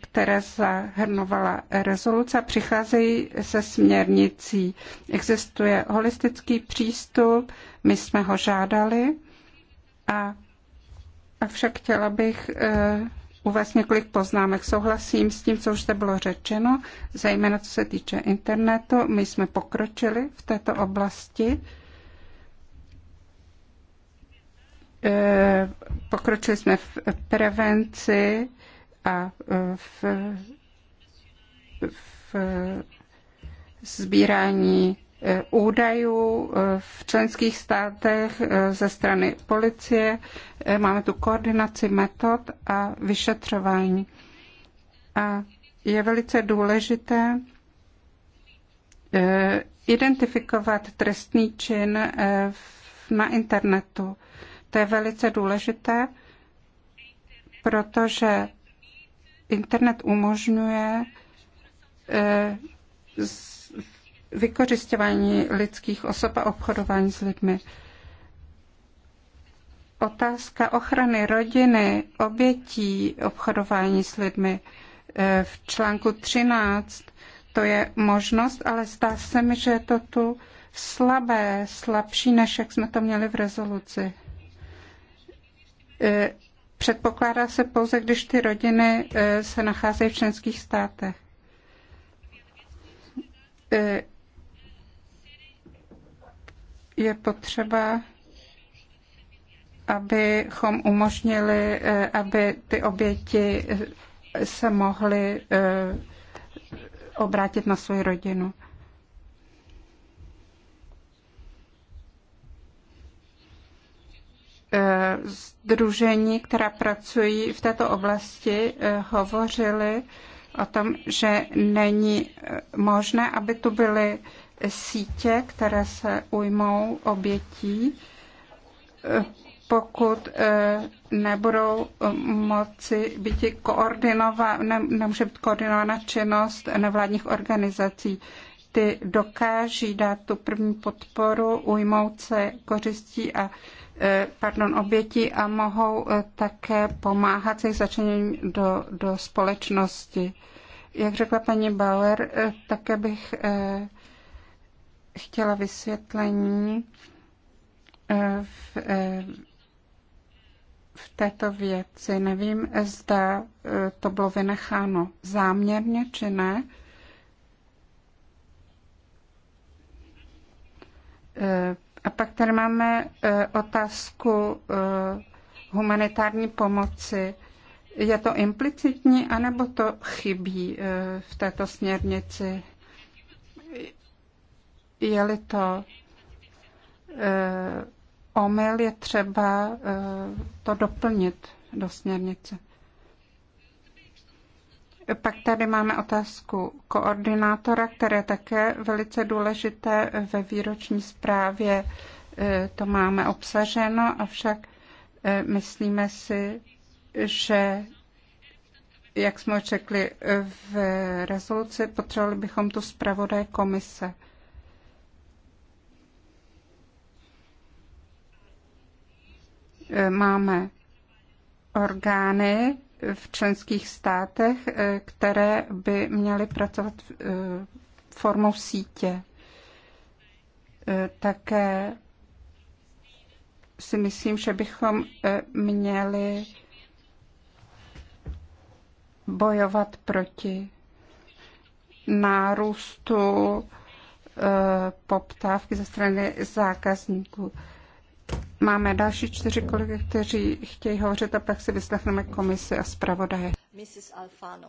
které zahrnovala rezoluce, přicházejí se směrnicí. Existuje holistický přístup, my jsme ho žádali, a avšak chtěla bych eh, uvést několik poznámek. Souhlasím s tím, co už zde bylo řečeno, zejména co se týče internetu. My jsme pokročili v této oblasti. Eh, pokročili jsme v prevenci a e, v, v sbírání e, údajů e, v členských státech ze strany policie. Máme tu koordinaci metod a vyšetřování. A je velice důležité identifikovat trestný čin na internetu. To je velice důležité, protože Internet umožňuje eh, vykořišťování lidských osob a obchodování s lidmi. Otázka ochrany rodiny, obětí obchodování s lidmi eh, v článku 13, to je možnost, ale zdá se mi, že je to tu slabé, slabší, než jak jsme to měli v rezoluci. Eh, Předpokládá se pouze, když ty rodiny eh, se nacházejí v členských státech. Eh, je potřeba, abychom umožnili, eh, aby ty oběti se mohly obrátit na svoji rodinu. Eh, združení, která pracují v této oblasti, eh, hovořili o tom, že není eh, možné, aby tu byly sítě, které se ujmou obětí, pokud nebudou moci být koordinovaná, nemůže být koordinována činnost nevládních organizací. Ty dokáží dát tu první podporu, ujmout se kořistí a Eh, pardon, oběti a mohou eh, také pomáhat se začlenění do, do společnosti. Jak řekla paní Bauer, eh, také bych chtěla vysvětlení v, v této věci. Nevím, zda to bylo vynecháno záměrně či ne. E, a pak tady máme e, otázku e, humanitární pomoci. Je to implicitní, anebo to chybí e, v této směrnici? Je-li to omyl, je třeba to doplnit do směrnice. Pak tady máme otázku koordinátora, které je také velice důležité ve výroční zprávě. E, to máme obsaženo, avšak e, myslíme si, že jak jsme očekli v rezoluci, potřebovali bychom tu zpravodaj komise. E, máme orgány, v členských státech, eh, které by měly pracovat eh, formou sítě. Eh, také si myslím, že bychom měli bojovat proti nárůstu poptávky ze strany zákazníků. Máme další čtyři kolegy, kteří chtějí hovořit a pak si vyslechneme komisi a zpravodaje. Mrs. Alfano.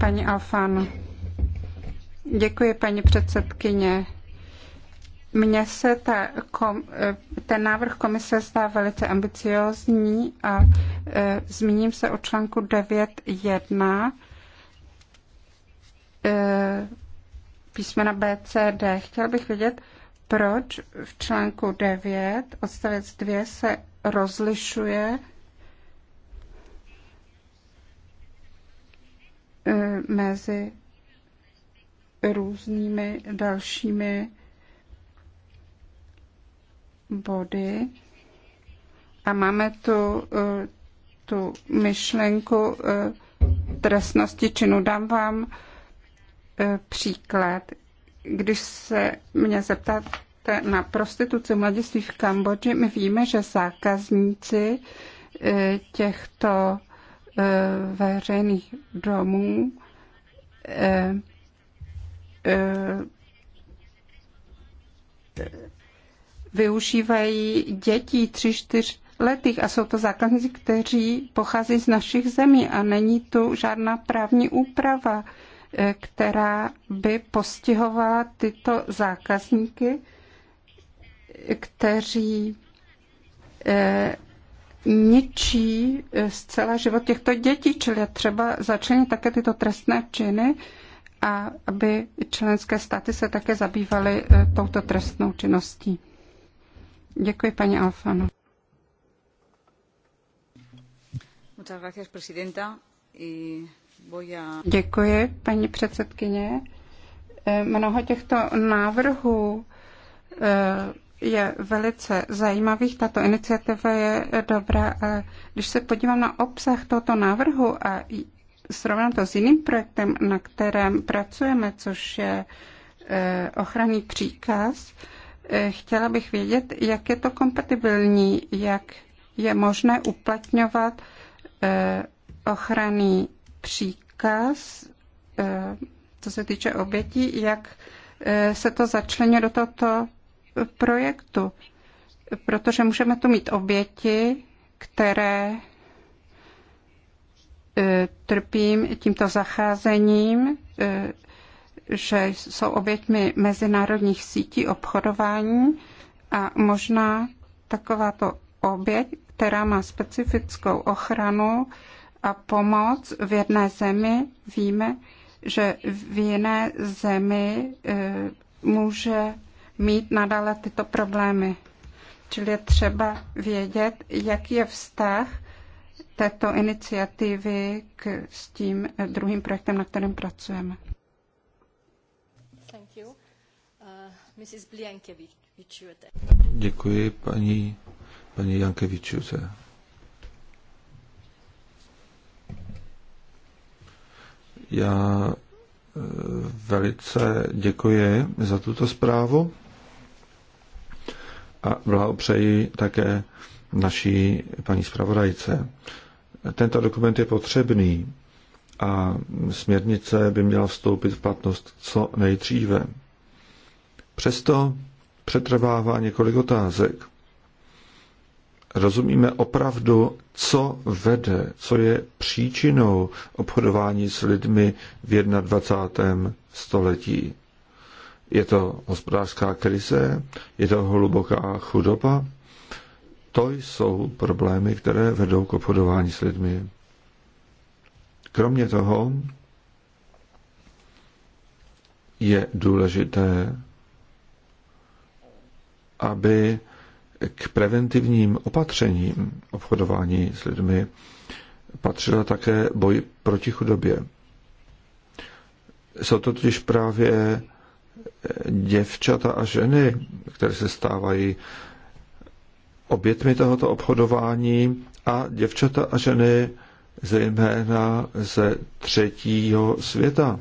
Paní Alfano. Děkuji, paní předsedkyně. Mně se ta, kom, ten návrh komise zdá velice ambiciózní a e, zmíním se o článku 9.1 e, písmena BCD. C, Chtěl bych vědět, proč v článku 9 odstavec 2 se rozlišuje eh, mezi různými dalšími body. A máme tu eh, tu myšlenku eh, trestnosti činu. Dám vám příklad. Když se mě zeptáte na prostituci mladiství v Kambodži, my víme, že zákazníci eh, těchto eh, veřejných domů eh, využívají dětí tři, čtyř letých a jsou to zákazníci, kteří pochází z našich zemí a není tu žádná právní úprava. Eh, která by postihovala tyto zákazníky, kteří eh, ničí eh, zcela život těchto dětí, čili třeba začlenit také tyto trestné činy a aby členské státy se také zabývaly touto trestnou činností. Děkuji, paní Alfano. Muchas gracias, presidenta. Y Děkuji, paní předsedkyně. Eh, mnoho těchto návrhů eh, je velice zajímavých. Tato iniciativa je eh, dobrá, když se podívám na obsah tohoto návrhu a srovnám to s jiným projektem, na kterém pracujeme, což je ochranný příkaz, chtěla bych vědět, jak je to kompatibilní, jak je možné uplatňovat ochranný příkaz, eh, co se týče obětí, jak eh, se to začlenuje do tohoto projektu. Protože můžeme tu mít oběti, které eh, trpím tímto zacházením, že jsou oběťmi mezinárodních sítí obchodování a možná takováto oběť, která má specifickou ochranu, a pomoc v jedné zemi, víme, že v jiné zemi eh, může mít nadále tyto problémy. Čili je třeba vědět, jaký je vztah této iniciativy k, s tím eh, druhým projektem, na kterém pracujeme. Thank you. Uh, Mrs. Děkuji paní, paní Jankevičuze. Já e, velice děkuji za tuto zprávu a blahopřeji také naší paní zpravodajce. Tento dokument je potřebný a směrnice by měla vstoupit v platnost co nejdříve. Přesto přetrvává několik otázek rozumíme opravdu, co vede, co je příčinou obchodování s lidmi v 21. století. Je to hospodářská krize, je to hluboká chudoba. To jsou problémy, které vedou k obchodování s lidmi. Kromě toho je důležité, aby k preventivním opatřením obchodování s lidmi patřila také boj proti chudobě. Jsou to totiž právě eh, děvčata a ženy, které se stávají obětmi tohoto obchodování a děvčata a ženy zejména ze třetího světa.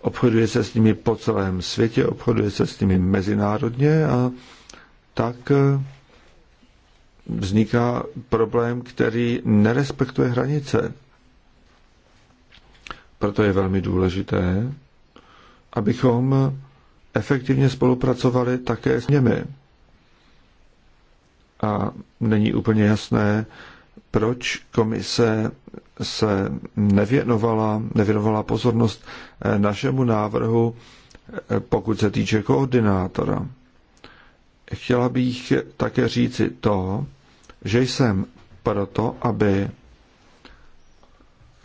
Obchoduje se s nimi po celém světě, obchoduje se s nimi mezinárodně a tak eh, vzniká problém, který nerespektuje hranice. Proto je velmi důležité, abychom efektivně spolupracovali také s nimi. A není úplně jasné, proč komise se nevěnovala, nevěnovala pozornost eh, našemu návrhu, eh, pokud se týče koordinátora chtěla bych také říci to, že jsem proto, aby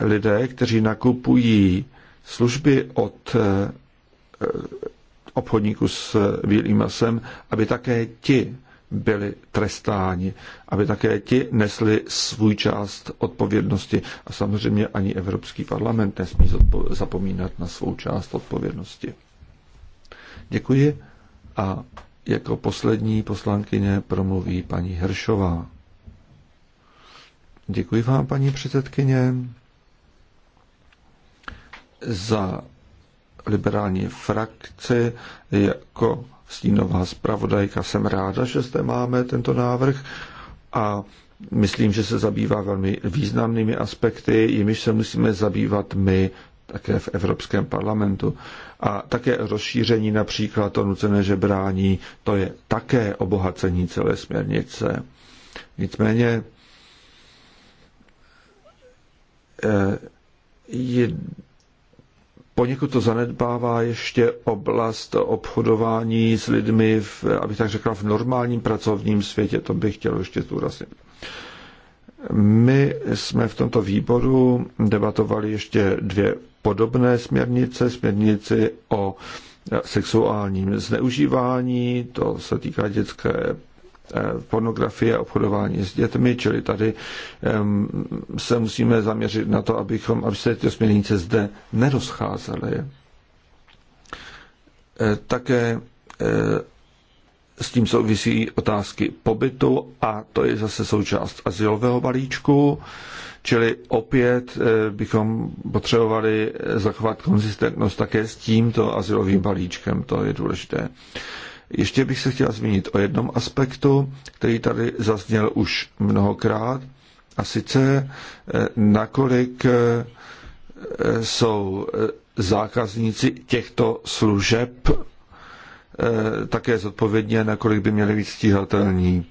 lidé, kteří nakupují služby od eh, obchodníků s bílým masem, aby také ti byli trestáni, aby také ti nesli svůj část odpovědnosti. A samozřejmě ani Evropský parlament nesmí zapomínat na svou část odpovědnosti. Děkuji a jako poslední poslankyně promluví paní Hršová. Děkuji vám, paní předsedkyně, za liberální frakci jako stínová zpravodajka. Jsem ráda, že zde máme tento návrh a myslím, že se zabývá velmi významnými aspekty, jimiž se musíme zabývat my také v Evropském parlamentu a také rozšíření například to nucené žebrání, to je také obohacení celé směrnice. Nicméně eh, je, poněkud to zanedbává ještě oblast obchodování s lidmi, v, abych tak řekla, v normálním pracovním světě. To bych chtěl ještě zdůraznit. My jsme v tomto výboru debatovali ještě dvě podobné směrnice, směrnici o sexuálním zneužívání, to se týká dětské eh, pornografie a obchodování s dětmi, čili tady ehm, se musíme zaměřit na to, abychom, aby se ty směrnice zde nerozcházely. Eh, také eh, s tím souvisí otázky pobytu a to je zase součást asilového balíčku, čili opět eh, bychom potřebovali eh, zachovat konzistentnost také s tímto asilovým balíčkem, to je důležité. Ještě bych se chtěl zmínit o jednom aspektu, který tady zazněl už mnohokrát, a sice eh, nakolik jsou zákazníci těchto služeb Eh, také zodpovědně, nakolik by měly být stíhatelní.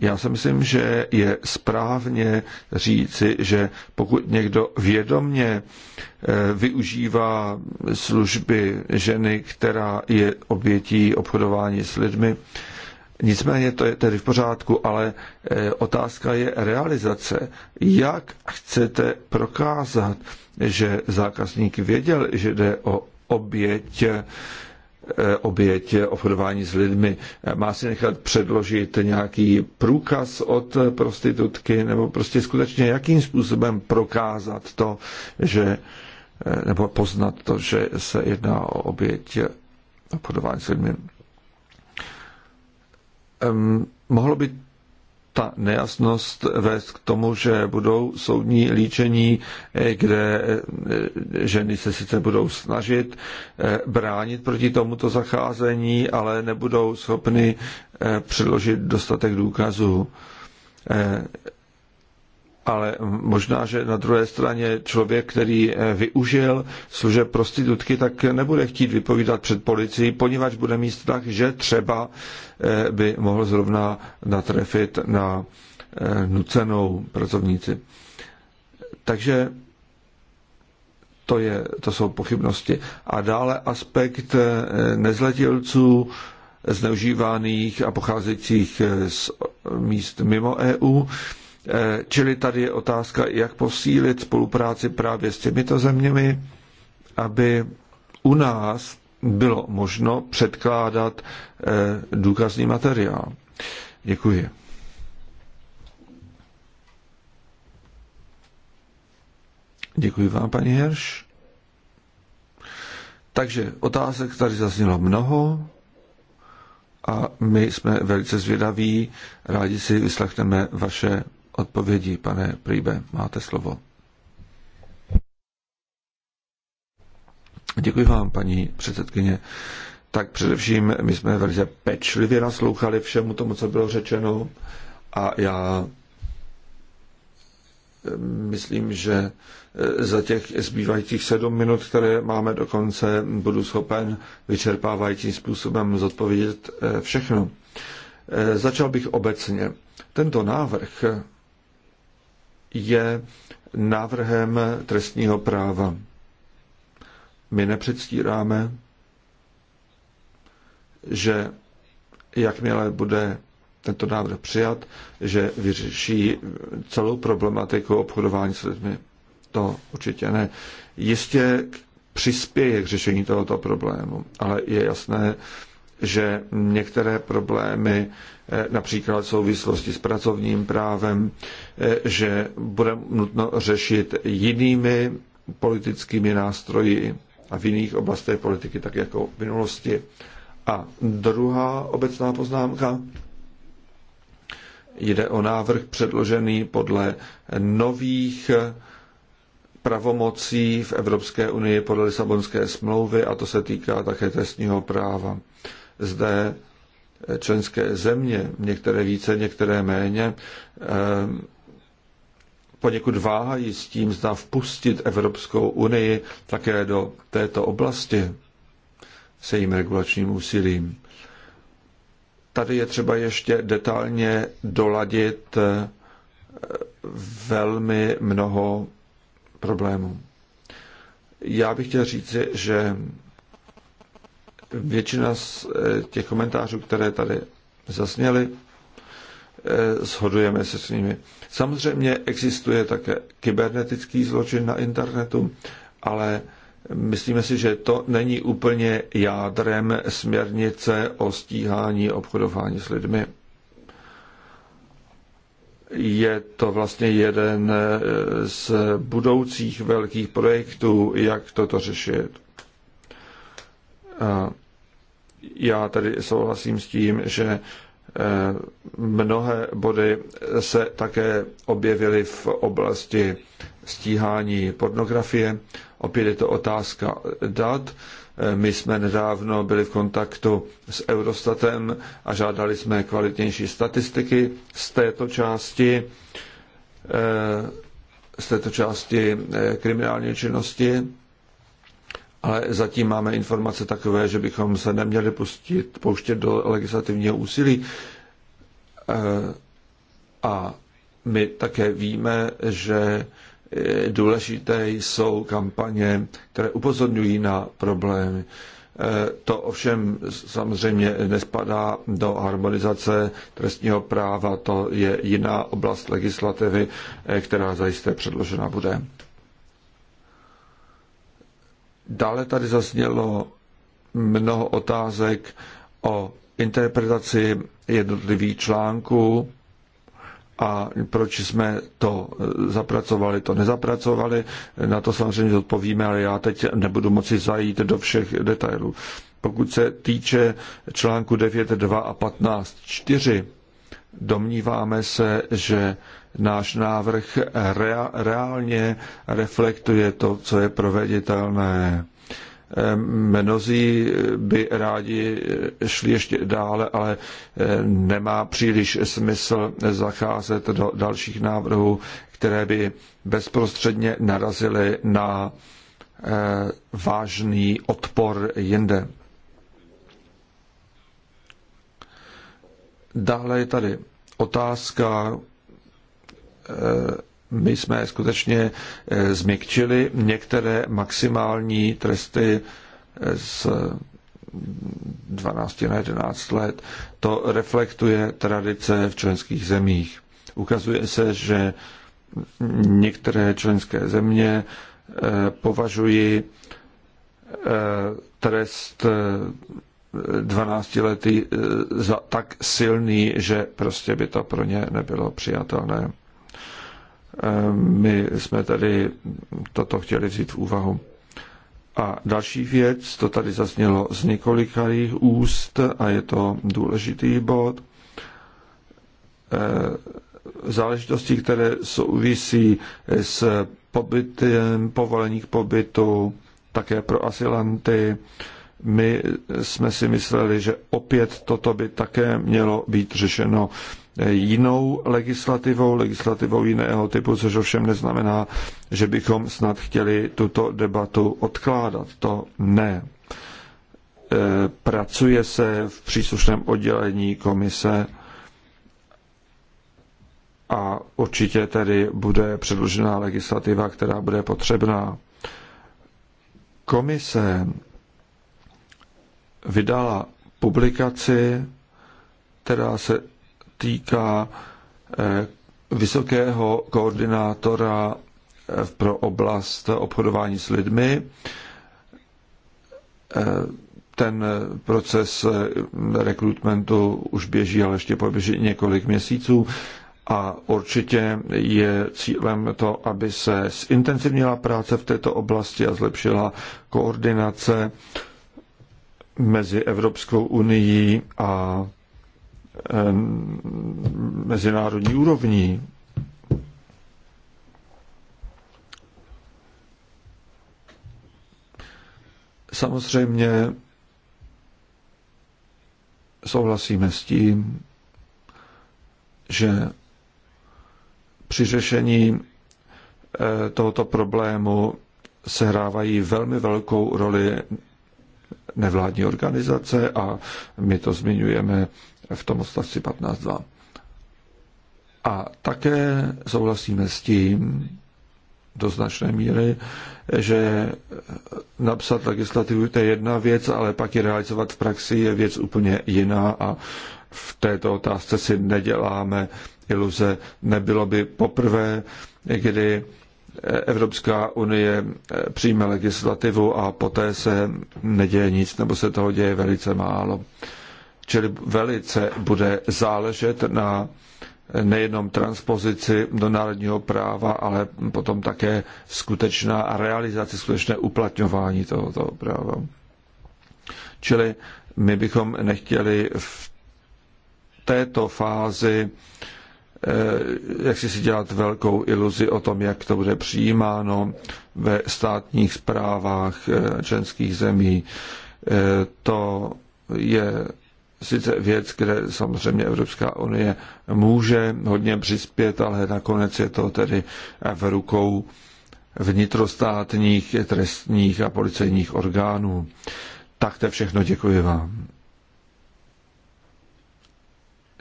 Já si myslím, že je správně říci, že pokud někdo vědomně eh, využívá služby ženy, která je obětí obchodování s lidmi, Nicméně to je tedy v pořádku, ale eh, otázka je realizace. Jak chcete prokázat, že zákazník věděl, že jde o oběť Eh, oběť obchodování s lidmi. Má si nechat předložit nějaký průkaz od prostitutky nebo prostě skutečně jakým způsobem prokázat to, že eh, nebo poznat to, že se jedná o oběť obchodování s lidmi. Um, mohlo by ta nejasnost vést k tomu, že budou soudní líčení, eh, kde eh, ženy se sice budou snažit eh, bránit proti tomuto zacházení, ale nebudou schopny přiložit dostatek důkazů ale možná, že na druhé straně člověk, který eh, využil služeb prostitutky, tak nebude chtít vypovídat před policií, poněvadž bude mít strach, že třeba eh, by mohl zrovna natrefit na eh, nucenou pracovníci. Takže to, je, to jsou pochybnosti. A dále aspekt nezletilců, zneužívaných a pocházejících z míst mimo EU. Eh, čili tady je otázka, jak posílit spolupráci právě s těmito zeměmi, aby u nás bylo možno předkládat eh, důkazní materiál. Děkuji. Děkuji vám, paní Herš. Takže otázek tady zaznělo mnoho a my jsme velice zvědaví. Rádi si vyslechneme vaše odpovědi. Pane Príbe, máte slovo. Děkuji vám, paní předsedkyně. Tak především my jsme velice pečlivě naslouchali všemu tomu, co bylo řečeno a já eh, myslím, že eh, za těch zbývajících sedm minut, které máme do konce, budu schopen vyčerpávajícím způsobem zodpovědět eh, všechno. Začal bych obecně. Tento návrh je návrhem trestního práva. My nepředstíráme, že jakmile bude tento návrh přijat, že vyřeší celou problematiku obchodování s lidmi. To určitě ne. Jistě přispěje k řešení tohoto problému, ale je jasné, že některé problémy, eh, například v souvislosti s pracovním právem, eh, že bude nutno řešit jinými politickými nástroji a v jiných oblastech politiky, tak jako v minulosti. A druhá obecná poznámka jde o návrh předložený podle nových eh, pravomocí v Evropské unii podle Lisabonské smlouvy a to se týká také trestního práva zde členské země, některé více, některé méně, ehm, poněkud váhají s tím, zda vpustit Evropskou unii také do této oblasti se jejím regulačním úsilím. Tady je třeba ještě detailně doladit eh, velmi mnoho problémů. Já bych chtěl říci, že Většina z eh, těch komentářů, které tady zasněly, eh, shodujeme se s nimi. Samozřejmě existuje také kybernetický zločin na internetu, ale myslíme si, že to není úplně jádrem směrnice o stíhání obchodování s lidmi. Je to vlastně jeden eh, z budoucích velkých projektů, jak toto řešit já tady souhlasím s tím, že eh, mnohé body se také objevily v oblasti stíhání pornografie. Opět je to otázka dat. Eh, my jsme nedávno byli v kontaktu s Eurostatem a žádali jsme kvalitnější statistiky z této části eh, z této části kriminální činnosti ale zatím máme informace takové, že bychom se neměli pustit, pouštět do legislativního úsilí. Eh, a my také víme, že eh, důležité jsou kampaně, které upozorňují na problémy. Eh, to ovšem samozřejmě nespadá do harmonizace trestního práva, to je jiná oblast legislativy, která zajisté předložena bude. Dále tady zaznělo mnoho otázek o interpretaci jednotlivých článků a proč jsme to zapracovali, to nezapracovali. Na to samozřejmě odpovíme, ale já teď nebudu moci zajít do všech detailů. Pokud se týče článku 9.2 a 15.4, domníváme se, že náš návrh reálně reflektuje to, co je proveditelné. Eh, mnozí by rádi šli ještě dále, ale eh, nemá příliš smysl zacházet do dalších návrhů, které by bezprostředně narazily na eh, vážný odpor jinde. Dále je tady otázka my jsme skutečně eh, změkčili některé maximální tresty eh, z 12 na 11 let. To reflektuje tradice v členských zemích. Ukazuje se, že některé členské země eh, považují trest 12 lety za tak silný, že prostě by to pro ně nebylo přijatelné. Ehm, my jsme tady toto chtěli vzít v úvahu. A další věc, to tady zaznělo z několika jejich úst a je to důležitý bod. Ehm, záležitosti, které souvisí s pobytem, povolení k pobytu, také pro asilanty. My jsme si mysleli, že opět toto by také mělo být řešeno jinou legislativou, legislativou jiného typu, což ovšem neznamená, že bychom snad chtěli tuto debatu odkládat. To ne. E, pracuje se v příslušném oddělení komise a určitě tedy bude předložená legislativa, která bude potřebná. Komise vydala publikaci, která se týká eh, vysokého koordinátora eh, pro oblast obchodování s lidmi. Eh, ten proces rekrutmentu už běží, ale ještě poběží několik měsíců. A určitě je cílem to, aby se zintenzivnila práce v této oblasti a zlepšila koordinace mezi Evropskou unii a Eh, mezinárodní úrovní. Samozřejmě souhlasíme s tím, že při řešení eh, tohoto problému sehrávají velmi velkou roli nevládní organizace a my to zmiňujeme v tom odstavci 15.2. A také souhlasíme s tím, do značné míry, že napsat legislativu to je jedna věc, ale pak ji realizovat v praxi je věc úplně jiná a v této otázce si neděláme iluze. Nebylo by poprvé, kdy Evropská unie eh, přijme legislativu a poté se neděje nic, nebo se toho děje velice málo. Čili velice bude záležet na eh, nejenom transpozici do národního práva, ale potom také skutečná realizace, skutečné uplatňování tohoto práva. Čili my bychom nechtěli v této fázi Eh, jak si si dělat velkou iluzi o tom, jak to bude přijímáno ve státních zprávách eh, členských zemí. Eh, to je sice věc, kde samozřejmě Evropská unie může hodně přispět, ale nakonec je to tedy v rukou vnitrostátních, trestních a policejních orgánů. Tak to je všechno, děkuji vám.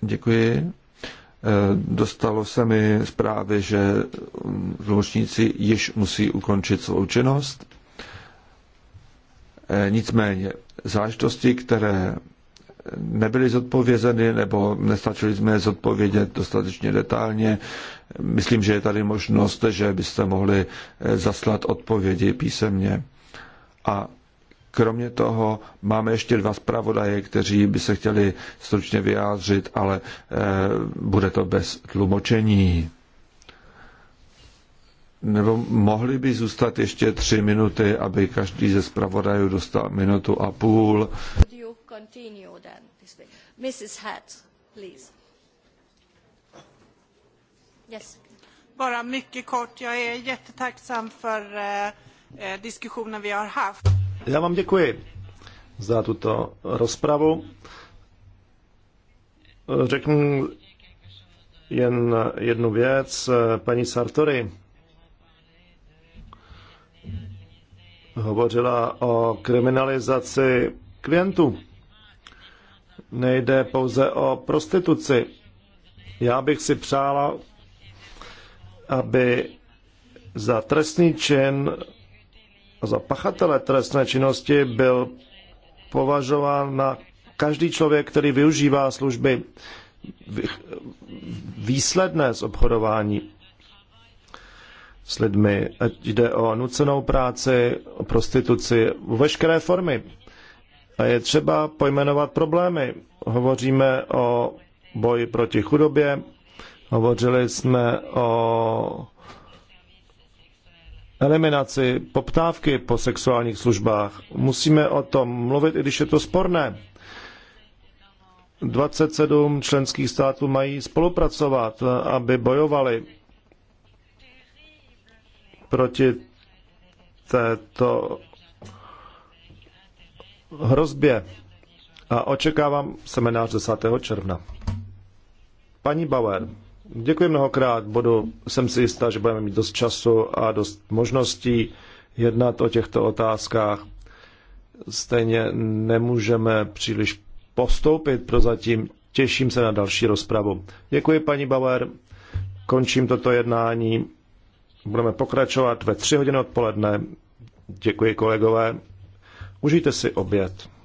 Děkuji. Eh, dostalo se mi zprávy, že mm, tlumočníci již musí ukončit svou činnost. Eh, nicméně záležitosti, které nebyly zodpovězeny nebo nestačili jsme je zodpovědět dostatečně detailně. Myslím, že je tady možnost, že byste mohli eh, zaslat odpovědi písemně. A Kromě toho máme ještě dva zpravodaje, kteří by se chtěli stručně vyjádřit, ale eh, bude to bez tlumočení. Nebo mohli by zůstat ještě tři minuty, aby každý ze zpravodajů dostal minutu a půl. Bara mycket kort. Jag är jättetacksam för eh, eh diskussionen vi har haft. Já vám děkuji za tuto rozpravu. Řeknu jen jednu věc. Paní Sartori hovořila o kriminalizaci klientů. Nejde pouze o prostituci. Já bych si přála, aby za trestný čin za pachatele trestné činnosti byl považován na každý člověk, který využívá služby výsledné z obchodování s lidmi, ať jde o nucenou práci, o prostituci, veškeré formy. A je třeba pojmenovat problémy. Hovoříme o boji proti chudobě, hovořili jsme o eliminaci poptávky po sexuálních službách. Musíme o tom mluvit, i když je to sporné. 27 členských států mají spolupracovat, aby bojovali proti této hrozbě. A očekávám seminář 10. června. Paní Bauer. Děkuji mnohokrát, budu, jsem si jistá, že budeme mít dost času a dost možností jednat o těchto otázkách. Stejně nemůžeme příliš postoupit prozatím. Těším se na další rozpravu. Děkuji, paní Bauer. Končím toto jednání. Budeme pokračovat ve tři hodiny odpoledne. Děkuji, kolegové. Užijte si oběd.